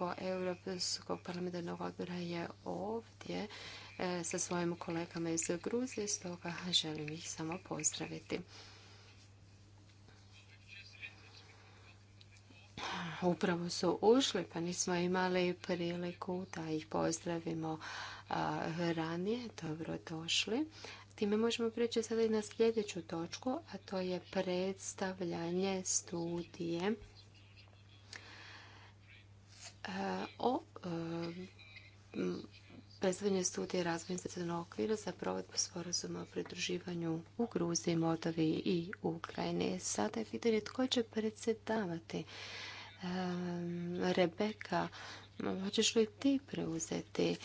A: um, Europskog parlamentarnog odbora je ovdje e, sa svojim kolegama iz Gruzije, stoga želim ih samo pozdraviti. upravo su ušli, pa nismo imali priliku da ih pozdravimo ranije. Dobrodošli. Time možemo prijeći sada i na sljedeću točku, a to je predstavljanje studije o predstavljanje studije razvoja institucionalnog okvira za provedbu sporazuma o pridruživanju u Gruziji, Moldovi i Ukrajini. Sada je pitanje tko će predsjedavati Rebeka, hoćeš li ti preuzeti?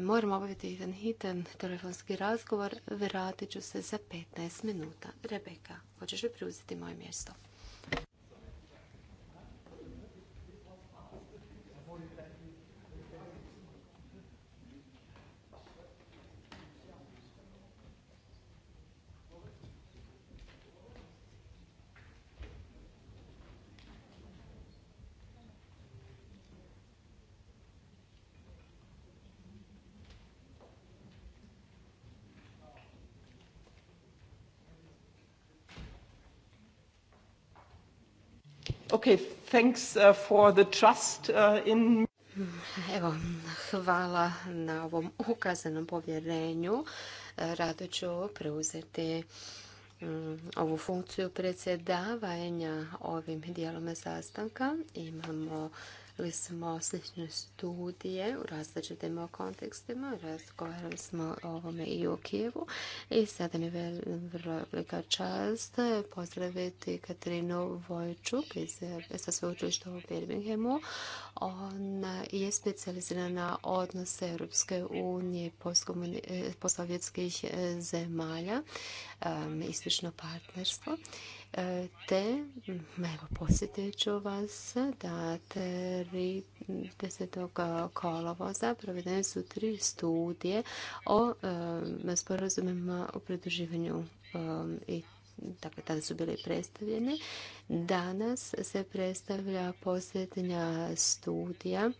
A: Moram obaviti jedan hitan telefonski razgovor. Vratit ću se za 15 minuta. Rebeka, hoćeš li preuzeti moje mjesto? Okay, thanks uh, for uh, hvala na ovom ukazanom povjerenju. Rado ću preuzeti mm, ovu funkciju predsjedavanja ovim dijelom sastanka. Imamo Radili smo slične studije u različitim kontekstima, razgovarali smo o ovome i u Kijevu i sada mi je vrlo velika čast pozdraviti Katarinu Vojčuk iz sa sveučilišta u Birminghamu. Ona je specializirana na odnose Europske unije poslovjetskih e, e, zemalja, istočno partnerstvo e, te evo posjetit ću vas da 30. kolovoza provedene su tri studije o sporazumima o pridruživanju i dakle tada su bile predstavljene. Danas se predstavlja posljednja studija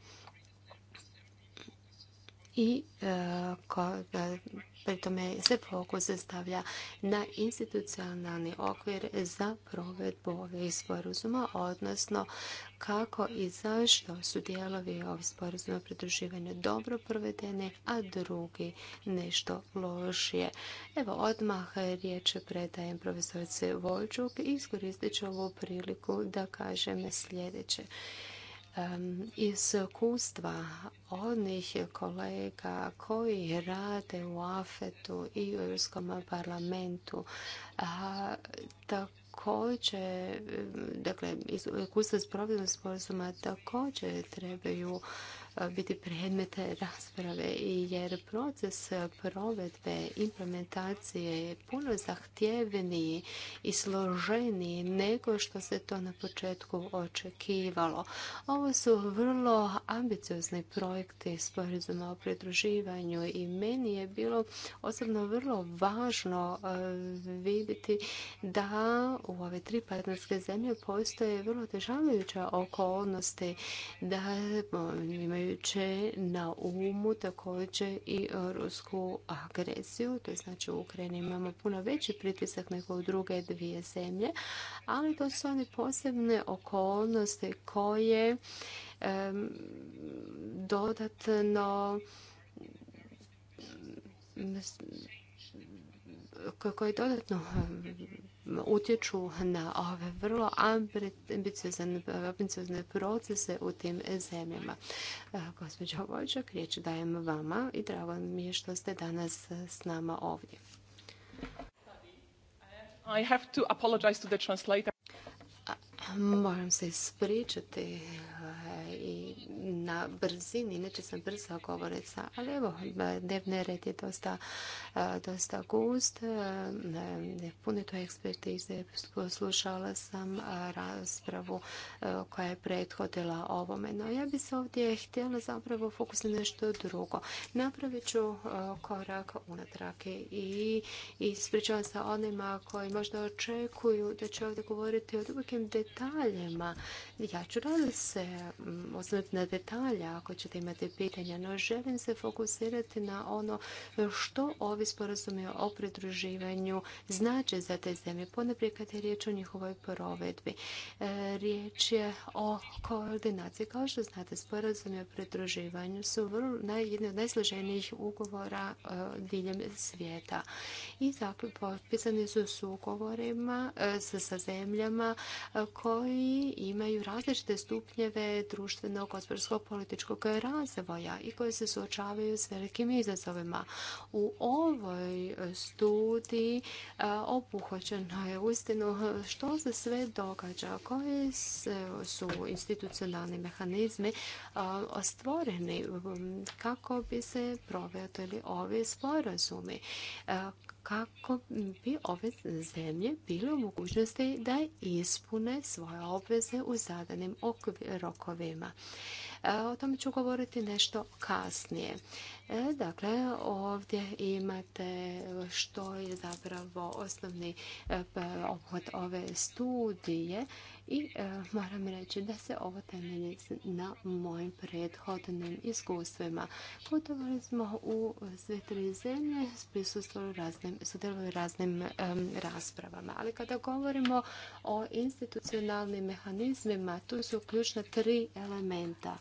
A: i e, pri tome se fokus stavlja na institucionalni okvir za provedbu ovih sporazuma, odnosno kako i zašto su dijelovi ovih sporazuma pridruživanja dobro provedeni, a drugi nešto lošije. Evo, odmah riječ predajem profesorice Vojčuk i iskoristit ću ovu priliku da kažem sljedeće iskustva onih kolega koji rade u AFET-u i u Europskom parlamentu, a također, dakle, iskustva s provedbom sporazuma također trebaju biti predmete rasprave jer proces provedbe implementacije je puno zahtjevniji i složeniji nego što se to na početku očekivalo. Ovo su vrlo ambiciozni projekti sporazuma o pridruživanju i meni je bilo osobno vrlo važno vidjeti da u ove tri partnerske zemlje postoje vrlo težavajuća okolnosti da imaju imajući na umu također i rusku agresiju. To je znači u Ukrajini imamo puno veći pritisak nego u druge dvije zemlje, ali to su one posebne okolnosti koje dodatno koje dodatno utječu na ove vrlo ambiciozne procese u tim zemljama. E, gospođo Vojčak, riječ dajem vama i drago mi je što ste danas s nama ovdje.
B: I have to apologize to the Moram se
A: ispričati e, i na brzini, neće sam brza govornica, ali evo, dnevni red je dosta, e, gust. gust, e, puno to ekspertize, poslušala sam e, raspravu koja je prethodila ovome, no ja bi se ovdje htjela zapravo fokusiti na nešto drugo. Napravit ću korak unatrake i ispričavam se onima koji možda očekuju da će ovdje govoriti o dubokim detaljima ja ću rado se mm, osnoviti na detalje ako ćete imati pitanja, no želim se fokusirati na ono što ovi sporazumi o pridruživanju znači za te zemlje, ponaprije kad je riječ o njihovoj provedbi. E, riječ je o koordinaciji. Kao što znate, sporazumi o pridruživanju su jedne od najsloženijih ugovora e, diljem svijeta. I potpisani su s ugovorima e, sa zemljama koji imaju različite stupnjeve društvenog, gospodarskog, političkog razvoja i koje se suočavaju s velikim izazovima. U ovoj studiji obuhvaćeno je uistinu što se sve događa, koji su institucionalni mehanizmi stvoreni kako bi se provjetili ovi sporazumi kako bi ove zemlje bile u mogućnosti da ispune svoje obveze u zadanim rokovima. E, o tome ću govoriti nešto kasnije. E, dakle, ovdje imate što je zapravo osnovni e, obhod ove studije i e, moram reći da se ovo temelji na mojim prethodnim iskustvima. Putovali smo u sve tri zemlje, raznim, sudjelovali raznim raspravama. Ali kada govorimo o institucionalnim mehanizmima, tu su ključna tri elementa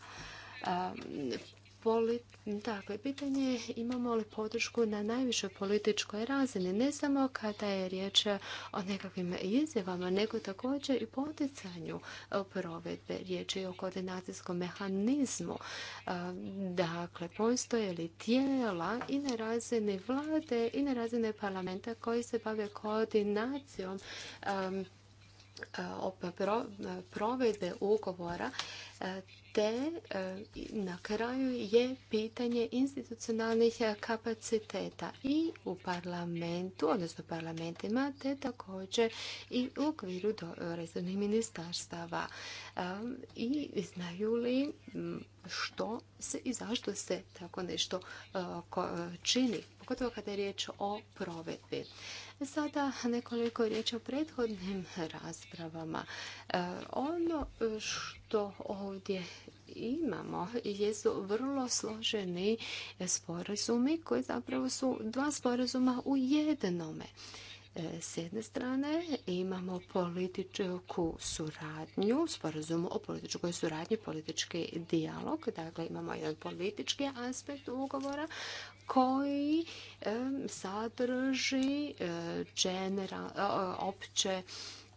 A: tako Dakle, pitanje imamo li podršku na najvišoj političkoj razini, ne samo kada je riječ o nekakvim izjevama, nego također i poticanju e, provedbe. Riječ je o koordinacijskom mehanizmu. E, dakle, postoje li tijela i na razini vlade i na razini parlamenta koji se bave koordinacijom e, provedbe ugovora te e, na kraju je pitanje institucionalnih e, kapaciteta i u parlamentu, odnosno parlamentima, te također i u okviru resornih ministarstava i znaju li što se i zašto se tako nešto e, čini, pogotovo kada je riječ o provedbi. Sada nekoliko riječi o prethodnim raspravama. E, ono što ovdje imamo jesu vrlo složeni sporazumi koji zapravo su dva sporazuma u jednome. E, s jedne strane imamo političku suradnju, sporazum o političkoj suradnji, politički dijalog. Dakle, imamo jedan politički aspekt ugovora koji sadrži e, opće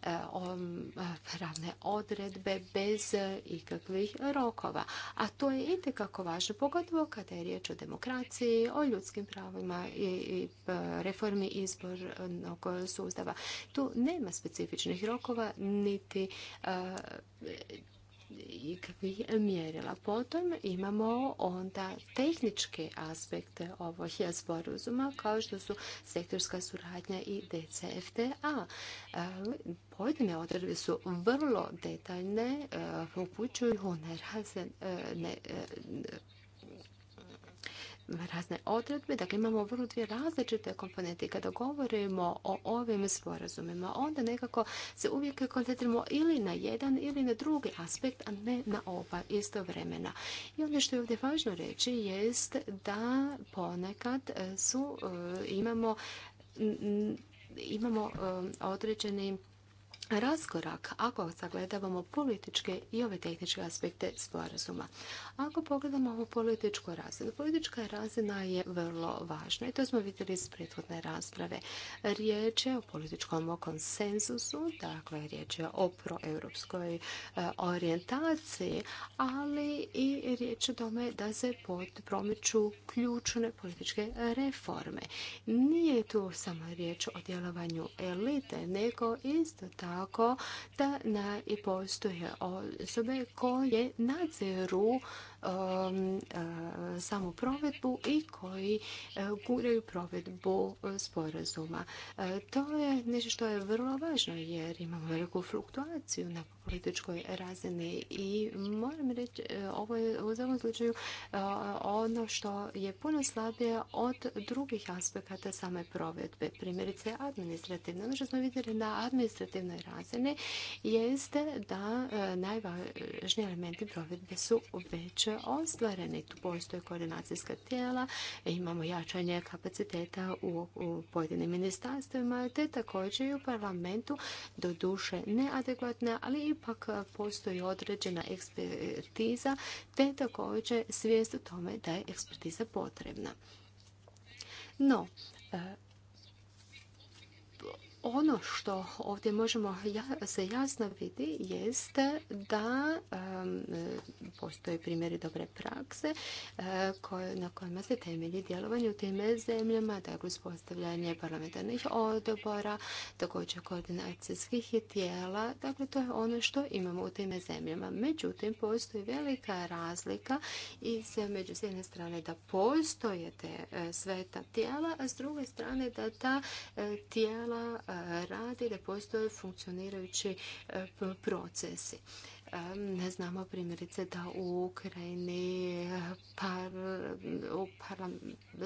A: E, e, pravne odredbe bez e, ikakvih rokova. A to je itekako važno, pogotovo kada je riječ o demokraciji, o ljudskim pravima i reformi izbornog sustava. Tu nema specifičnih rokova, niti ikakvih mjerila. Potom imamo onda tehničke aspekte ovog sporazuma kao što su sektorska suradnja i DCFTA. E, pojedine odredbe su vrlo detaljne, e, upućuju na razne e, razne odredbe. Dakle, imamo vrlo dvije različite komponente. I kada govorimo o ovim sporazumima, onda nekako se uvijek koncentriramo ili na jedan ili na drugi aspekt, a ne na oba istovremena. I ono što je ovdje važno reći jest da ponekad su, e, imamo imamo e, određeni raskorak ako sagledavamo političke i ove tehničke aspekte sporazuma. Ako pogledamo ovu političku razinu, politička razina je vrlo važna i to smo vidjeli iz prethodne rasprave. Riječ je o političkom konsenzusu, dakle riječ je o proeuropskoj e, orijentaciji, ali i riječ je o tome da se promiču ključne političke reforme. Nije tu samo riječ o djelovanju elite, nego isto tako ako da na, i postoje osobe koje nadziru um, uh, samu provedbu i koji uh, guraju provedbu uh, sporazuma. To je nešto što je vrlo važno jer imamo veliku fluktuaciju na političkoj razini. I moram reći, e, ovo je u ovom slučaju e, ono što je puno slabije od drugih aspekata same provedbe. Primjerice administrativno Ono što smo vidjeli na administrativnoj razini jeste da e, najvažniji elementi provedbe su već ostvareni. Tu postoje koordinacijska tijela, imamo jačanje kapaciteta u, pojedinim ministarstvima, te također i u parlamentu, do duše neadekvatna, ali i ipak postoji određena ekspertiza, te također svijest o tome da je ekspertiza potrebna. No, ono što ovdje možemo ja, se jasno vidi jeste da um, postoje primjeri dobre prakse eh, koje, na kojima se temelji djelovanje u tim zemljama, dakle uspostavljanje parlamentarnih odbora, također koordinacijskih tijela, dakle to je ono što imamo u tim zemljama. Međutim, postoji velika razlika se među s jedne strane da postoje te uh, eh, sveta tijela, a s druge strane da ta eh, tijela radi, da postoje funkcionirajući e, procesi. Znamo primjerice da u Ukrajini eh, par,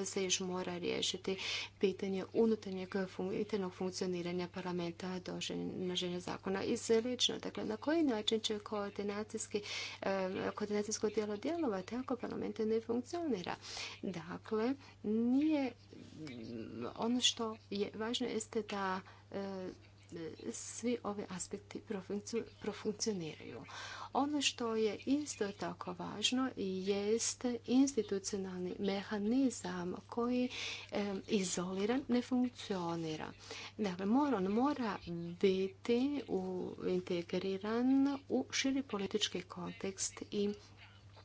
A: se još mora riješiti pitanje unutarnjeg internog funkcioniranja parlamenta, do naženja zakona i slično. Dakle, na koji način će koordinacijsko tijelo djelovati ako parlament ne funkcionira? Dakle, nije ono što je važno jeste da eh, svi ovi aspekti profunkcioniraju. Ono što je isto tako važno jeste institucionalni mehanizam koji izoliran ne funkcionira. Dakle, on mora biti u, integriran u širi politički kontekst i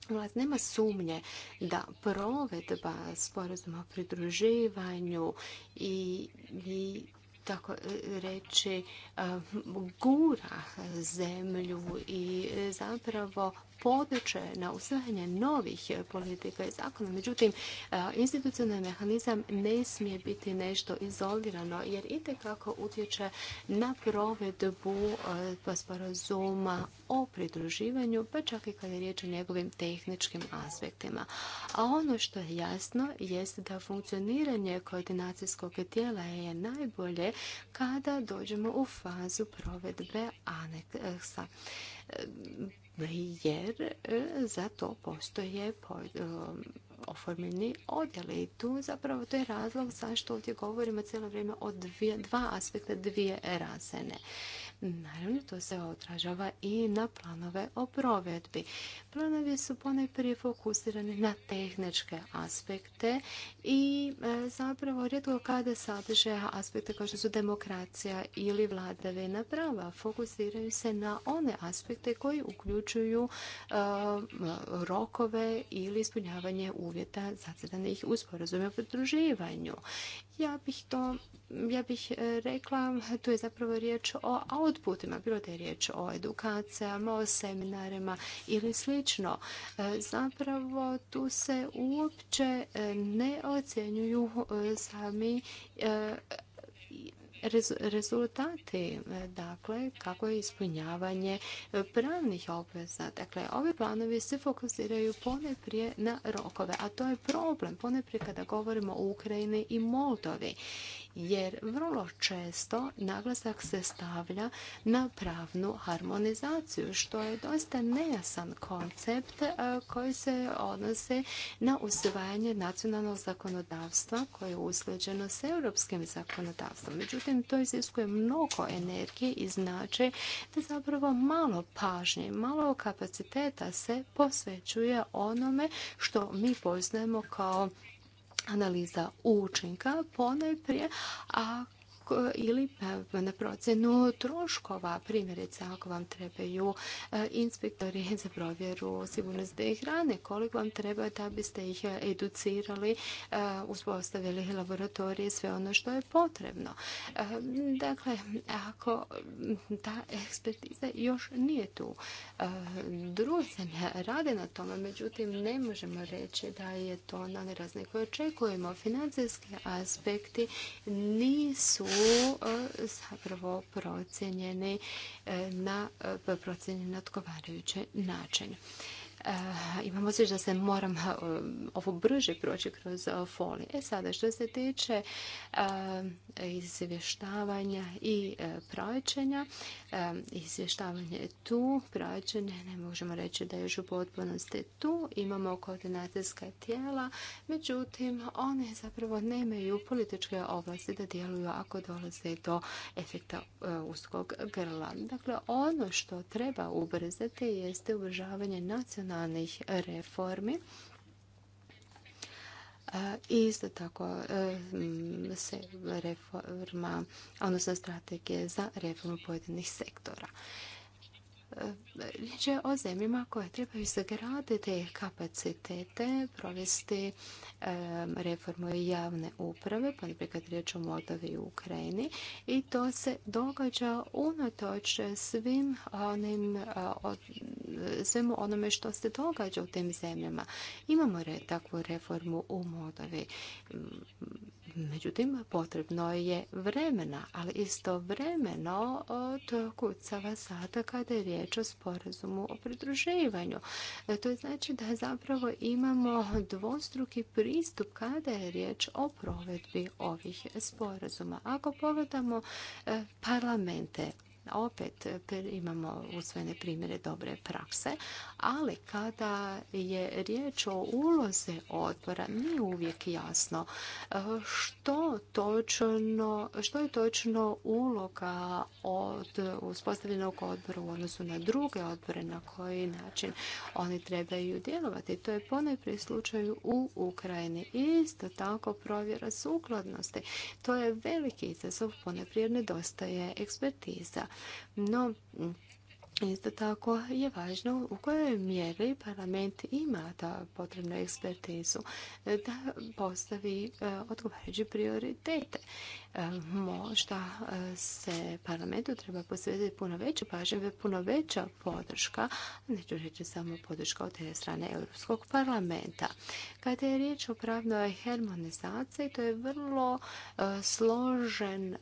A: vlad nema sumnje da provedba sporazuma o pridruživanju i, i tako e, reći e, gura zemlju i zapravo potiče na usvajanje novih politika i zakona. Međutim, e, institucionalni mehanizam ne smije biti nešto izolirano jer itekako utječe na provedbu e, sporazuma o pridruživanju, pa čak i kada je riječ o njegovim tehničkim aspektima. A ono što je jasno jest da funkcioniranje koordinacijskog tijela je najbolje kada dođemo u fazu provedbe aneksa e, jer e, za to postoje e, oformljeni odjeli. Tu zapravo to je razlog zašto ovdje govorimo cijelo vrijeme o dva aspekta dvije razene. Naravno, to se odražava i na planove o provedbi. Planovi su ponajprije fokusirani na tehničke aspekte i e, zapravo rijetko kada sadrže aspekte kao što su demokracija ili vladavina prava. Fokusiraju se na one aspekte koji uključuju e, rokove ili ispunjavanje uvjeta zacetanih u sporazumu o pridruživanju. Ja bih to, ja bih e, rekla, tu je zapravo riječ o outputima, bilo da je riječ o edukacijama, o seminarima ili slično. E, zapravo tu se uopće e, ne ocjenjuju sami rezultati, e, dakle, kako je ispunjavanje e, pravnih obveza. Dakle, ovi planovi se fokusiraju poneprije na rokove, a to je problem, poneprije kada govorimo o Ukrajini i Moldovi jer vrlo često naglasak se stavlja na pravnu harmonizaciju, što je dosta nejasan koncept e, koji se odnose na usvajanje nacionalnog zakonodavstva koje je usklađeno s europskim zakonodavstvom. Međutim, to iziskuje mnogo energije i znači da zapravo malo pažnje, malo kapaciteta se posvećuje onome što mi poznajemo kao analiza učinka ponajprije, a ili e, na procenu troškova. Primjerice, ako vam trebaju e, inspektori za provjeru sigurnosti hrane, koliko vam treba da biste ih educirali, e, uspostavili laboratorije, sve ono što je potrebno. Dakle, ako ta ekspertiza još nije tu, druge rade na tome, međutim, ne možemo reći da je to na razne koje očekujemo. Financijski aspekti nisu E, zapravo procijenjeni e, na e, procijenjeni na odgovarajući način. Eh, imam osjećaj da se moram eh, ovo brže proći kroz eh, folije. E sada, što se tiče izvještavanja i praćenja, izvještavanje je tu, praćenje ne možemo reći da je još u potpunosti tu, imamo koordinacijska tijela, međutim, one zapravo nemaju političke ovlasti da djeluju ako dolaze do efekta uskog grla. Dakle, ono što treba ubrzati jeste ubržavanje nacionalnih nacionalnih reformi. I e, isto tako e, se reforma, odnosno strategije za reformu pojedinih sektora. Riječ je o zemljama koje trebaju zagraditi kapacitete, provesti reformu javne uprave, pa riječ o Moldovi i Ukrajini. I to se događa unatoč svim onim, svemu onome što se događa u tim zemljama. Imamo takvu reformu u Moldovi. Međutim, potrebno je vremena, ali istovremeno e, to kucava sada kada je riječ o sporazumu o pridruživanju. E, to znači da zapravo imamo dvostruki pristup kada je riječ o provedbi ovih sporazuma. Ako pogledamo e, parlamente opet e, imamo usvojene primjere dobre prakse, ali kada je riječ o uloze odbora, nije uvijek jasno e, što, točno, što je točno uloga od uspostavljenog odbora u odnosu na druge odbore, na koji način oni trebaju djelovati. To je ponajprije slučaju u Ukrajini. Isto tako provjera sukladnosti. To je veliki izazov, ponajprije nedostaje ekspertiza. No, Isto tako je važno u kojoj mjeri parlament ima ta potrebnu ekspertizu da postavi e, odgovarajuće prioritete. E, možda e, se parlamentu treba posvetiti puno veće pažnje puno veća podrška, neću reći samo podrška od te strane Europskog parlamenta. Kada je riječ o pravnoj harmonizaciji, to je vrlo e, složen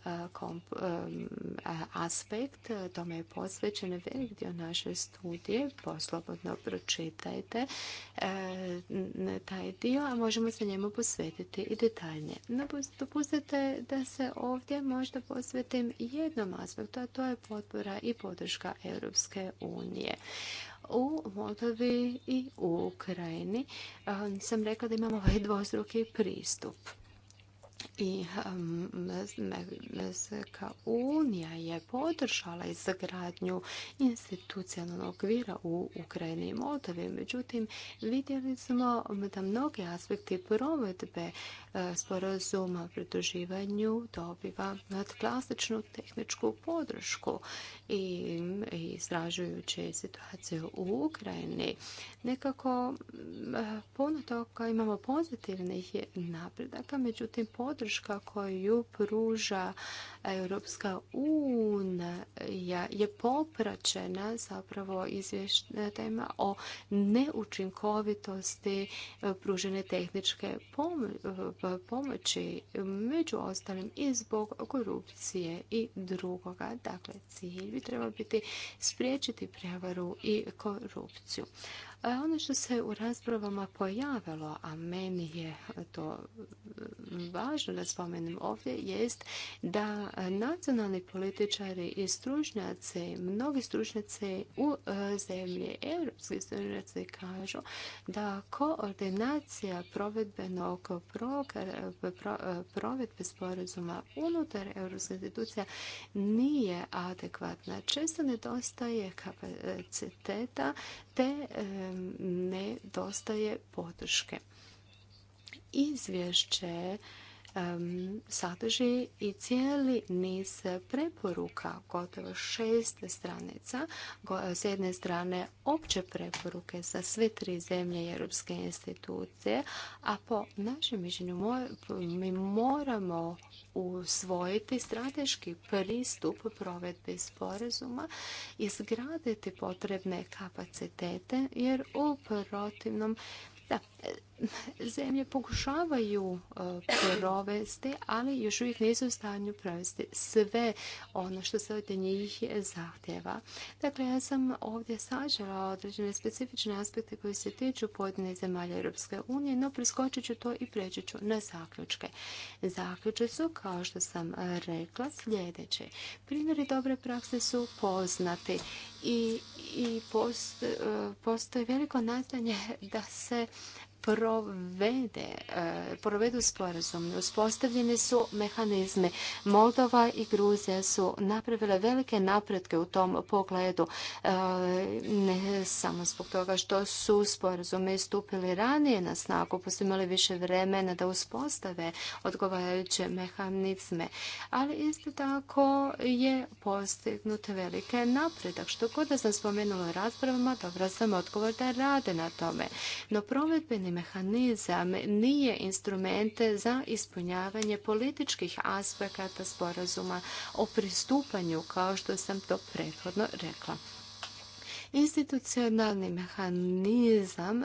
A: aspekt, tome je posvećen velik dio naše studije, poslobodno pročitajte taj dio, a možemo se njemu posvetiti i detaljnije. Dopustite da se ovdje možda posvetim jednom aspektu, a to je potpora i podrška Europske unije u Moldovi i u Ukrajini. Sam rekla da imamo ovaj dvostruki pristup i unija je podržala izgradnju institucionalnog okvira u Ukrajini i Međutim, vidjeli smo da mnogi aspekti provedbe e, sporazuma o pridruživanju dobiva klasičnu tehničku podršku i izražujući situaciju u Ukrajini. Nekako e, puno toga imamo pozitivnih napredaka, međutim podrška koju pruža Europska unija je popraćena zapravo izvještajima o neučinkovitosti pružene tehničke pomoći, među ostalim i zbog korupcije i drugoga. Dakle, cilj bi trebao biti spriječiti prevaru i korupciju. Ono što se u raspravama pojavilo, a meni je to mm, važno da spomenem ovdje, jest da nacionalni političari i stručnjaci, mnogi stručnjaci u e, zemlji, europski stručnjaci kažu da koordinacija provedbenog e, provedbe sporazuma unutar europske institucija nije adekvatna. Često nedostaje kapaciteta te nedostaje podrške. Izvješće sadrži i cijeli niz preporuka, gotovo šest stranica. S jedne strane opće preporuke za sve tri zemlje i europske institucije, a po našem mišljenju mi moramo usvojiti strateški pristup provedbe sporazuma, izgraditi potrebne kapacitete, jer u protivnom da zemlje pokušavaju e, provesti, ali još uvijek nisu u stanju provesti sve ono što se od njih zahtjeva. Dakle, ja sam ovdje sažela određene specifične aspekte koji se tiču pojedine zemalja Europske unije, no preskočit ću to i preći ću na zaključke. Zaključe su, kao što sam rekla, sljedeće. Primjeri dobre prakse su poznati i, i e, postoji veliko nastanje da se provede, e, provedu sporazum. Uspostavljeni su mehanizmi. Moldova i Gruzija su napravile velike napretke u tom pogledu. E, ne samo zbog toga što su sporazume istupili ranije na snagu, pa su imali više vremena da uspostave odgovarajuće mehanizme. Ali isto tako je postignut velike napredak. Što god da sam spomenula u raspravama, dobra sam odgovor da rade na tome. No provedbeni mehanizam nije instrumente za ispunjavanje političkih aspekata sporazuma o pristupanju, kao što sam to prethodno rekla. Institucionalni mehanizam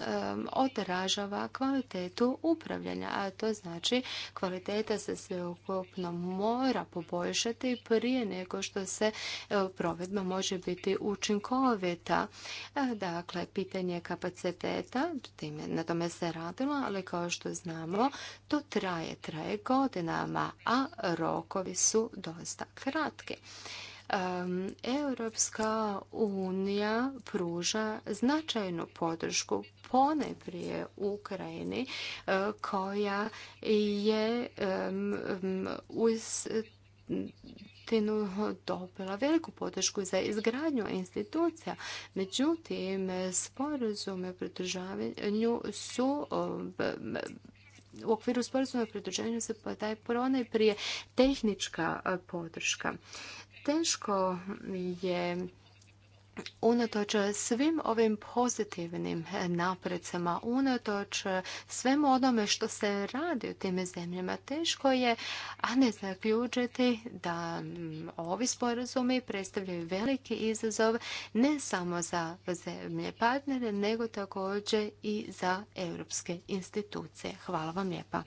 A: odražava kvalitetu upravljanja, a to znači kvaliteta se sveukupno mora poboljšati prije nego što se provedba može biti učinkovita. E, dakle, pitanje kapaciteta, na tome se radilo, ali kao što znamo, to traje, traje godinama, a rokovi su dosta kratki. Europska unija pruža značajnu podršku poneprije Ukrajini eh, koja je uz dobila veliku podršku za izgradnju institucija. Međutim, sporazume o pridržavanju su u okviru sporazuma o pridruženju se daje prije tehnička eh, podrška teško je unatoč svim ovim pozitivnim napredcama, unatoč svemu onome što se radi u tim zemljama, teško je, a ne zaključiti da ovi sporazumi predstavljaju veliki izazov ne samo za zemlje partnere, nego također i za europske institucije. Hvala vam lijepa.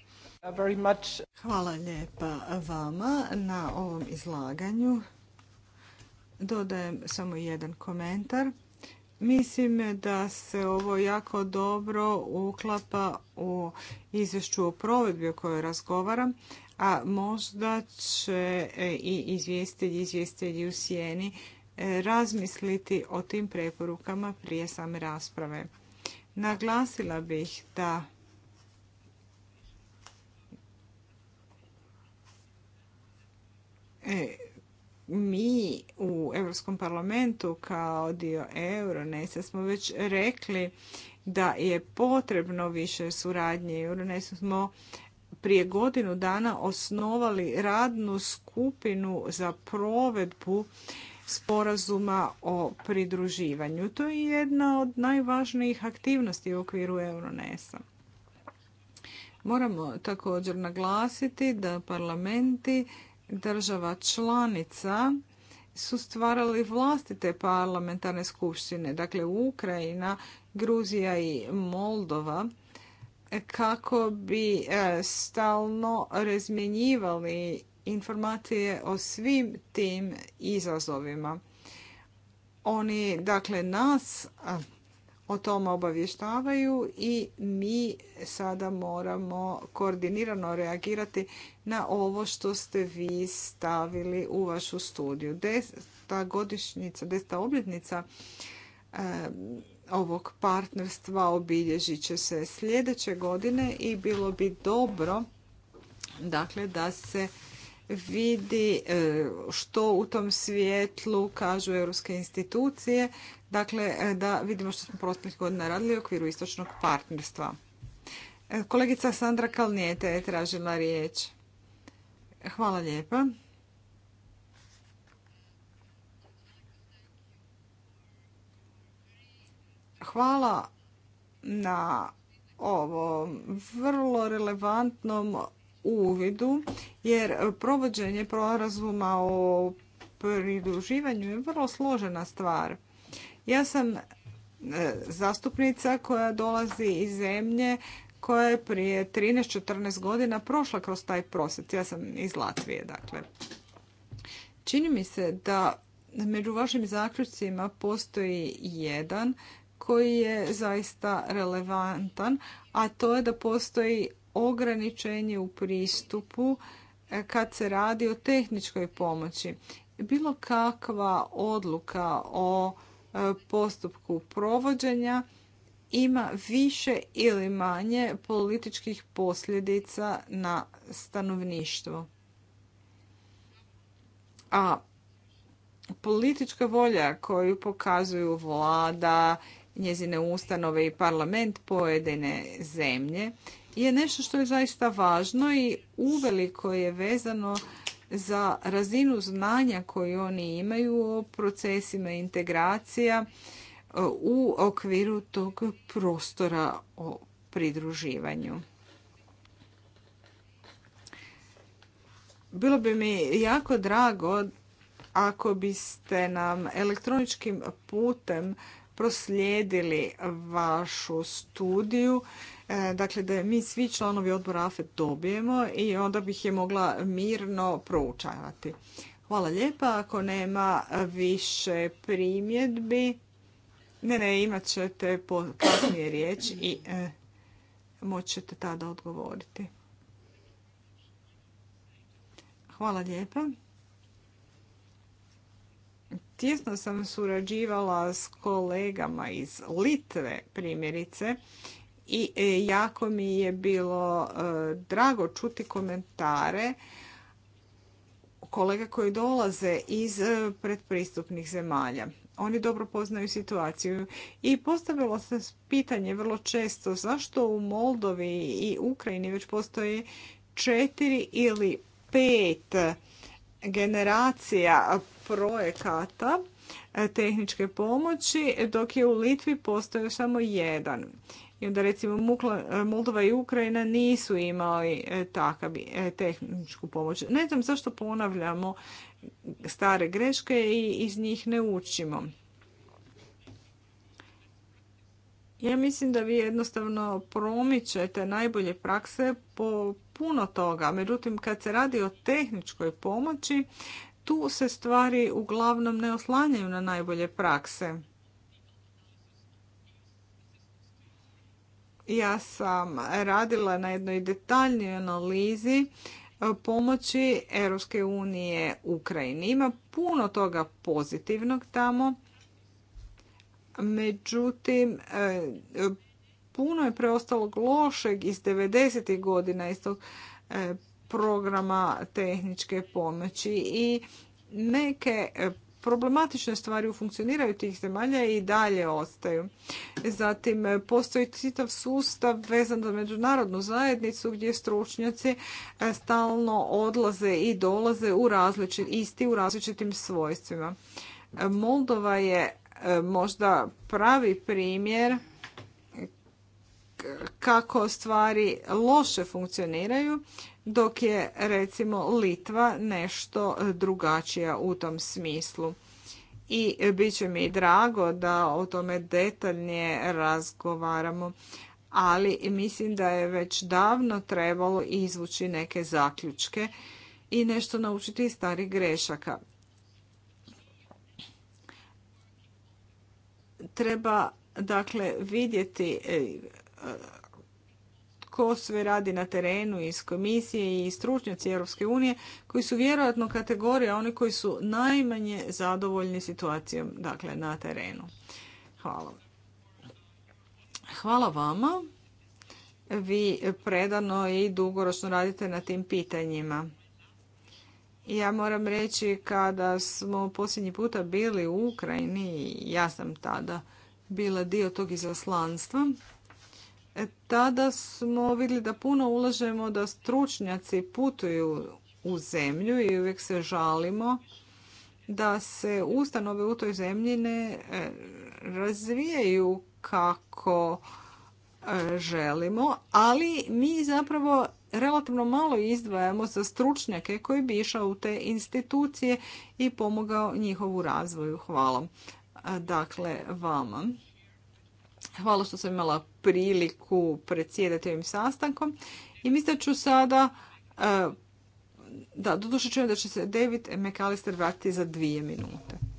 B: Hvala lijepa vama na ovom izlaganju dodajem samo jedan komentar. Mislim da se ovo jako dobro uklapa u izvješću o provedbi o kojoj razgovaram, a možda će e, i izvjestitelji, izvjestitelji u sjeni e, razmisliti o tim preporukama prije same rasprave. Naglasila bih da e, mi u Europskom parlamentu kao dio Euronesa smo već rekli da je potrebno više suradnje. Euronesa smo prije godinu dana osnovali radnu skupinu za provedbu sporazuma o pridruživanju. To je jedna od najvažnijih aktivnosti u okviru Euronesa. Moramo također naglasiti da parlamenti država članica su stvarali vlastite parlamentarne skupštine, dakle Ukrajina, Gruzija i Moldova, kako bi e, stalno razmjenjivali informacije o svim tim izazovima. Oni, dakle, nas o tome obavještavaju i mi sada moramo koordinirano reagirati na ovo što ste vi stavili u vašu studiju. Deseta godišnjica, desta obljetnica eh, ovog partnerstva obilježit će se sljedeće godine i bilo bi dobro dakle da se vidi e, što u tom svijetlu kažu europske institucije, dakle e, da vidimo što smo proteklih godina radili u okviru istočnog partnerstva. E, kolegica Sandra Kalnijete je tražila riječ. Hvala lijepa. Hvala na ovom vrlo relevantnom uvidu, jer provođenje prorazuma o pridruživanju je vrlo složena stvar. Ja sam e, zastupnica koja dolazi iz zemlje koja je prije 13-14 godina prošla kroz taj prosjec. Ja sam iz Latvije, dakle. Čini mi se da među vašim zaključcima postoji jedan koji je zaista relevantan, a to je da postoji ograničenje u pristupu e, kad se radi o tehničkoj pomoći. Bilo kakva odluka o e, postupku provođenja ima više ili manje političkih posljedica na stanovništvo. A politička volja koju pokazuju vlada, njezine ustanove i parlament pojedine zemlje je nešto što je zaista važno i uveliko je vezano za razinu znanja koju oni imaju o procesima integracija e, u okviru tog prostora o pridruživanju. Bilo bi mi jako drago ako biste nam elektroničkim putem proslijedili vašu studiju E, dakle da mi svi članovi odbora AFET dobijemo i onda bih je mogla mirno proučavati. Hvala lijepa. Ako nema više primjedbi, ne, ne, imat ćete kasnije riječ i e, moćete tada odgovoriti. Hvala lijepa. Tijesno sam surađivala s kolegama iz Litve primjerice i e, jako mi je bilo e, drago čuti komentare kolega koji dolaze iz e, predpristupnih zemalja. Oni dobro poznaju situaciju i postavilo se pitanje vrlo često zašto u Moldovi i Ukrajini već postoje četiri ili pet generacija projekata tehničke pomoći, dok je u Litvi postoje samo jedan. I onda recimo e, Moldova i Ukrajina nisu imali e, takav e, tehničku pomoć. Ne znam zašto ponavljamo stare greške i iz njih ne učimo. Ja mislim da vi jednostavno promičete najbolje prakse po puno toga. Međutim, kad se radi o tehničkoj pomoći, tu se stvari uglavnom ne oslanjaju na najbolje prakse. Ja sam radila na jednoj detaljnoj analizi e, pomoći Europske unije Ukrajini. Ima puno toga pozitivnog tamo, međutim, e, puno je preostalog lošeg iz 90. godina iz tog e, programa tehničke pomoći i neke problematične stvari u funkcioniraju tih zemalja i dalje ostaju. Zatim, postoji citav sustav vezan za međunarodnu zajednicu gdje stručnjaci e, stalno odlaze i dolaze u različit, isti u različitim svojstvima. E, Moldova je e, možda pravi primjer kako stvari loše funkcioniraju dok je recimo Litva nešto drugačija u tom smislu. I bit će mi drago da o tome detaljnije razgovaramo, ali mislim da je već davno trebalo izvući neke zaključke i nešto naučiti iz starih grešaka. Treba dakle vidjeti e, tko sve radi na terenu iz komisije i stručnjaci Europske unije koji su vjerojatno kategorija oni koji su najmanje zadovoljni situacijom dakle, na terenu. Hvala. Hvala vama. Vi predano i dugoročno radite na tim pitanjima. Ja moram reći kada smo posljednji puta bili u Ukrajini, ja sam tada bila dio tog izaslanstva, E, tada smo vidjeli da puno ulažemo da stručnjaci putuju u zemlju i uvijek se žalimo da se ustanove u toj zemlji ne e, razvijaju kako e, želimo, ali mi zapravo relativno malo izdvajamo za stručnjake koji bi išao u te institucije i pomogao njihovu razvoju. Hvala. Dakle, vama. Hvala što sam imala priliku predsjedati ovim sastankom. I mislim da ću sada, eh, da, doduše čujem da će se David McAllister vratiti za dvije
C: minute.